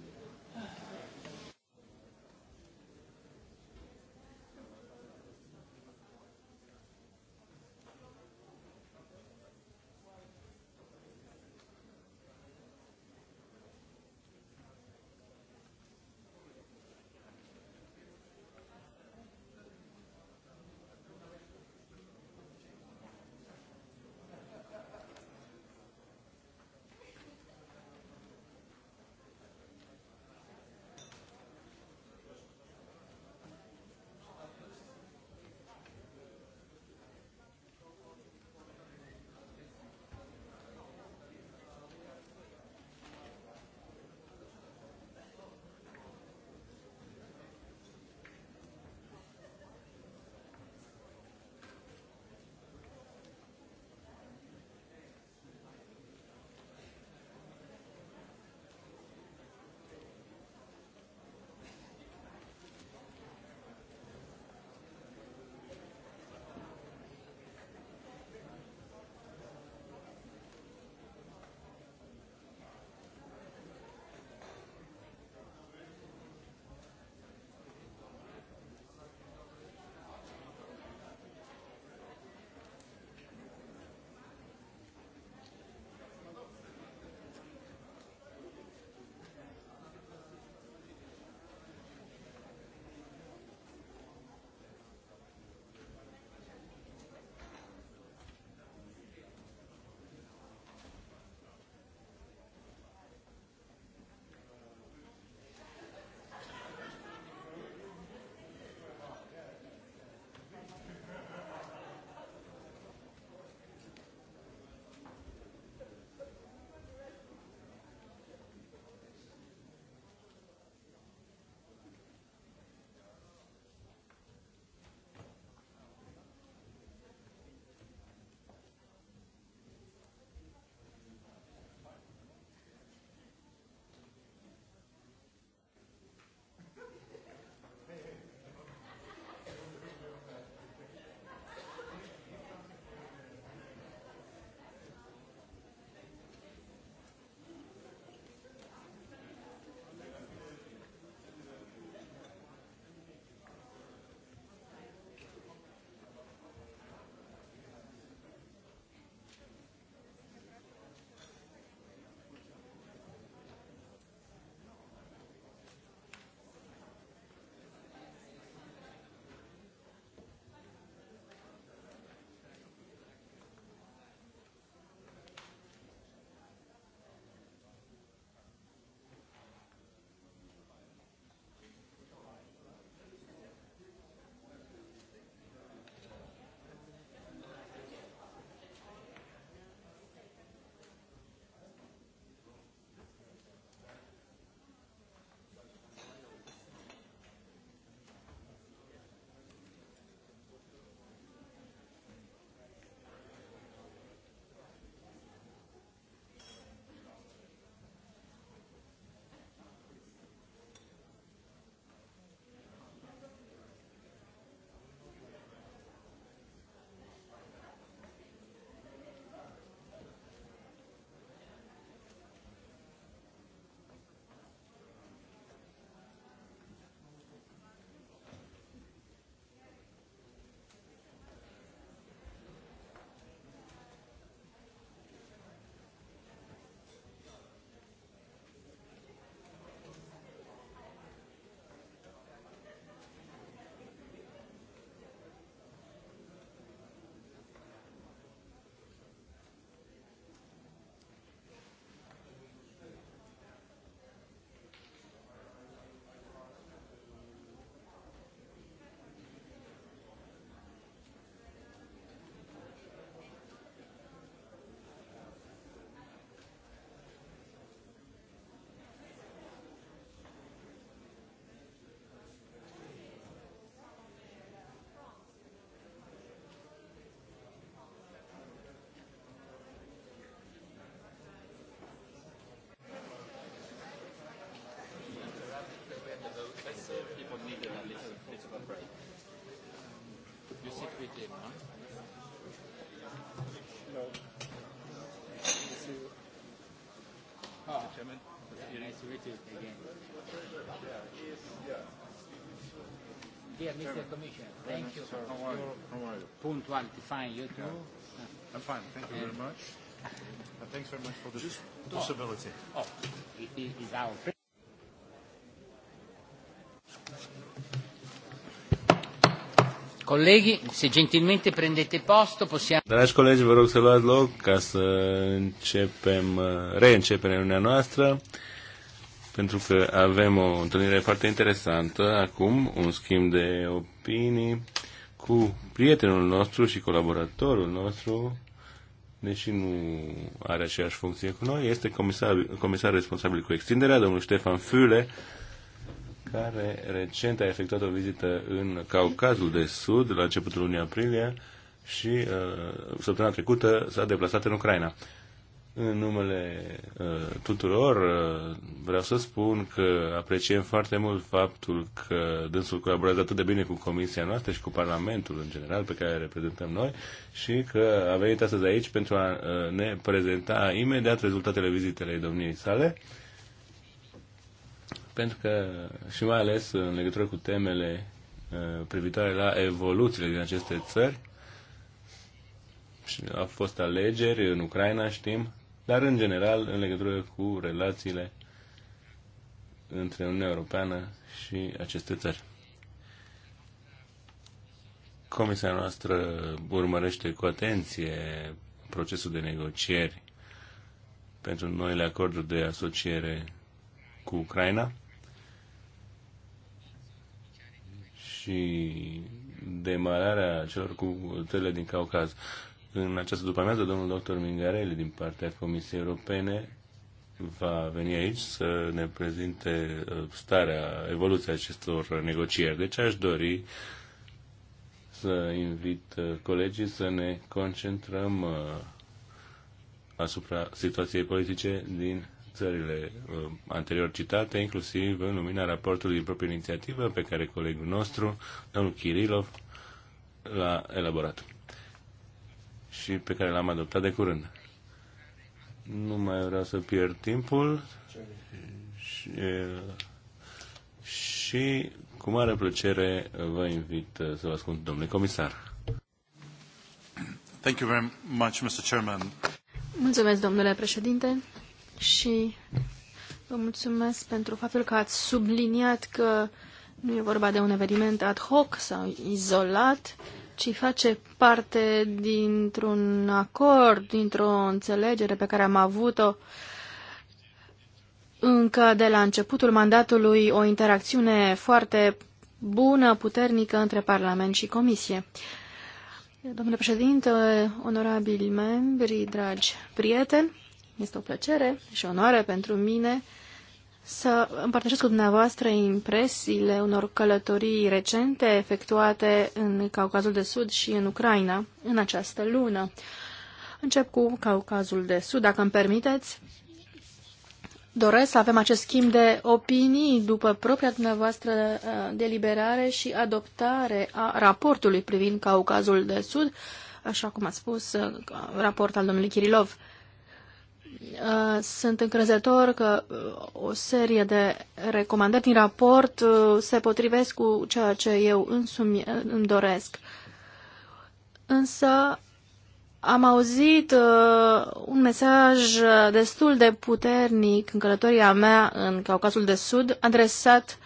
A: possibility again.
D: Dear Mr. Commissioner, thank you for How are you?
A: How are you? punctuality. Fine, you too? Yeah. I'm fine, thank you very much.
B: and thanks very much for this possibility. Oh, oh, it is our pleasure.
A: Colleghi, se gentilmente prendete posto, possiamo...
B: Dragi colleghi, vă rog să luați loc ca să începem, reîncepem reuniunea noastră pentru că avem o întâlnire foarte interesantă acum, un schimb de opinii cu prietenul nostru și colaboratorul nostru, deși nu are aceeași funcție cu noi, este comisar, comisar responsabil cu extinderea, domnul Ștefan Füle, care recent a efectuat o vizită în Caucazul de Sud la începutul lunii aprilie și uh, săptămâna trecută s-a deplasat în Ucraina. Uh, în numele uh, tuturor uh, vreau să spun că apreciem foarte mult faptul că dânsul colaborează atât de bine cu comisia noastră și cu Parlamentul în general pe care îl reprezentăm noi și că a venit astăzi aici pentru a uh, ne prezenta imediat rezultatele vizitelei domniei sale pentru că și mai ales în legătură cu temele uh, privitoare la evoluțiile din aceste țări. Au fost alegeri în Ucraina, știm, dar în general în legătură cu relațiile între Uniunea Europeană și aceste țări. Comisia noastră urmărește cu atenție procesul de negocieri pentru noile acorduri de asociere cu Ucraina și demararea celor cu țările din Caucaz. În această după-amiază, domnul doctor Mingarelli, din partea Comisiei Europene, va veni aici să ne prezinte uh, starea, evoluția acestor negocieri. Deci aș dori să invit uh, colegii să ne concentrăm uh, asupra situației politice din țările anterior citate, inclusiv în lumina raportului din proprie inițiativă pe care colegul nostru, domnul Kirilov, l-a elaborat și pe care l-am adoptat de curând. Nu mai vreau să pierd timpul și, și cu mare plăcere vă invit să vă ascund domnule comisar.
C: Thank you very much, Mr. Chairman.
D: Mulțumesc, domnule președinte, și vă mulțumesc pentru faptul că ați subliniat că nu e vorba de un eveniment ad hoc sau izolat, uh, ci face parte dintr-un acord, dintr-o înțelegere pe care am avut-o încă de la începutul mandatului, o interacțiune foarte bună, puternică între Parlament și Comisie. Domnule președinte, onorabili membri, dragi prieteni, este o plăcere și onoare pentru mine să împărtășesc cu dumneavoastră impresiile unor călătorii recente efectuate în Caucazul de Sud și în Ucraina în această lună. Încep cu Caucazul de Sud, dacă îmi permiteți. Doresc să avem acest schimb de opinii după propria dumneavoastră uh, deliberare și adoptare a raportului privind Caucazul de Sud, așa cum a spus uh, raport al domnului Kirilov. Uh, sunt încrezător că uh, o serie de recomandări din raport uh, se potrivesc cu ceea ce eu însumi îmi doresc. Însă am auzit un mesaj destul de puternic în călătoria mea în Caucasul de Sud adresat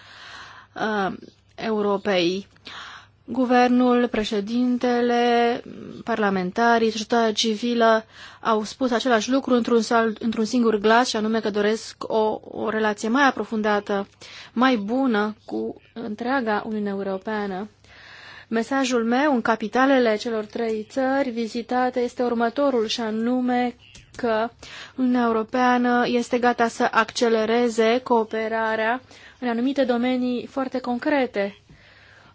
D: Europei. Uh, Guvernul, președintele, parlamentarii, societatea civilă au spus același lucru într-un, într singur glas și anume că doresc o, o relație mai aprofundată, mai bună cu întreaga Uniune Europeană. Mesajul meu în capitalele celor trei țări vizitate este următorul și anume că Uniunea Europeană este gata să accelereze cooperarea în anumite domenii foarte concrete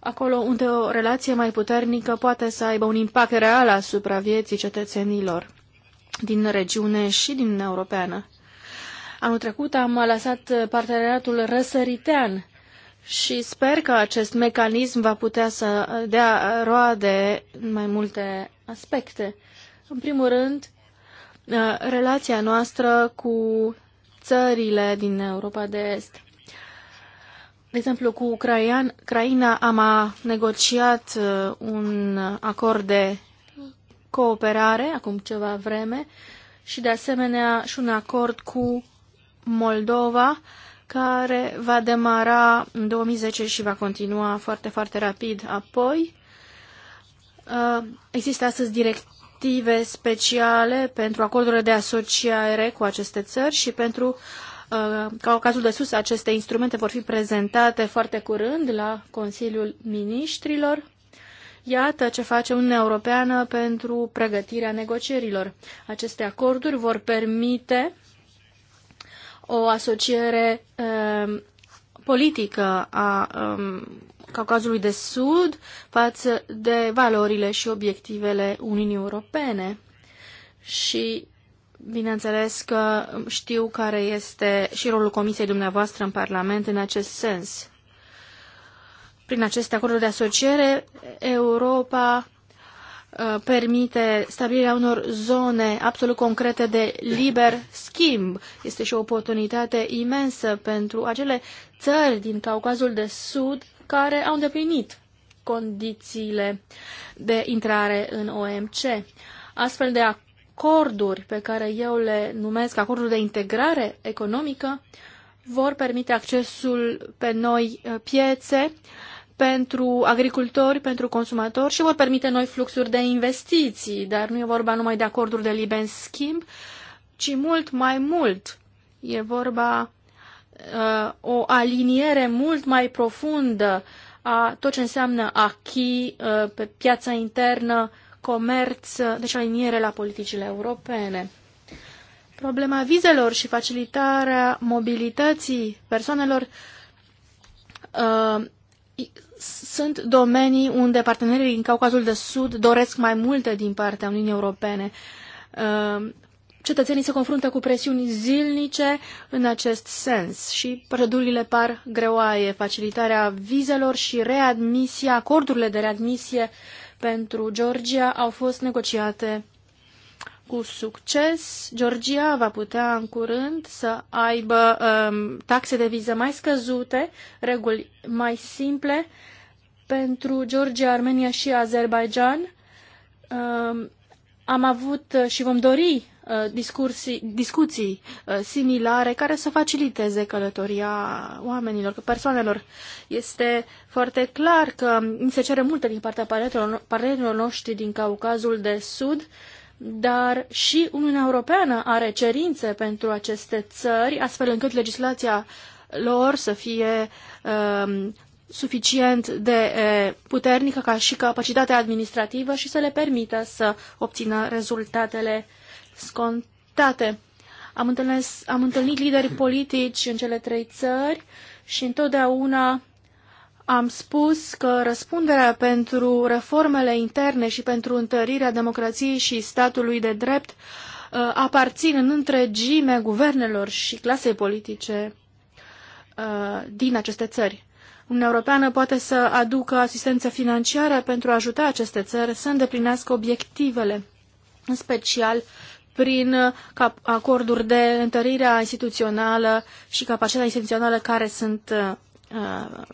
D: acolo unde o relație mai puternică poate să aibă un impact real asupra vieții cetățenilor din regiune și din Europeană. Anul trecut am lăsat parteneriatul răsăritean și sper că acest mecanism va putea să dea roade în mai multe aspecte. În primul rând, uh, relația noastră cu țările din Europa de Est. De exemplu, cu Ucraian, Ucraina am negociat uh, un acord de cooperare acum ceva vreme și de asemenea și un acord cu Moldova care va demara în 2010 și va continua foarte, foarte rapid apoi. Uh, există astăzi directive speciale pentru acordurile de asociere cu aceste țări și pentru uh, Uh, ca cazul de sus, aceste instrumente vor fi prezentate foarte curând la Consiliul Ministrilor. Iată ce face Uniunea Europeană pentru pregătirea negocierilor. Aceste acorduri vor permite o asociere um, politică a um, Caucazului de Sud față de valorile și obiectivele Uniunii Europene. Și Bineînțeles că știu care este și rolul Comisiei dumneavoastră în Parlament în acest sens. Prin aceste acorduri de asociere, Europa ă, permite stabilirea unor zone absolut concrete de liber schimb. Este și o oportunitate imensă pentru acele țări din Caucazul de Sud care au îndeplinit condițiile de intrare în OMC. Astfel de acorduri pe care eu le numesc acorduri de integrare economică vor permite accesul pe noi uh, piețe pentru agricultori, pentru consumatori și vor permite noi fluxuri de investiții, dar nu e vorba numai de acorduri de liber schimb, ci mult mai mult. E vorba uh, o aliniere mult mai profundă a tot ce înseamnă achi uh, pe piața internă uh, comerț, deci aliniere la politicile europene. Problema vizelor și facilitarea mobilității persoanelor uh, sunt domenii unde partenerii din Caucazul de Sud doresc mai multe din partea Uniunii Europene. Uh, cetățenii se confruntă cu presiuni zilnice în acest sens și procedurile par greoaie. Facilitarea vizelor și readmisia, acordurile de readmisie pentru Georgia au fost negociate cu succes. Georgia va putea în curând să aibă um, taxe de viză mai scăzute, reguli mai simple pentru Georgia, Armenia și Azerbaijan. Um, am avut și vom dori Uh, discursi, discuții uh, similare care să faciliteze călătoria oamenilor, persoanelor. Este foarte clar că ni se cere multe din partea partenerilor noștri din Caucazul de Sud, dar și Uniunea Europeană are cerințe pentru aceste țări, astfel încât legislația lor să fie um, suficient de e, puternică ca și capacitatea administrativă și să le permită să obțină rezultatele scontate. Am întâlnit, am întâlnit lideri politici în cele trei țări și întotdeauna am spus că răspunderea pentru reformele interne și pentru întărirea democrației și statului de drept uh, aparțin în întregime guvernelor și clasei politice uh, din aceste țări. Uniunea Europeană poate să aducă asistență financiară pentru a ajuta aceste țări să îndeplinească obiectivele, în special prin uh, acorduri de întărire instituțională și capacitatea instituțională care sunt uh, uh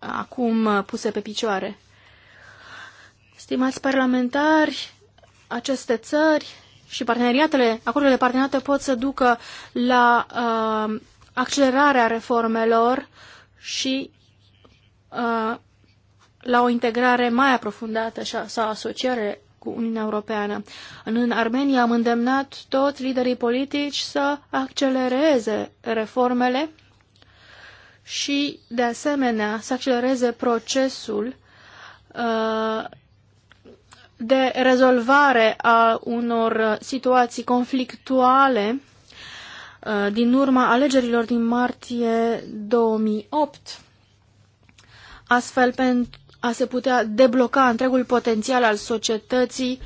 D: acum uh, puse pe picioare. Stimați parlamentari, aceste țări și parteneriatele, acordurile de parteneriate pot să ducă la uh, accelerarea reformelor și uh, la o integrare mai aprofundată și a, sau asociere cu Uniunea Europeană. În Armenia am îndemnat toți liderii politici să accelereze reformele și, de asemenea, să accelereze procesul uh, de rezolvare a unor situații conflictuale uh, din urma alegerilor din martie 2008. Astfel, pentru a se putea debloca întregul potențial al societății.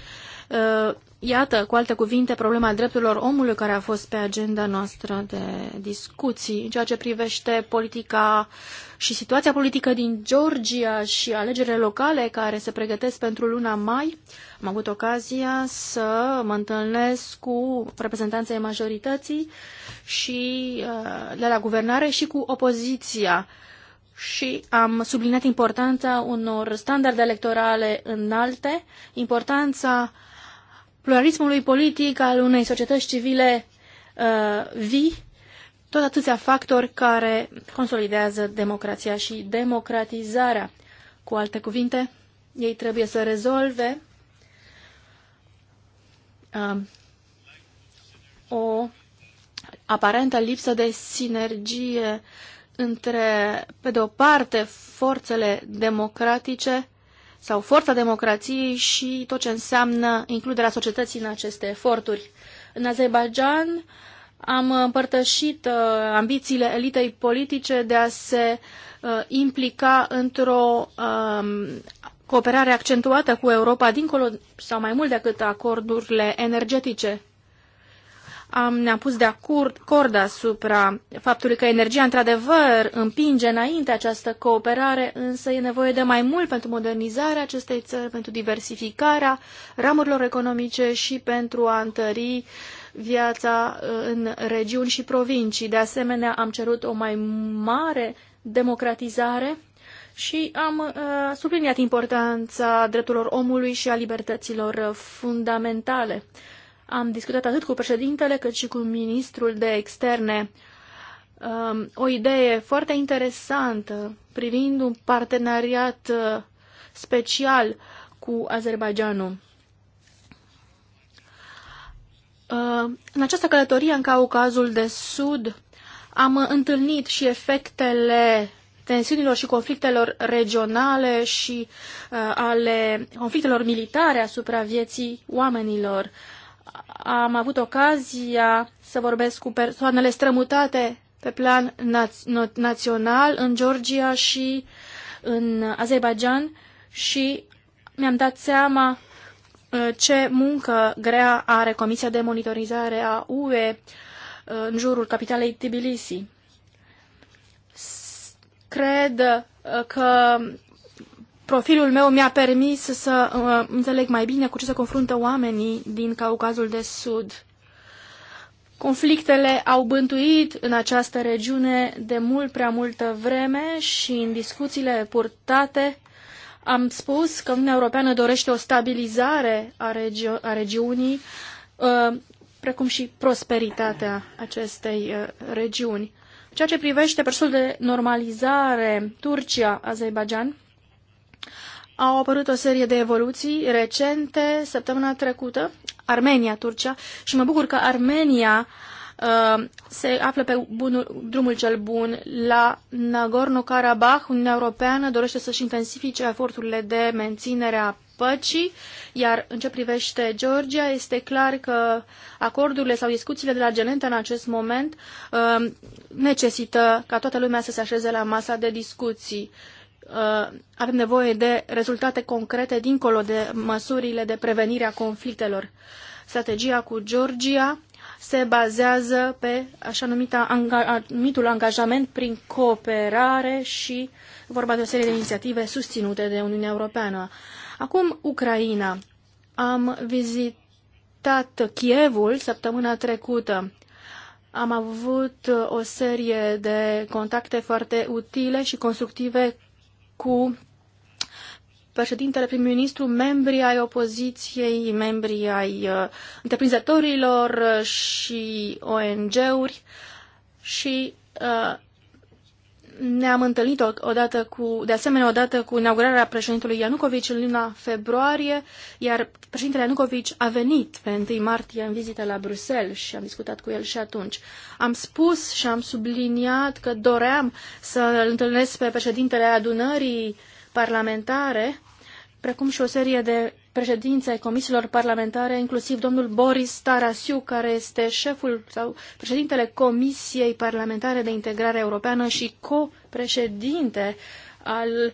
D: Uh, iată, cu alte cuvinte, problema drepturilor omului care a fost pe agenda noastră de discuții în ceea ce privește politica și situația politică din Georgia și alegerile locale care se pregătesc pentru luna mai. Am avut ocazia să mă întâlnesc cu reprezentanții majorității și uh, de la guvernare și cu opoziția și am subliniat importanța unor standarde electorale înalte, importanța pluralismului politic al unei societăți civile uh, vii, tot atâția factori care consolidează democrația și democratizarea. Cu alte cuvinte, ei trebuie să rezolve uh, o aparentă lipsă de sinergie între, pe de o parte, forțele democratice sau forța democrației și tot ce înseamnă includerea societății în aceste eforturi. În Azerbaijan am împărtășit uh, ambițiile elitei politice de a se uh, implica într-o uh, cooperare accentuată cu Europa dincolo sau mai mult decât acordurile energetice am, ne-am pus de acord, acord asupra faptului că energia, într-adevăr, împinge înainte această cooperare, însă e nevoie de mai mult pentru modernizarea acestei țări, pentru diversificarea ramurilor economice și pentru a întări viața uh, în regiuni și provincii. De asemenea, am cerut o mai mare democratizare și am uh, subliniat importanța drepturilor omului și a libertăților fundamentale. Am discutat atât cu președintele cât și cu ministrul de externe um, o idee foarte interesantă privind un parteneriat uh, special cu Azerbaijanul. Uh, în această călătorie în Caucazul de Sud am întâlnit și efectele tensiunilor și conflictelor regionale și uh, ale conflictelor militare asupra vieții oamenilor. Uh, am avut ocazia să vorbesc cu persoanele strămutate pe plan național în Georgia și în Azerbaijan și mi-am dat seama uh, ce muncă grea are Comisia de Monitorizare a UE uh, în jurul capitalei Tbilisi. Cred uh, că profilul meu mi-a permis să uh, înțeleg mai bine cu ce se confruntă oamenii din Caucazul de Sud. Conflictele au bântuit în această regiune de mult prea multă vreme și în discuțiile purtate am spus că Uniunea Europeană dorește o stabilizare a, regi a regiunii, uh, precum și prosperitatea acestei uh, regiuni. Ceea ce privește procesul de normalizare Turcia-Azerbaijan, au apărut o serie de evoluții recente, săptămâna trecută, Armenia, Turcia, și mă bucur că Armenia uh, se află pe bunul, drumul cel bun la Nagorno-Karabakh. Uniunea Europeană dorește să-și intensifice eforturile de menținere a păcii, iar în ce privește Georgia, este clar că acordurile sau discuțiile de la Genente în acest moment uh, necesită ca toată lumea să se așeze la masa de discuții. Uh, avem nevoie de rezultate concrete dincolo de măsurile de prevenire a conflictelor. Strategia cu Georgia se bazează pe așa numita, anga, numitul angajament prin cooperare și vorba de o serie de inițiative susținute de Uniunea Europeană. Acum, Ucraina. Am vizitat Kievul săptămâna trecută. Am avut o serie de contacte foarte utile și constructive cu președintele, prim-ministru, membrii ai opoziției, membrii ai uh, întreprinzătorilor și ONG-uri și uh, ne-am întâlnit odată cu, de asemenea odată cu inaugurarea președintelui Ianucovici în luna februarie, iar președintele Ianucovici a venit pe 1 martie în vizită la Bruxelles și am discutat cu el și atunci. Am spus și am subliniat că doream să îl întâlnesc pe președintele adunării parlamentare, precum și o serie de președinței comisiilor parlamentare, inclusiv domnul Boris Tarasiu, care este șeful sau președintele Comisiei Parlamentare de Integrare Europeană și co-președinte al,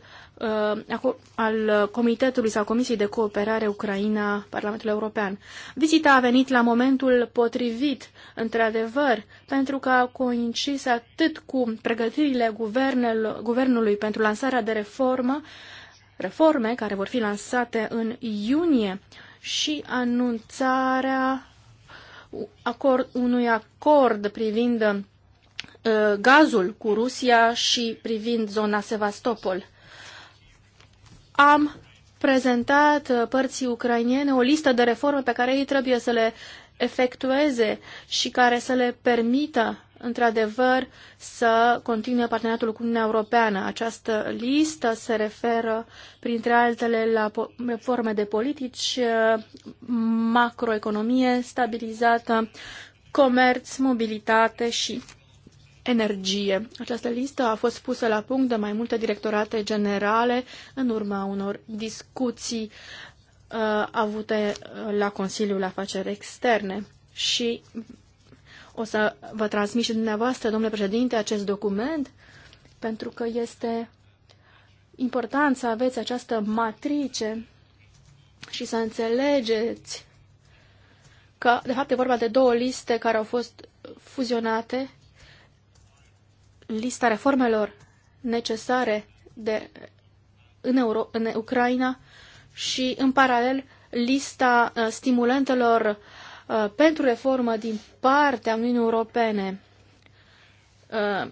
D: uh, al Comitetului sau Comisiei de Cooperare Ucraina Parlamentul European. Vizita a venit la momentul potrivit, într-adevăr, pentru că a coincis atât cu pregătirile guvernului pentru lansarea de reformă, uh, reforme care vor fi lansate în iunie și anunțarea acord, unui acord privind uh, gazul cu Rusia și privind zona Sevastopol. Am prezentat uh, părții ucrainiene o listă de reforme pe care ei trebuie să le efectueze și care să le permită într-adevăr, să continue parteneriatul cu Uniunea Europeană. Această listă se referă, printre altele, la forme de politici, macroeconomie stabilizată, comerț, mobilitate și energie. Această listă a fost pusă la punct de mai multe directorate generale în urma unor discuții uh, avute la Consiliul Afaceri Externe și o să vă transmit și dumneavoastră, domnule președinte, acest document, pentru că este important să aveți această matrice și să înțelegeți că, de fapt, e vorba de două liste care au fost fuzionate. Lista reformelor necesare de, în, Euro, în Ucraina și, în paralel, lista uh, stimulentelor Uh, pentru reformă din partea Uniunii Europene. Uh,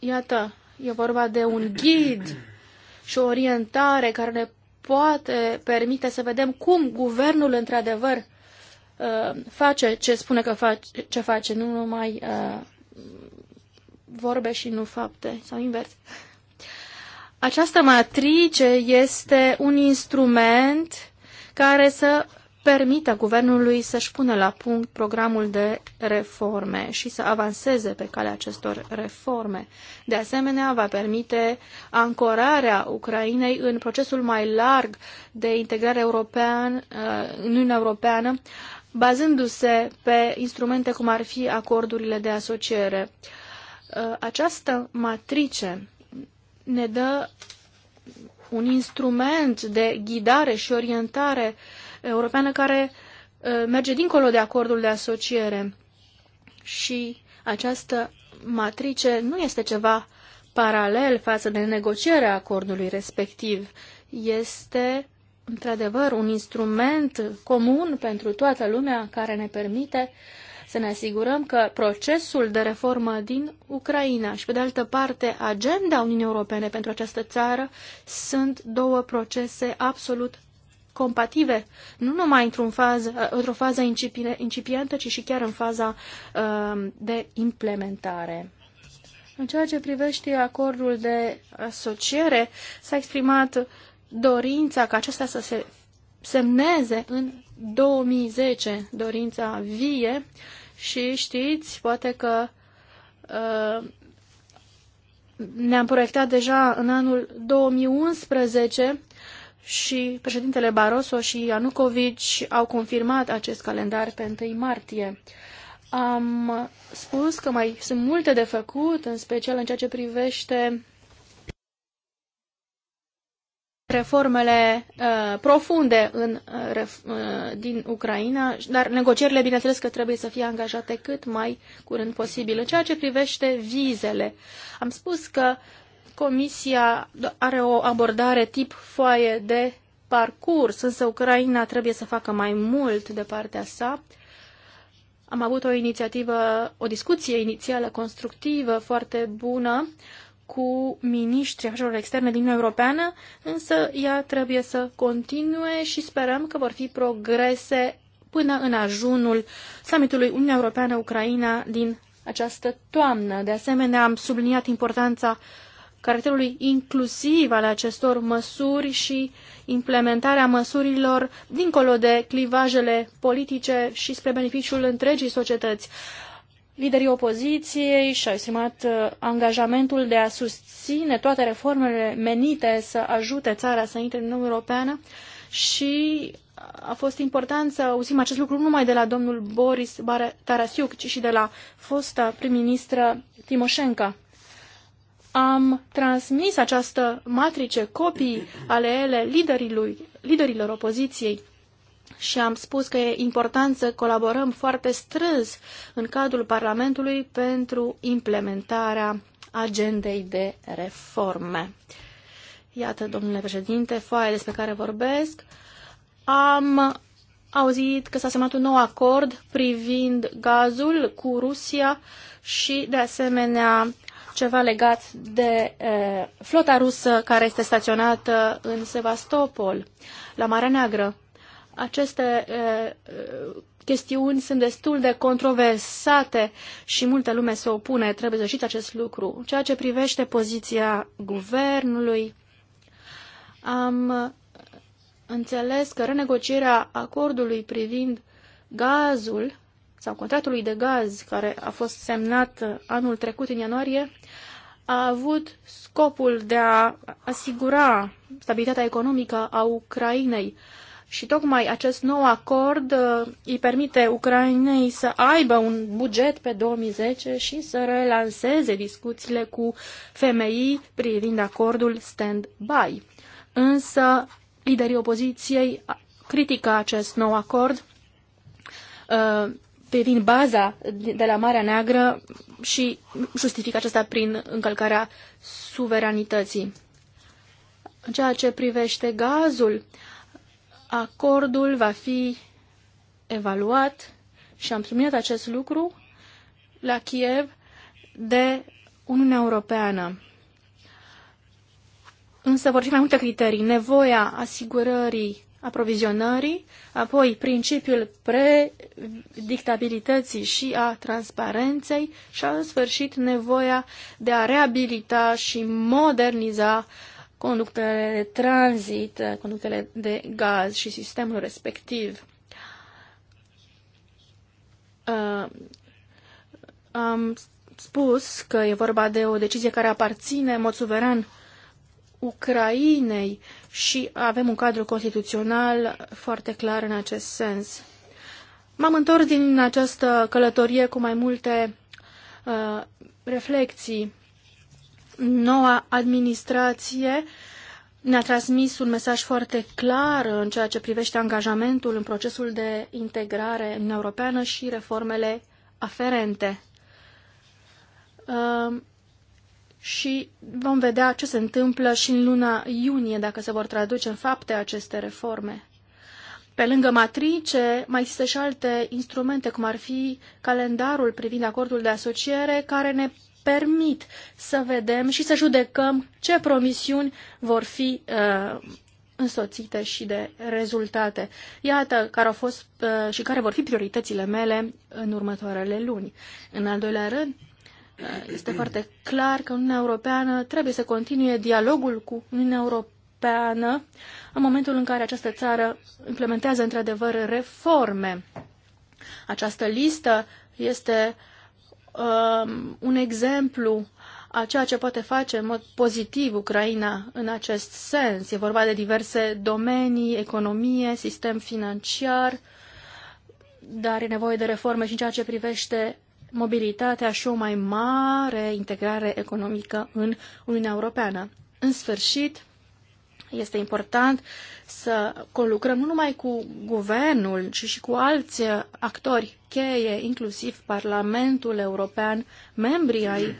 D: iată, e vorba de un ghid și o orientare care ne poate permite să vedem cum guvernul într-adevăr uh, face ce spune că face, ce face, nu numai vorbe și nu fapte, sau invers. Această matrice este un instrument care să permită guvernului să-și pună la punct programul de reforme și să avanseze pe calea acestor reforme. De asemenea, va permite ancorarea Ucrainei în procesul mai larg de integrare european, uh, în Uniunea Europeană, bazându-se pe instrumente cum ar fi acordurile de asociere. Uh, această matrice ne dă un instrument de ghidare și orientare uh, europeană care uh, merge dincolo de acordul de asociere și această matrice nu este ceva paralel față de negocierea acordului respectiv. Este, într-adevăr, un instrument comun pentru toată lumea care ne permite să ne asigurăm că procesul de reformă din Ucraina și, pe de altă parte, agenda Uniunii Europene pentru această țară sunt două procese absolut compative, nu numai într-o fază, într fază incipientă, ci și chiar în faza uh, de implementare. În ceea ce privește acordul de asociere, s-a exprimat dorința ca acesta să se semneze în 2010, dorința vie și știți, poate că uh, ne-am proiectat deja în anul 2011 și președintele Barroso și Ianucovici au confirmat acest calendar pe 1 martie. Am spus că mai sunt multe de făcut, în special în ceea ce privește reformele uh, profunde în, uh, ref, uh, din Ucraina, dar negocierile, bineînțeles, că trebuie să fie angajate cât mai curând posibil. În ceea ce privește vizele, am spus că Comisia are o abordare tip foaie de parcurs, însă Ucraina trebuie să facă mai mult de partea sa. Am avut o inițiativă, o discuție inițială constructivă foarte bună cu miniștrii afacerilor externe din Uniunea Europeană, însă ea trebuie să continue și sperăm că vor fi progrese până în ajunul summitului Uniunea Europeană-Ucraina din această toamnă. De asemenea, am subliniat importanța uh, caracterului inclusiv al acestor măsuri și implementarea măsurilor dincolo de clivajele politice și spre beneficiul întregii societăți. Liderii opoziției și-au exprimat uh, angajamentul de a susține toate reformele menite să ajute țara să intre în Uniunea Europeană și a fost important să auzim acest lucru nu numai de la domnul Boris Tarasiuc, ci și de la fosta prim-ministră Timoșenca am transmis această matrice, copii ale ele liderilor, liderilor opoziției și am spus că e important să colaborăm foarte strâns în cadrul Parlamentului pentru implementarea agendei de reforme. Iată, domnule președinte, foaia despre care vorbesc. Am auzit că s-a semnat un nou acord privind gazul cu Rusia și, de asemenea, ceva legat de e, flota rusă care este staționată în Sevastopol, la Marea Neagră. Aceste e, chestiuni sunt destul de controversate și multă lume se opune, trebuie să știți acest lucru. Ceea ce privește poziția guvernului, am înțeles că renegocierea acordului privind gazul sau contractului de gaz care a fost semnat anul trecut în ianuarie a avut scopul de a asigura stabilitatea economică a Ucrainei. Și tocmai acest nou acord uh, îi permite Ucrainei să aibă un buget pe 2010 și să relanseze discuțiile cu FMI privind acordul stand-by. Însă liderii opoziției critică acest nou acord uh, privind baza de la Marea Neagră și justifică aceasta prin încălcarea suveranității. În ceea ce privește gazul, acordul va fi evaluat și am subliniat acest lucru la Kiev de Uniunea Europeană. Însă vor fi mai multe criterii. Nevoia asigurării aprovizionării, apoi principiul predictabilității și a transparenței și, în sfârșit, nevoia de a reabilita și moderniza conductele de tranzit, conductele de gaz și sistemul respectiv. Uh, am spus că e vorba de o decizie care aparține în mod suveran Ucrainei și avem un cadru constituțional foarte clar în acest sens. M-am întors din această călătorie cu mai multe uh, reflexii. Noua administrație ne-a transmis un mesaj foarte clar în ceea ce privește angajamentul în procesul de integrare în europeană și reformele aferente. Uh, și vom vedea ce se întâmplă și în luna iunie, dacă se vor traduce în fapte aceste reforme. Pe lângă matrice, mai există și alte instrumente, cum ar fi calendarul privind acordul de asociere, care ne permit să vedem și să judecăm ce promisiuni vor fi uh, însoțite și de rezultate. Iată care au fost uh, și care vor fi prioritățile mele în următoarele luni. În al doilea rând, Uh, este foarte clar că Uniunea Europeană trebuie să continue dialogul cu Uniunea Europeană în momentul în care această țară implementează într-adevăr reforme. Această listă este um, un exemplu a ceea ce poate face în mod pozitiv Ucraina în acest sens. E vorba de diverse domenii, economie, sistem financiar, dar e nevoie de reforme și în ceea ce privește mobilitatea și o mai mare integrare economică în Uniunea Europeană. În sfârșit, este important să conlucrăm nu numai cu guvernul, ci și cu alți actori cheie, inclusiv Parlamentul European, membrii ai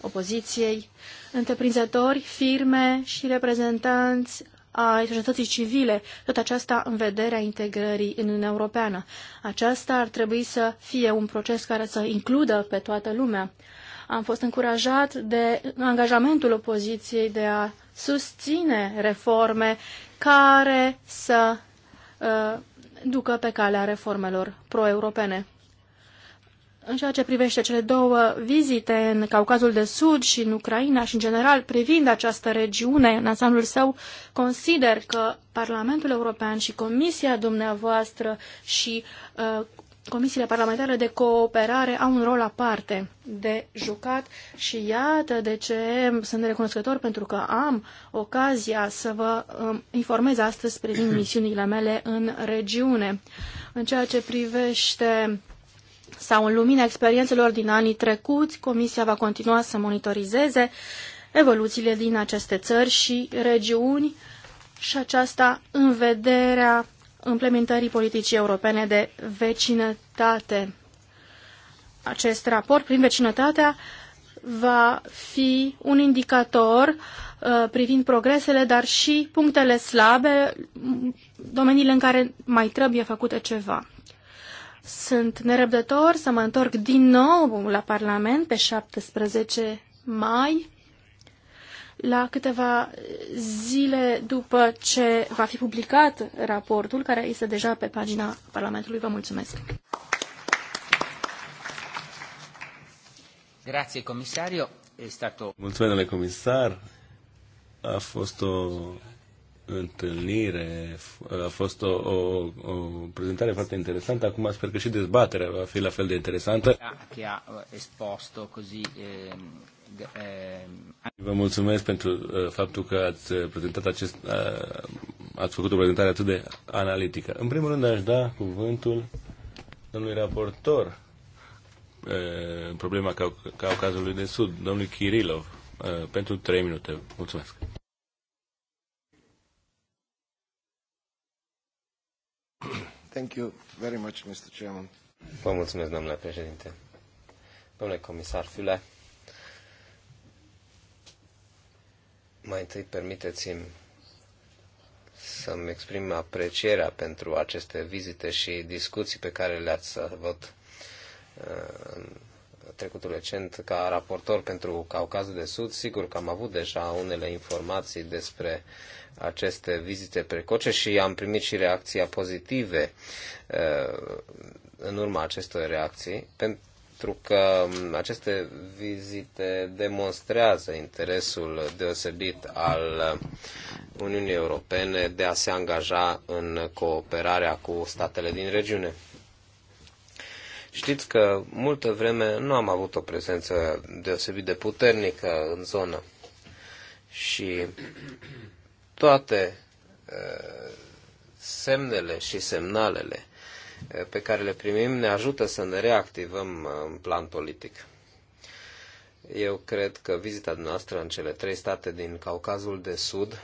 D: opoziției, întreprinzători, firme și reprezentanți a societății civile, tot aceasta în vederea integrării în Uniunea Europeană. Aceasta ar trebui să fie un proces care să includă pe toată lumea. Am fost încurajat de angajamentul opoziției de a susține reforme care să uh, ducă pe calea reformelor pro-europene. În ceea ce privește cele două vizite în Caucazul de Sud și în Ucraina și în general privind această regiune în ansamblul său, consider că Parlamentul European și Comisia dumneavoastră și uh, Comisiile parlamentare de cooperare au un rol aparte de jucat și iată de ce sunt recunoscător pentru că am ocazia să vă um, informez astăzi privind *clears throat* misiunile mele în regiune. În ceea ce privește sau în lumina experiențelor din anii trecuți, Comisia va continua să monitorizeze evoluțiile din aceste țări și regiuni și aceasta în vederea implementării politicii europene de vecinătate. Acest raport prin vecinătatea va fi un indicator uh, privind progresele, dar și punctele slabe, domeniile în care mai trebuie făcute ceva. Sunt nerăbdător să mă întorc din nou la Parlament pe 17 mai, la câteva zile după ce va fi publicat raportul, care este deja pe pagina Parlamentului. Vă mulțumesc!
A: Grazie, comisario. Stato...
B: Mulțumesc, domnule comisar. A fost o întâlnire. A fost o, o, o prezentare foarte interesantă. Acum sper că și dezbaterea va fi la fel de interesantă.
A: Che ha uh, esposto così eh...
B: Vă mulțumesc pentru uh, faptul că ați uh, prezentat acest, uh, ați făcut o prezentare atât de analitică. În primul rând aș da cuvântul domnului raportor uh, în uh, problema cazului de Sud, domnului Kirilov, pentru 3 minute. Mulțumesc.
C: Thank you very much, Mr. Chairman.
E: Vă mulțumesc, domnule președinte. Domnule comisar Füle. mai întâi permiteți-mi să-mi exprim aprecierea pentru aceste vizite și discuții pe care le-ați avut uh, în trecutul recent ca raportor pentru Caucazul de Sud, sigur că am avut deja unele informații despre aceste vizite precoce și am primit și reacția pozitive uh, în urma acestor reacții, pentru că um, aceste vizite demonstrează interesul deosebit al uh, Uniunii Europene de a se angaja în cooperarea cu statele din regiune. Știți că multă vreme nu am avut o prezență deosebit de puternică în zonă și toate uh, semnele și semnalele uh, pe care le primim ne ajută să ne reactivăm uh, în plan politic. Eu cred că vizita noastră în cele trei state din Caucazul de Sud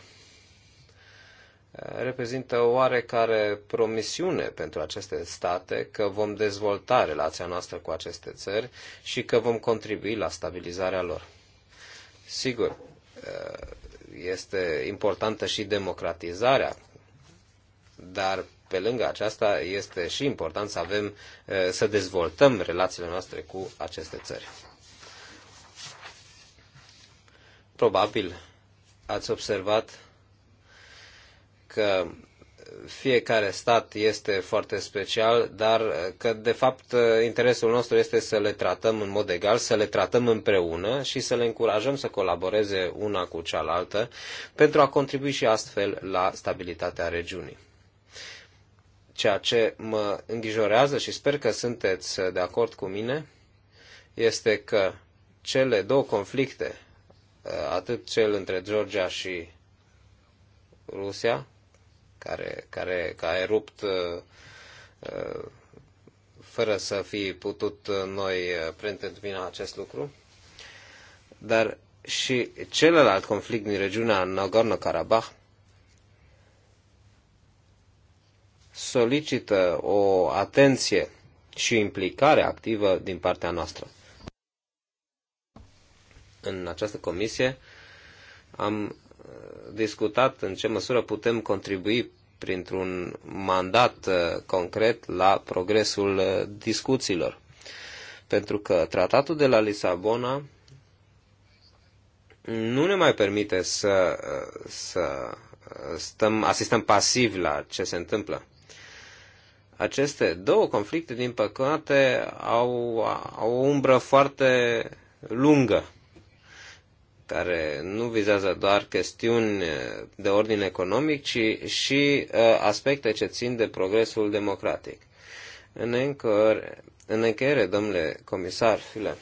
E: reprezintă o oarecare promisiune pentru aceste state că vom dezvolta relația noastră cu aceste țări și că vom contribui la stabilizarea lor. Sigur, eh, este importantă și democratizarea, dar pe lângă aceasta este și important să avem, eh, să dezvoltăm relațiile noastre cu aceste țări. Probabil ați observat că fiecare stat este foarte special, dar că de fapt interesul nostru este să le tratăm în mod egal, să le tratăm împreună și să le încurajăm să colaboreze una cu cealaltă pentru a contribui și astfel la stabilitatea regiunii. Ceea ce mă îngrijorează și sper că sunteți de acord cu mine este că cele două conflicte, atât cel între Georgia și Rusia, care, care, care a erupt uh, uh, fără să fi putut noi uh, preîntâmpina acest lucru. Dar și celălalt conflict din regiunea Nagorno-Karabakh solicită o atenție și implicare activă din partea noastră. În această comisie am discutat în ce măsură putem contribui printr-un mandat uh, concret la progresul uh, discuțiilor. Pentru că tratatul de la Lisabona nu ne mai permite să, uh, să stăm, asistăm pasiv la ce se întâmplă. Aceste două conflicte, din păcate, au, au o umbră foarte lungă care nu vizează doar chestiuni de ordin economic, ci și uh, aspecte ce țin de progresul democratic. În, încăr, în încheiere, domnule comisar File,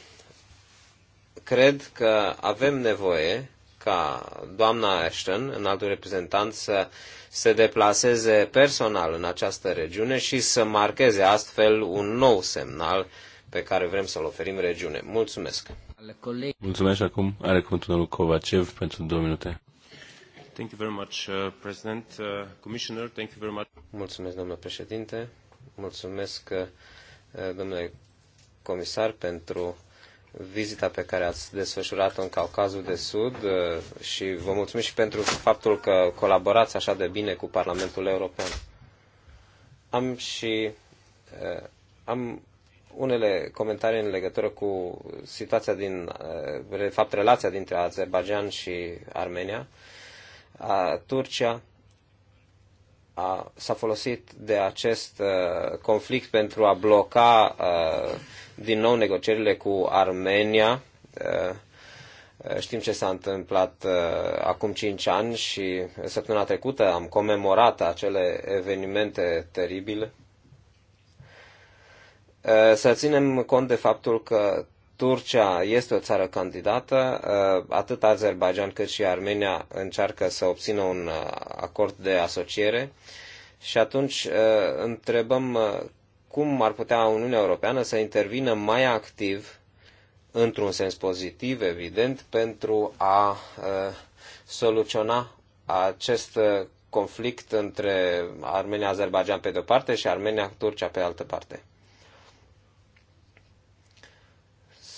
E: cred că avem nevoie ca doamna Ashton, în altul reprezentant, să se deplaseze personal în această regiune și să marcheze astfel un nou semnal pe care vrem să-l oferim regiune. Mulțumesc!
B: Mulțumesc acum. Are cuvântul domnul Kovacev pentru două minute.
E: Thank you very much, uh, President. Uh, Commissioner, thank you very much. Mulțumesc, domnule președinte. Mulțumesc, uh, domnule comisar, pentru vizita pe care ați desfășurat-o în Caucazul de Sud și vă mulțumesc și pentru faptul că colaborați așa de bine cu Parlamentul European. Am și am unele comentarii în legătură cu situația din, de eh, fapt, relația dintre Azerbaijan și Armenia. A, Turcia a, s-a folosit de acest eh, conflict pentru a bloca eh, din nou negocierile cu Armenia. Știm ce s-a întâmplat uh, acum 5 ani și săptămâna trecută am comemorat acele evenimente teribile Eh, să ținem cont de faptul că Turcia este o țară candidată, eh, atât Azerbaijan cât și Armenia încearcă să obțină un eh, acord de asociere și atunci întrebăm cum ar putea Uniunea Europeană să intervină mai activ, într-un sens pozitiv, evident, pentru a soluționa acest conflict între Armenia-Azerbaijan pe de-o parte și Armenia-Turcia pe altă parte.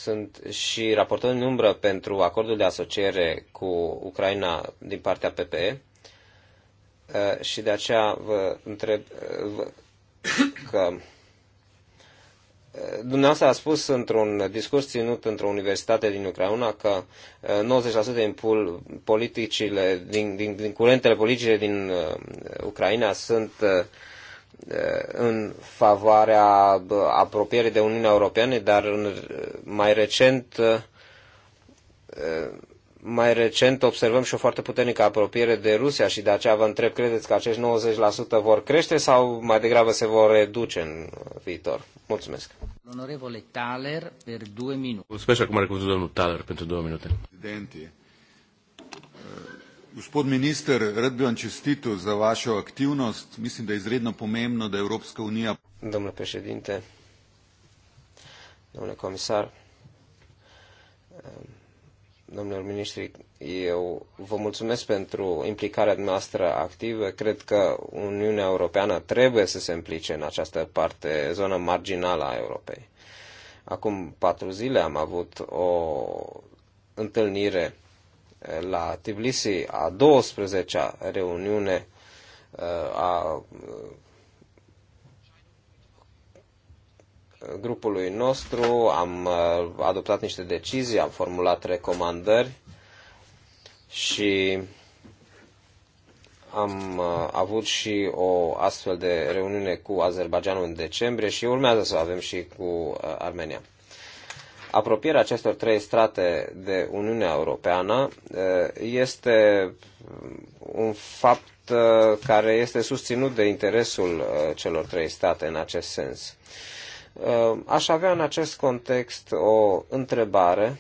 E: Sunt și raportor în umbră pentru acordul de asociere cu Ucraina din partea PPE uh, și de aceea vă întreb uh, că uh, Dumneavoastră a spus într-un discurs ținut într-o universitate din Ucraina că 90% din politicile, din, din, din curentele politice din Ucraina sunt Eh, în favoarea apropierii de Uniunea Europeană, dar în, eh, mai recent eh, mai recent observăm și o foarte puternică apropiere de Rusia și de aceea vă întreb, credeți că acești 90% vor crește sau mai degrabă se vor reduce în viitor? Mulțumesc.
A: Onorevole Thaler, per două minute.
B: Mulțumesc acum are cuvântul domnul Thaler pentru două minute.
A: Presidente,
C: Gospod minister, rad bi vam čestitil za vašo aktivnost.
E: Mislim, da je izredno pomembno, da Evropska unija. Domnule președinte, domnule comisar, domnilor ministri, eu vă mulțumesc pentru implicarea noastră activă. Cred că Uniunea Europeană trebuie să se implice în această parte, zonă marginală a Europei. Acum patru zile am avut o întâlnire la Tbilisi a 12-a reuniune uh, a uh, grupului nostru, am uh, adoptat niște decizii, am formulat recomandări și am avut și o astfel de reuniune cu Azerbaijanul în decembrie și urmează să avem și cu Armenia apropierea acestor trei strate de Uniunea Europeană eh, este un fapt eh, care este susținut de interesul eh, celor trei state în acest sens. Aș avea în acest context o întrebare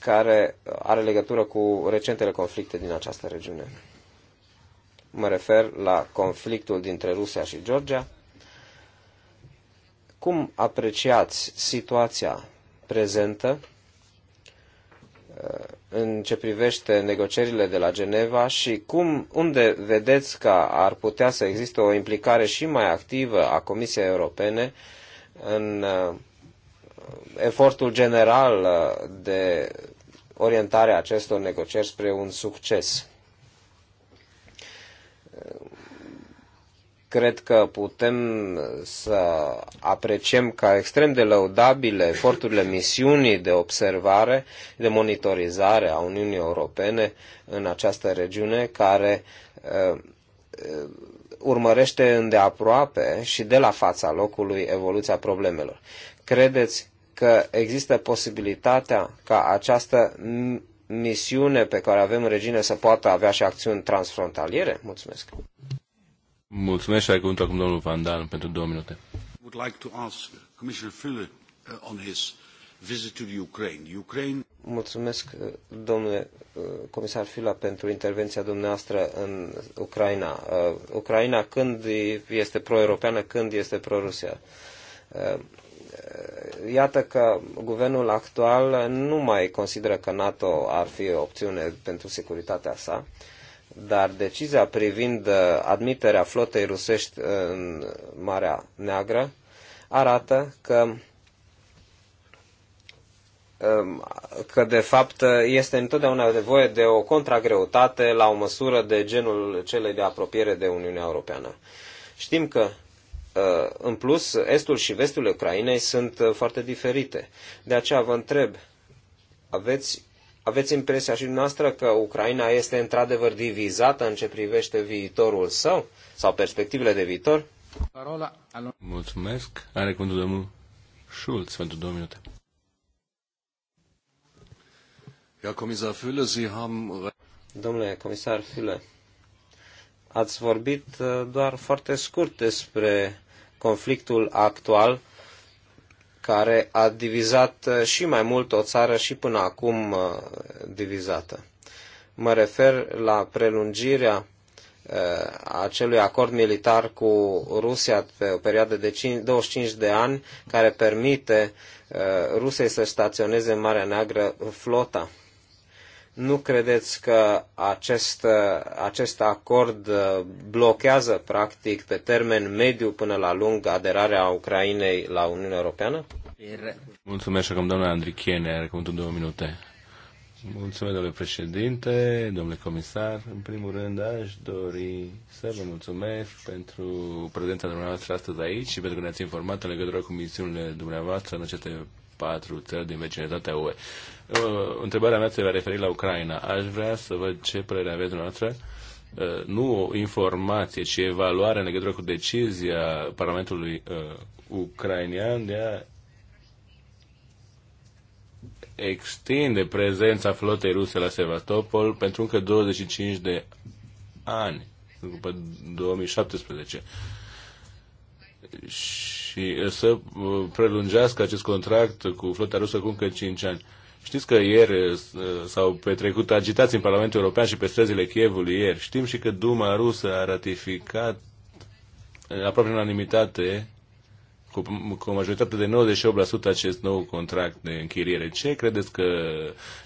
E: care are legătură cu recentele conflicte din această regiune. Mă refer la conflictul dintre Rusia și Georgia, cum apreciați situația prezentă uh, în ce privește negocierile de la Geneva și cum, unde vedeți că ar putea să existe o implicare și mai activă a Comisiei Europene în uh, efortul general uh, de orientare a acestor negocieri spre un succes? cred că putem să apreciem ca extrem de lăudabile eforturile misiunii de observare, de monitorizare a Uniunii Europene în această regiune, care uh, uh urmărește îndeaproape și de la fața locului evoluția problemelor. Credeți că există posibilitatea ca această misiune pe care avem în regiune să poată avea și acțiuni transfrontaliere? Mulțumesc!
B: Mulțumesc și ai cuvântul acum domnul Van Dalen pentru două minute.
C: Would like to ask Commissioner Fülle uh, on his visit to the Ukraine. Ukraine... Mulțumesc,
E: uh, domnule uh, comisar Fila, pentru intervenția dumneavoastră în Ucraina. Ucraina când este pro-europeană, când este pro-Rusia. Iată că guvernul actual nu mai consideră că NATO ar fi o opțiune pentru securitatea sa dar decizia privind uh, admiterea flotei rusești uh, în Marea Neagră arată că um, că de fapt este întotdeauna nevoie de o contragreutate la o măsură de genul celei de apropiere de Uniunea Europeană. Știm că uh, în plus, estul și vestul Ucrainei sunt foarte diferite. De aceea vă întreb, aveți aveți impresia și noastră că Ucraina este într-adevăr divizată în ce privește viitorul său sau perspectivele de viitor?
B: Parola. Mulțumesc. Are cuvântul domnul Schulz pentru două minute.
E: Ja, Comisar Fülle, Sie haben... Domnule comisar Fülle, ați vorbit uh, doar foarte scurt despre conflictul actual care a divizat uh, și mai mult o țară și până acum uh, divizată. Mă refer la prelungirea uh, acelui acord militar cu Rusia pe o perioadă de 25 de ani, care permite Rusiei să staționeze în Marea Neagră flota. Nu credeți că acest, acest acord uh, blochează, practic, pe termen mediu până la lung, aderarea Ucrainei la Uniunea Europeană?
B: Mulțumesc și acum doamna Andrichiene, are cuvântul două minute. Mulțumesc, domnule președinte, domnule comisar. În primul rând, aș dori să vă mulțumesc pentru prezența dumneavoastră astăzi aici și pentru că ne-ați informat în legătură cu misiunile dumneavoastră în aceste patru țări din vecinătatea UE. Uh, întrebarea mea se va referi la Ucraina. Aș vrea să văd ce părere aveți dumneavoastră uh, nu o informație, ci evaluare în legătură cu decizia Parlamentului uh, ucrainean de a extinde prezența flotei ruse la Sevastopol pentru încă 25 de ani, după 2017. Și să uh, prelungească acest contract cu flota rusă cu încă 5 ani. Uh, Știți că ieri uh, s-au petrecut agitații în Parlamentul European și pe străzile Chievului ieri. Știm și că Duma rusă a ratificat aproape unanimitate cu, cu o majoritate de 98% acest nou contract de închiriere. Ce credeți că,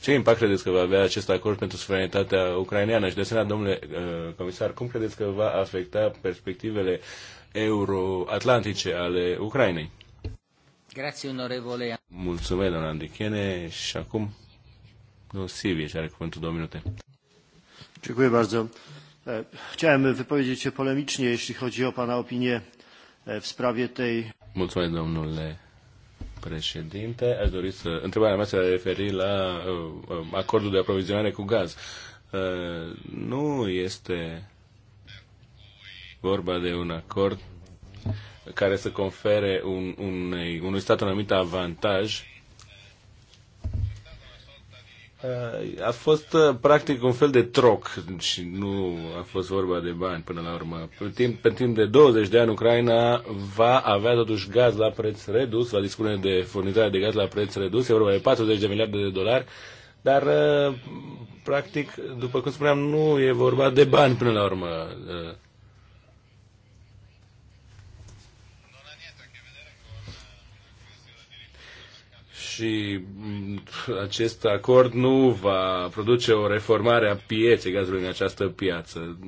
B: ce impact credeți că va avea acest acord pentru suveranitatea ucraineană? Și de asemenea, domnule uh, comisar, cum credeți că va afecta perspectivele euroatlantice ale Ucrainei?
A: Grazie, onorevole.
B: Mulțumesc, doamna Andichene. Și acum, domnul și are cuvântul două minute.
C: Dziękuję bardzo. Chciałem wypowiedzieć się polemicznie, jeśli chodzi o Pana opinię w sprawie tej...
B: Mulțumesc, domnule președinte. Aș dori să... Întrebarea mea se referi la acordul de aprovizionare cu gaz. Nu este vorba de un acord care să confere un, un unui stat un anumit avantaj uh, a fost uh, practic un fel de troc și nu a fost vorba de bani până la urmă. Pe timp, pe timp de 20 de ani Ucraina va avea totuși gaz la preț redus, va dispune de furnizare de gaz la preț redus, e vorba de 40 de miliarde de dolari, dar uh, practic, după cum spuneam, nu e vorba de bani până la urmă. și mm, acest acord nu va produce o reformare a pieței gazului în această piață.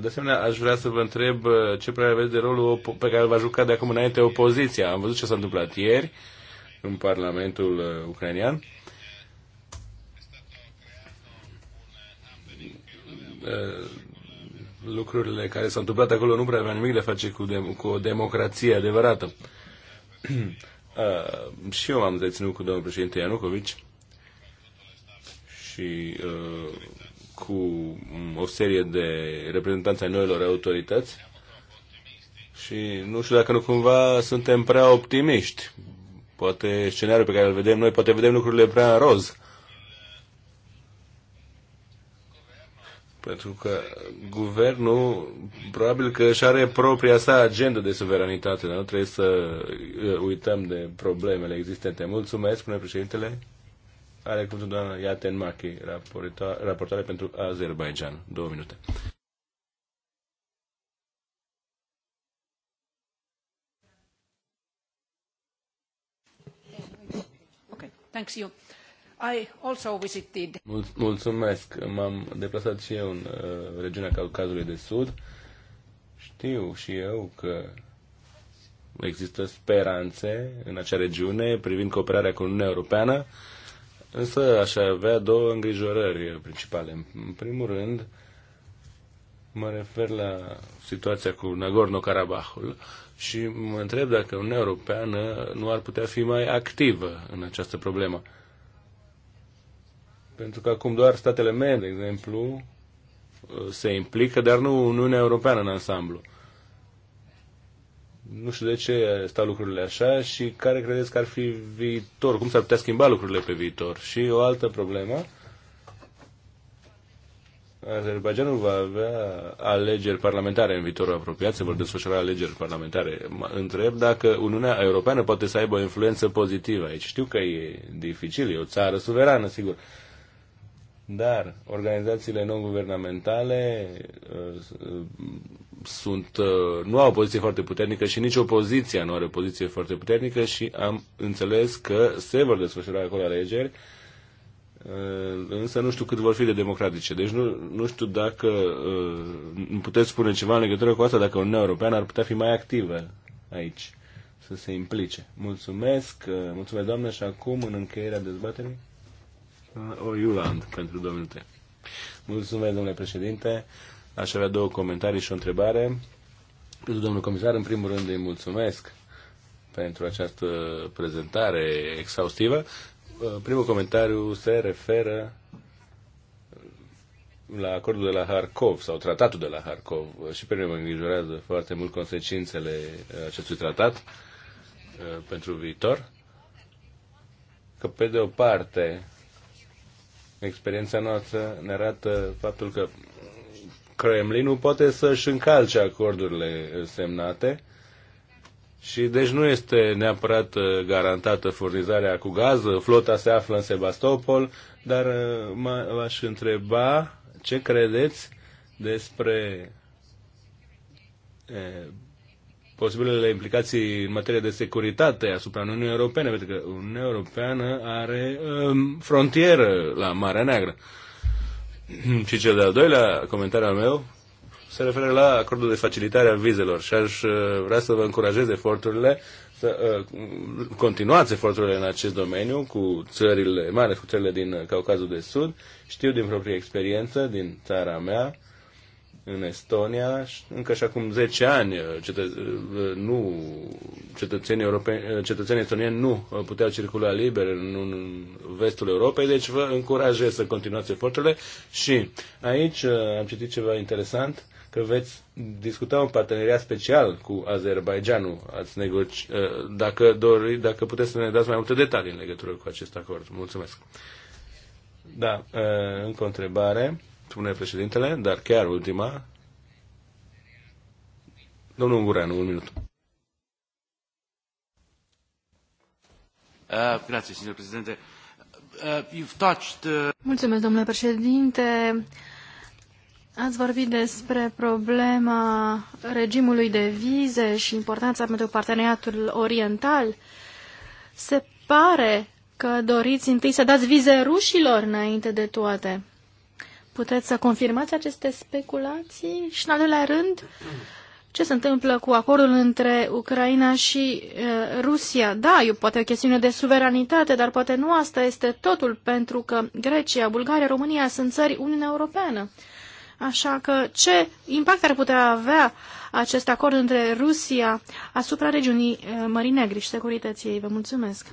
B: De asemenea, aș vrea să vă întreb uh, ce părere aveți de rolul pe care va juca de acum înainte opoziția. Am văzut ce s-a întâmplat ieri în Parlamentul uh, ucrainean. Uh, lucrurile care s-au întâmplat acolo nu prea avea nimic de face cu, dem- cu o democrație adevărată *clears throat* Uh, și eu am deținut cu domnul președinte Ianucovici și uh, cu o serie de reprezentanți ai noilor autorități și nu știu dacă nu cumva suntem prea optimiști. Poate scenariul pe care îl vedem noi, poate vedem lucrurile prea roz. Pentru că guvernul probabil că și are propria sa agendă de suveranitate, dar nu trebuie să uh, uităm de problemele existente. Mulțumesc, spune președintele. Are cuvântul doamna Iaten Machi, raportare pentru Azerbaijan. Două minute.
D: Thanks you. I also visited.
B: Mul mulțumesc, m-am deplasat și eu în uh, regiunea Caucazului de Sud. Știu și eu că există speranțe în acea regiune privind cooperarea cu Uniunea Europeană, însă aș avea două îngrijorări principale. În primul rând, mă refer la situația cu Nagorno-Karabahul și mă întreb dacă Uniunea Europeană nu ar putea fi mai activă în această problemă. Pentru că acum doar statele membre, de exemplu, uh, se implică, dar nu Uniunea Europeană în ansamblu. Nu știu de ce stau lucrurile așa și care credeți că ar fi viitor, cum s-ar putea schimba lucrurile pe viitor. Și o altă problemă, Azerbaijanul va avea alegeri parlamentare în viitorul apropiat, se vor desfășura alegeri parlamentare. Mă întreb dacă Uniunea Europeană poate să aibă o influență pozitivă aici. Știu că e dificil, e o țară suverană, sigur. Dar organizațiile non-guvernamentale uh, uh, sunt, uh, nu au o poziție foarte puternică și nici opoziția nu are o poziție foarte puternică și am înțeles că se vor desfășura acolo alegeri, însă nu știu cât vor fi de democratice. Deci nu, nu știu dacă îmi puteți spune ceva în legătură cu asta, dacă Uniunea Europeană ar putea fi mai activă aici, să se implice. Mulțumesc, mulțumesc doamnă și acum în încheierea dezbaterii. O Iuland pentru două minute. Mulțumesc, domnule președinte. Aș avea două comentarii și o întrebare. pentru Domnul comisar, în primul rând îi mulțumesc pentru această prezentare exhaustivă. Primul comentariu se referă la acordul de la Harkov sau tratatul de la Harkov și pe mine mă îngrijorează foarte mult consecințele acestui tratat uh, pentru viitor. Că pe de o parte Experiența noastră ne arată faptul că Kremlinul poate să-și încalce acordurile semnate și deci nu este neapărat uh, garantată furnizarea cu gaz. Flota se află în Sebastopol, dar uh, v-aș întreba ce credeți despre posibilele implicații în materie de securitate asupra Uniunii Europene, pentru că Uniunea Europeană are um, frontieră la Marea Neagră. *clears throat* Și cel de-al doilea comentariu al meu se referă la acordul de facilitare a vizelor și aș uh, vrea să vă încurajez eforturile, să uh, continuați eforturile în acest domeniu cu țările, mai ales cu țările din Caucazul de Sud. Știu din proprie experiență, din țara mea, în Estonia, încă și acum 10 ani, uh, cetă, uh, nu, cetățenii, europeni, uh, cetățenii estonieni nu puteau circula liber în, în vestul Europei, deci vă încurajez să continuați eforturile și aici am citit ceva interesant, că veți discuta un parteneriat special cu Azerbaijanul, ați negoci, dacă, dori, dacă puteți să ne dați mai multe detalii în legătură cu acest acord. Mulțumesc! Da, încă o întrebare spune președintele, dar chiar ultima. Domnul Ungureanu, un minut. Uh,
C: grazie, signor Presidente. Uh, you've touched, uh...
D: Mulțumesc, domnule președinte. Ați vorbit despre problema regimului de vize și importanța pentru parteneriatul oriental. Se pare că doriți întâi să dați vize rușilor înainte de toate. Puteți să confirmați aceste speculații? Și, în al doilea rând, ce se întâmplă cu acordul între Ucraina și uh, Rusia? Da, e poate o chestiune de suveranitate, dar poate nu asta este totul, pentru că Grecia, Bulgaria, România sunt țări Uniunea Europeană. Așa că ce impact ar putea avea acest acord între Rusia asupra regiunii uh, Mării Negri și securității ei? Vă mulțumesc!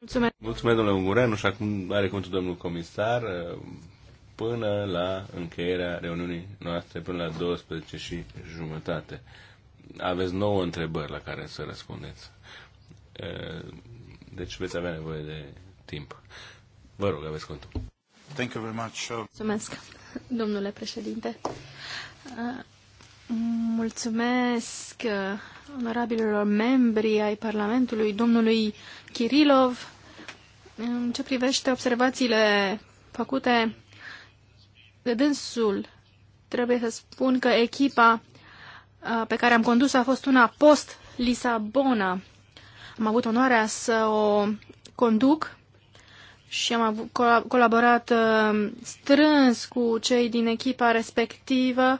A: Mulțumesc.
B: Mulțumesc, domnule Ungureanu, și acum are cuvântul domnul comisar uh, până la încheierea reuniunii noastre, până la 12 și jumătate. Aveți nouă întrebări la care să răspundeți. Uh, deci veți avea nevoie de timp. Vă rog, aveți
D: cuvântul. Thank you very much. Mulțumesc, domnule președinte. Uh, Mulțumesc uh, onorabililor membri ai Parlamentului, domnului Kirilov. În ce privește observațiile făcute de dânsul, trebuie să spun că echipa uh, pe care am condus a fost una post-Lisabona. Am avut onoarea să o conduc și am avut, colaborat uh, strâns cu cei din echipa respectivă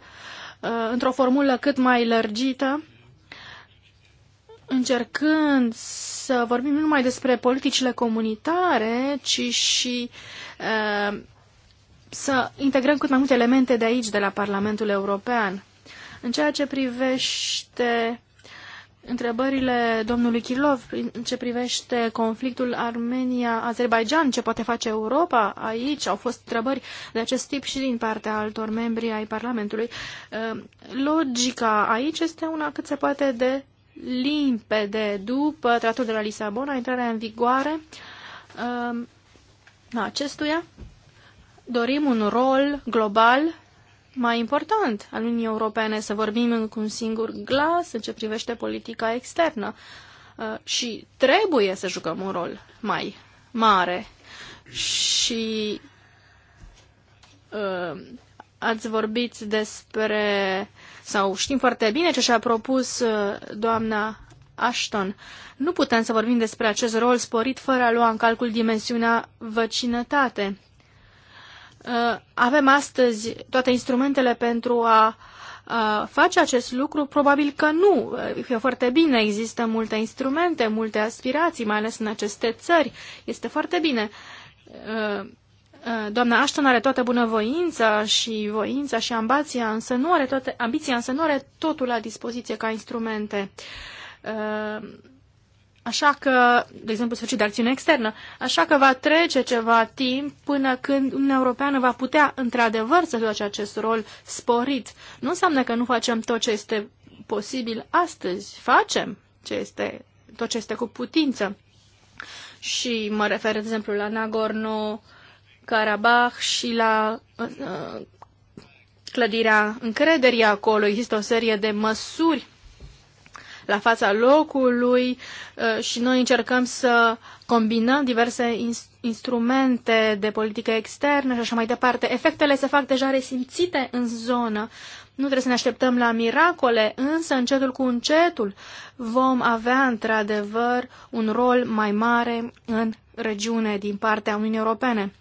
D: Uh, într-o formulă cât mai lărgită, încercând să vorbim nu numai despre politicile comunitare, ci și uh, să integrăm cât mai multe elemente de aici, de la Parlamentul European. În ceea ce privește întrebările domnului Kirlov în ce privește conflictul Armenia-Azerbaijan, ce poate face Europa aici, au fost întrebări de acest tip și din partea altor membri ai Parlamentului. Ehm, logica aici este una cât se poate de limpede. După tratul de la Lisabona, intrarea în vigoare ehm, a acestuia, dorim un rol global mai important al Uniunii Europene, să vorbim cu un singur glas în ce privește politica externă. Uh, și trebuie să jucăm un rol mai mare. Și uh, ați vorbit despre, sau știm foarte bine ce și-a propus uh, doamna Ashton. Nu putem să vorbim despre acest rol sporit fără a lua în calcul dimensiunea văcinătate. Uh, avem astăzi toate instrumentele pentru a face acest lucru? Probabil că nu. Uh, e foarte bine, există multe instrumente, multe aspirații, mai ales în aceste țări. Este foarte bine. Uh, doamna Ashton are toată bunăvoința și voința și ambiția, însă nu are toate, ambiția, însă nu are totul la dispoziție ca instrumente. Așa că, de exemplu, sfârșit de acțiune externă, așa că va trece ceva timp până când Uniunea Europeană va putea, într-adevăr, să joace acest rol sporit. Nu înseamnă că nu facem tot ce este posibil astăzi. Facem ce este, tot ce este cu putință. Și mă refer, de exemplu, la Nagorno-Karabakh și la uh, uh clădirea încrederii acolo. Există o serie de măsuri la fața locului uh, și noi încercăm să combinăm diverse instrumente de politică externă și așa mai departe. Efectele se fac deja resimțite în zonă. Nu trebuie să ne așteptăm la miracole, însă încetul cu încetul vom avea într-adevăr un rol mai mare în regiune din partea Uniunii Europene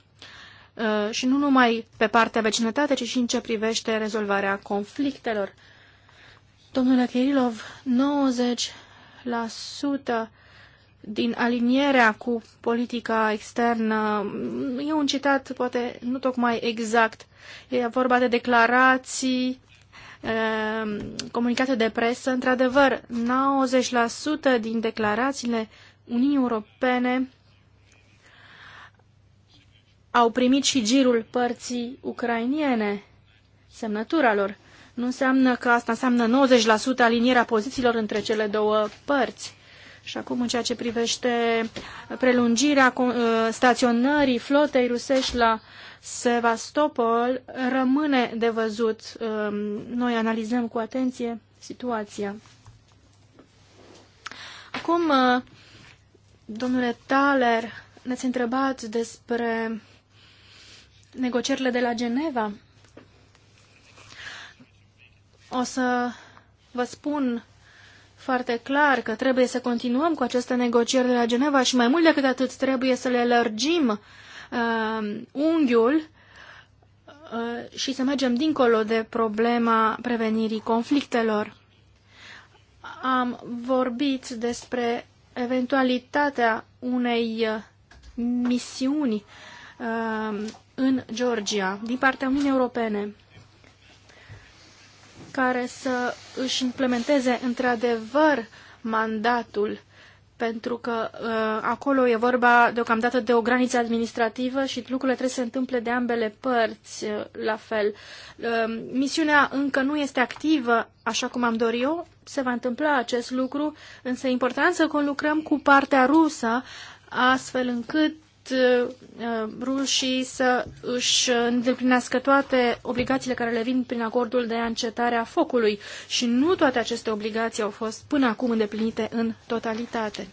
D: uh, și nu numai pe partea vecinătate, ci și în ce privește rezolvarea conflictelor. Domnule Kirilov, 90% din alinierea cu politica externă. E un citat, poate, nu tocmai exact. E vorba de declarații, ehm, comunicate de presă. Într-adevăr, 90% din declarațiile Uniunii Europene au primit și girul părții ucrainiene, semnătura lor nu înseamnă că asta înseamnă 90% alinierea pozițiilor între cele două părți. Și acum, în ceea ce privește prelungirea uh, staționării flotei rusești la Sevastopol, rămâne de văzut. Um, noi analizăm cu atenție situația. Acum, uh, domnule Thaler, ne-ați întrebat despre negocierile de la Geneva o să vă spun foarte clar că trebuie să continuăm cu aceste negocieri de la Geneva și mai mult decât atât trebuie să le lărgim uh, unghiul uh, și să mergem dincolo de problema prevenirii conflictelor. Am vorbit despre eventualitatea unei uh, misiuni uh, în Georgia din partea Uniunii Europene care să își implementeze într-adevăr mandatul, pentru că uh, acolo e vorba deocamdată de o graniță administrativă și lucrurile trebuie să se întâmple de ambele părți uh, la fel. Uh, misiunea încă nu este activă așa cum am dorit eu, se va întâmpla acest lucru, însă e important să conlucrăm cu partea rusă astfel încât Uh, uh, rușii să își îndeplinească toate obligațiile care le vin prin acordul de încetare a focului și nu toate aceste obligații au fost până acum îndeplinite în totalitate.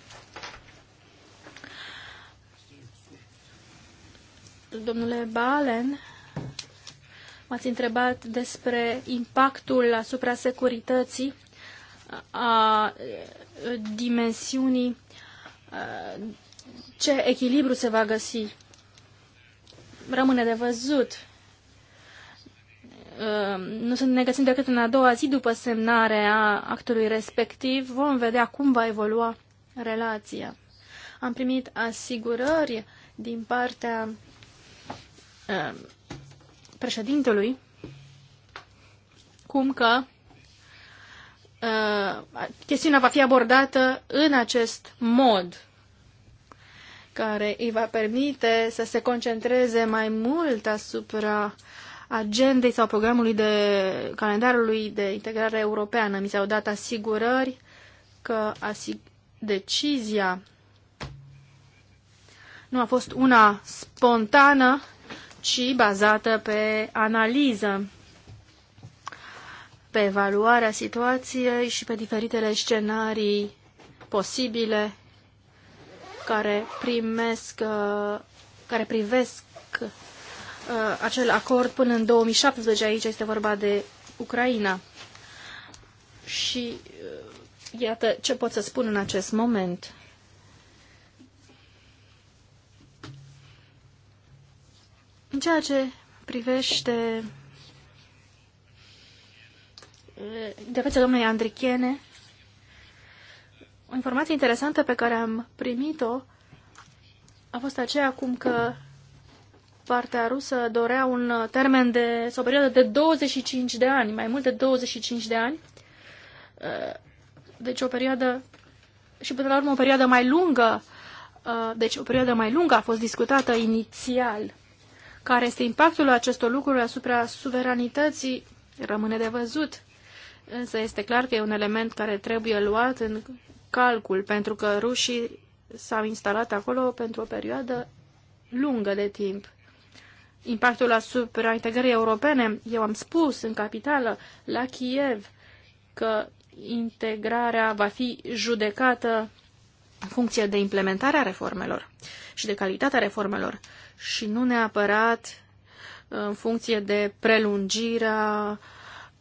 D: Domnule Balen, m-ați întrebat despre impactul asupra securității a uh, dimensiunii ce echilibru se va găsi. Rămâne de văzut. Uh, nu ne găsim decât în a doua zi după semnarea actului respectiv. Vom vedea cum va evolua relația. Am primit asigurări din partea uh, președintelui cum că uh, chestiunea va fi abordată în acest mod care îi va permite să se concentreze mai mult asupra agendei sau programului de calendarului de integrare europeană. Mi s-au dat asigurări că asig decizia nu a fost una spontană, ci bazată pe analiză, pe evaluarea situației și pe diferitele scenarii posibile care primesc, uh, care privesc uh, acel acord până în 2017, aici este vorba de Ucraina. Și uh, iată ce pot să spun în acest moment. În ceea ce privește intervenția domnului Andrichene, o informație interesantă pe care am primit-o a fost aceea acum că partea rusă dorea un termen de, sau o perioadă de 25 de ani, mai mult de 25 de ani, uh, deci o perioadă și până la urmă o perioadă mai lungă, uh, deci o perioadă mai lungă a fost discutată inițial. Care este impactul acestor lucruri asupra suveranității rămâne de văzut, însă este clar că e un element care trebuie luat în calcul, pentru că rușii s-au instalat acolo pentru o perioadă lungă de timp. Impactul asupra integrării europene, eu am spus în capitală, la Kiev, că integrarea va fi judecată în funcție de implementarea reformelor și de calitatea reformelor și nu neapărat uh, în funcție de prelungirea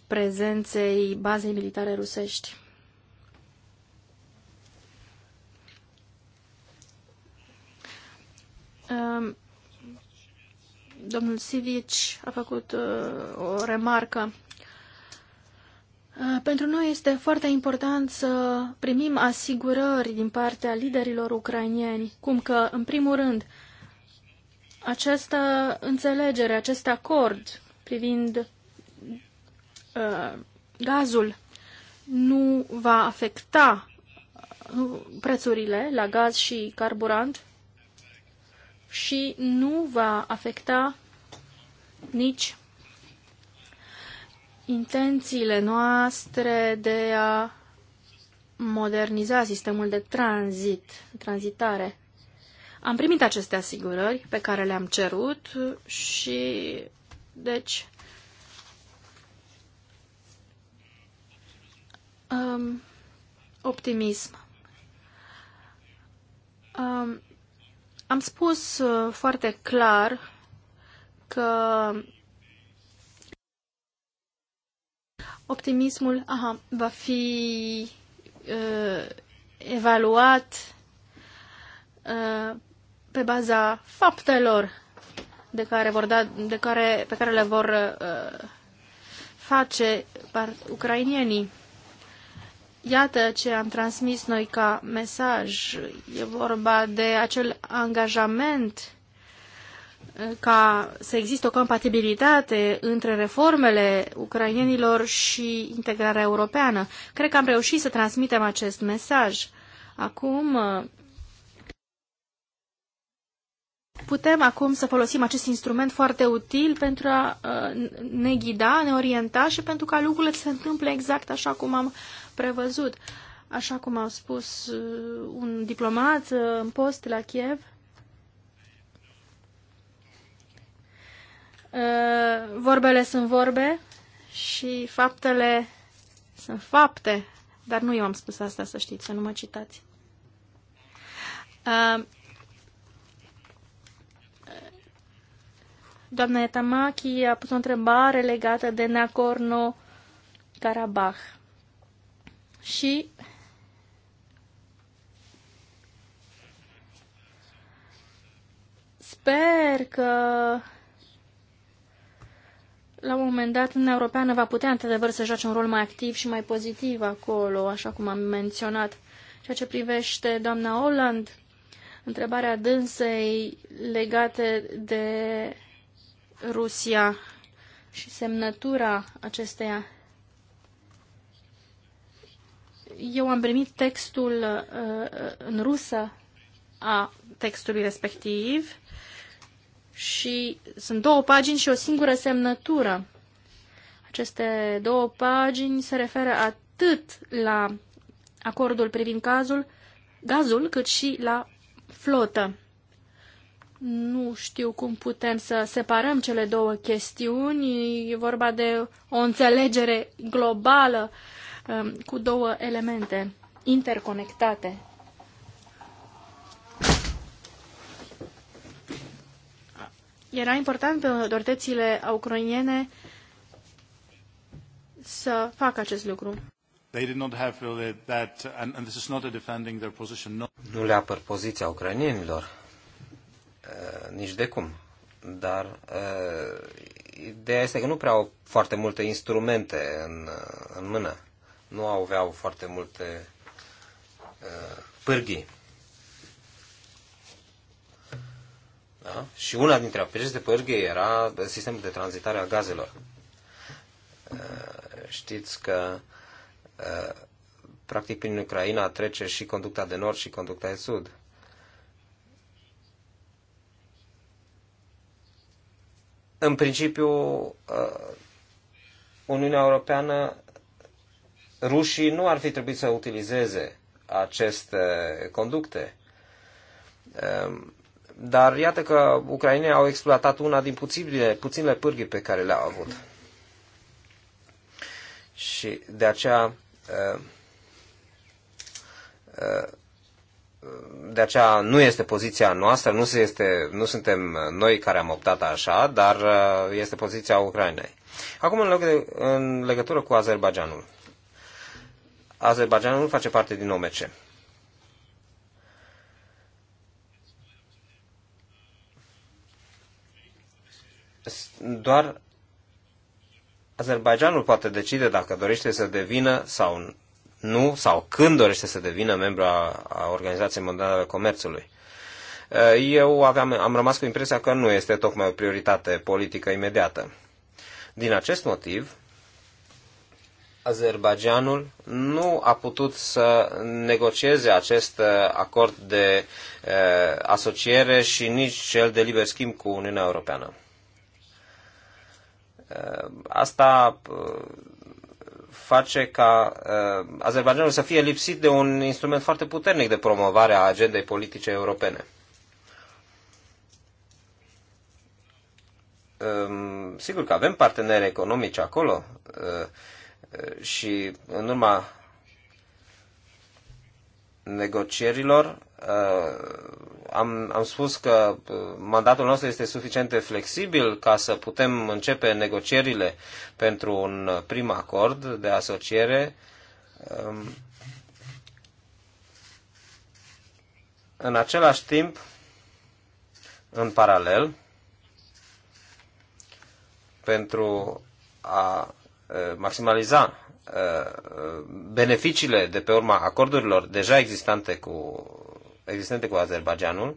D: prezenței bazei militare rusești. Ehm, domnul Sivici a făcut uh, o remarcă. Uh, pentru noi este foarte important să primim asigurări din partea liderilor ucrainieni, cum că, în primul rând, această înțelegere, acest acord privind uh, gazul nu va afecta uh, prețurile la gaz și carburant și nu va afecta nici intențiile noastre de a moderniza sistemul de tranzit, tranzitare. Am primit aceste asigurări pe care le-am cerut și, deci, um, optimism. Um, am spus uh, foarte clar că optimismul aha, va fi uh, evaluat uh, pe baza faptelor de care vor da, de care, pe care le vor uh, face ucrainienii. Iată ce am transmis noi ca mesaj. E vorba de acel angajament uh, ca să există o compatibilitate între reformele ucrainienilor și integrarea europeană. Cred că am reușit să transmitem acest mesaj. Acum uh, putem acum să folosim acest instrument foarte util pentru a uh, ne ghida, ne orienta și pentru ca lucrurile să se întâmple exact așa cum am prevăzut. Așa cum a spus uh, un diplomat uh, în post la Kiev, uh, vorbele sunt vorbe și faptele sunt fapte, dar nu eu am spus asta, să știți, să nu mă citați. Doamna Etamaki a pus o întrebare legată de Nagorno-Karabakh și sper că la un moment dat Uniunea Europeană va putea într-adevăr să joace un rol mai activ și mai pozitiv acolo, așa cum am menționat. Ceea ce privește doamna Holland, întrebarea dânsei legate de Rusia și semnătura acesteia eu am primit textul uh, în rusă a textului respectiv și sunt două pagini și o singură semnătură. Aceste două pagini se referă atât la acordul privind cazul, gazul, cât și la flotă. Nu știu cum putem să separăm cele două chestiuni. E vorba de o înțelegere globală uh, Um, cu două elemente interconectate. Era important pentru uh, autoritățile ucrainiene să facă acest lucru.
E: Uh, uh, nu le apăr poziția ucrainienilor, nici de cum. Dar ideea este că nu prea au foarte multe instrumente în, în mână nu aveau foarte multe uh, pârghii. Da? Și una dintre aceste pârghii era sistemul de tranzitare a gazelor. Uh, știți că uh, practic prin Ucraina trece și conducta de nord și conducta de sud. În principiu, Uniunea Europeană rușii nu ar fi trebuit să utilizeze aceste conducte. Ehm, dar iată că ucrainei au exploatat una din puținile, puținile pârghii pe care le-au avut. Și de aceea ehm, ehm, de aceea nu este poziția noastră, nu, se este, nu suntem noi care am optat așa, dar este poziția Ucrainei. Acum în, loc de, în legătură cu Azerbaijanul. Azerbaijanul nu face parte din OMC. Doar Azerbaijanul poate decide dacă dorește să devină sau nu, sau când dorește să devină membru a, a Organizației Mondiale a Comerțului. Eu aveam, am rămas cu impresia că nu este tocmai o prioritate politică imediată. Din acest motiv, Azerbaidjanul nu a putut să negocieze acest uh, acord de uh, asociere și nici cel de liber schimb cu Uniunea Europeană. Uh, asta uh, face ca uh, Azerbaidjanul să fie lipsit de un instrument foarte puternic de promovare a agendei politice europene. Uh, sigur că avem parteneri economici acolo, uh, și în urma negocierilor uh, am, am spus că uh, mandatul nostru este suficient de flexibil ca să putem începe negocierile pentru un prim acord de asociere um, în același timp, în paralel, pentru a Uh, maximaliza uh, uh, beneficiile de pe urma acordurilor deja existente cu, existente cu Azerbaijanul,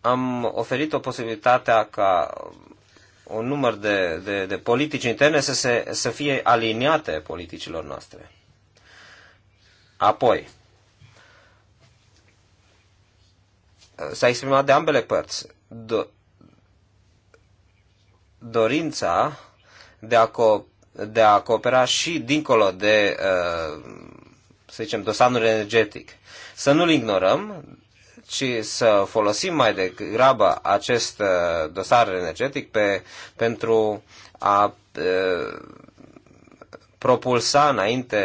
E: am oferit o posibilitate ca un număr de, de, de politici interne să, se, să fie aliniate politicilor noastre. Apoi, s-a exprimat de ambele părți do, dorința de a, co- de a coopera și dincolo de, uh, să zicem, dosarul energetic. Să nu-l ignorăm, ci să folosim mai degrabă acest uh, dosar energetic pe, pentru a uh, propulsa înainte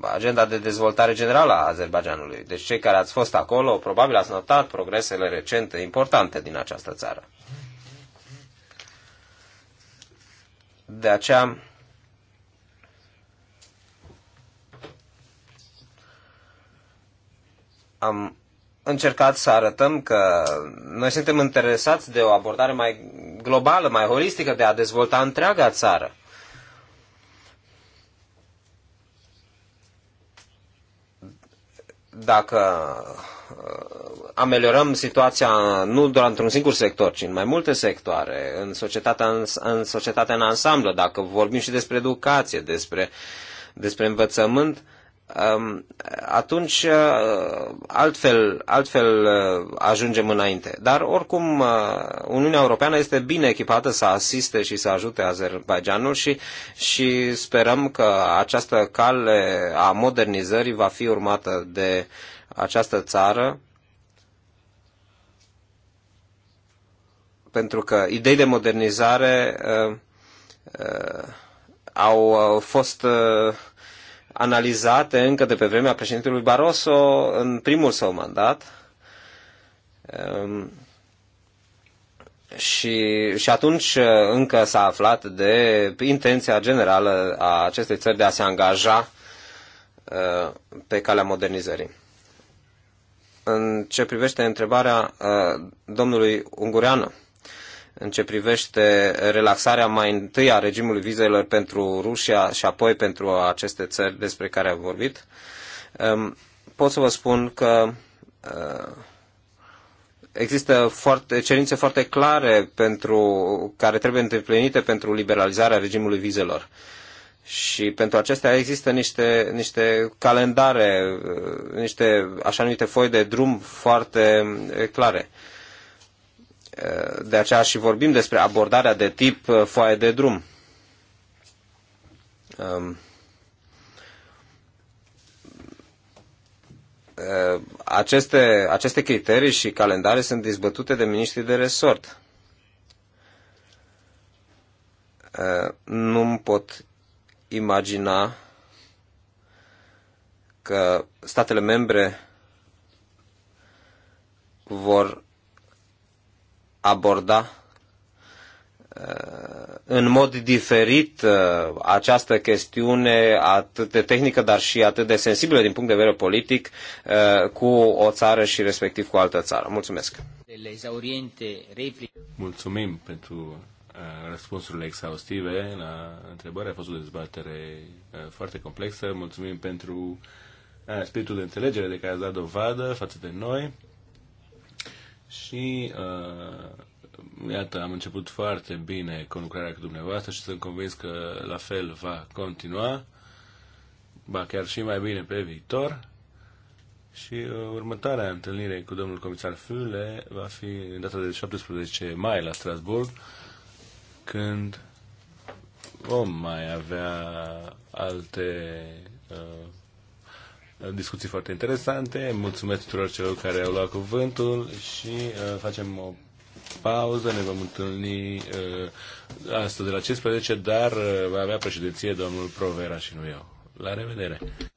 E: agenda de dezvoltare generală a Azerbaijanului. Deci cei care ați fost acolo, probabil ați notat progresele recente importante din această țară. De aceea, am încercat să arătăm că noi suntem interesați de o abordare mai globală, mai holistică, de a dezvolta întreaga țară. Dacă ameliorăm situația nu doar într-un singur sector, ci în mai multe sectoare, în societatea în, în, societatea în ansamblu, dacă vorbim și despre educație, despre, despre învățământ, um, atunci uh, altfel, altfel uh, ajungem înainte. Dar oricum uh, Uniunea Europeană este bine echipată să asiste și să ajute Azerbaijanul și, și sperăm că această cale a modernizării va fi urmată de această țară pentru că idei de modernizare uh, uh, au fost uh, analizate încă de pe vremea președintelui Barroso în primul său mandat um, și, și atunci încă s-a aflat de intenția generală a acestei țări de a se angaja pe calea modernizării. În ce privește întrebarea domnului Ungureanu, în ce privește relaxarea mai întâi a regimului vizelor pentru Rusia și apoi pentru aceste țări despre care am vorbit, pot să vă spun că uh, există foarte, cerințe foarte clare pentru, care trebuie îndeplinite pentru liberalizarea regimului vizelor. Și pentru acestea există niște, niște calendare, uh, niște așa numite foi de drum foarte uh, clare. De aceea și vorbim despre abordarea de tip uh, foaie de drum. Um, uh, aceste, aceste criterii și calendare sunt dizbătute de miniștrii de resort. Uh, nu pot imagina că statele membre vor aborda uh, în mod diferit uh, această chestiune atât de tehnică, dar și atât de sensibilă din punct de vedere politic uh, cu o țară și respectiv cu altă țară. Mulțumesc! Mulțumim
B: pentru răspunsurile exhaustive la întrebare. A fost o dezbatere foarte complexă. Mulțumim pentru spiritul de înțelegere de care ați dat dovadă față de noi și uh, iată, am început foarte bine lucrarea cu dumneavoastră și sunt convins că la fel va continua, ba chiar și mai bine pe viitor. Și uh, următoarea întâlnire cu domnul comisar Füle va fi în data de 17 mai la Strasburg, când vom mai avea alte uh, discuții foarte interesante. Mulțumesc tuturor celor care au luat cuvântul și uh, facem o pauză. Ne vom întâlni uh, astăzi de la 15, dar uh, va avea președinție domnul Provera și nu eu. La revedere!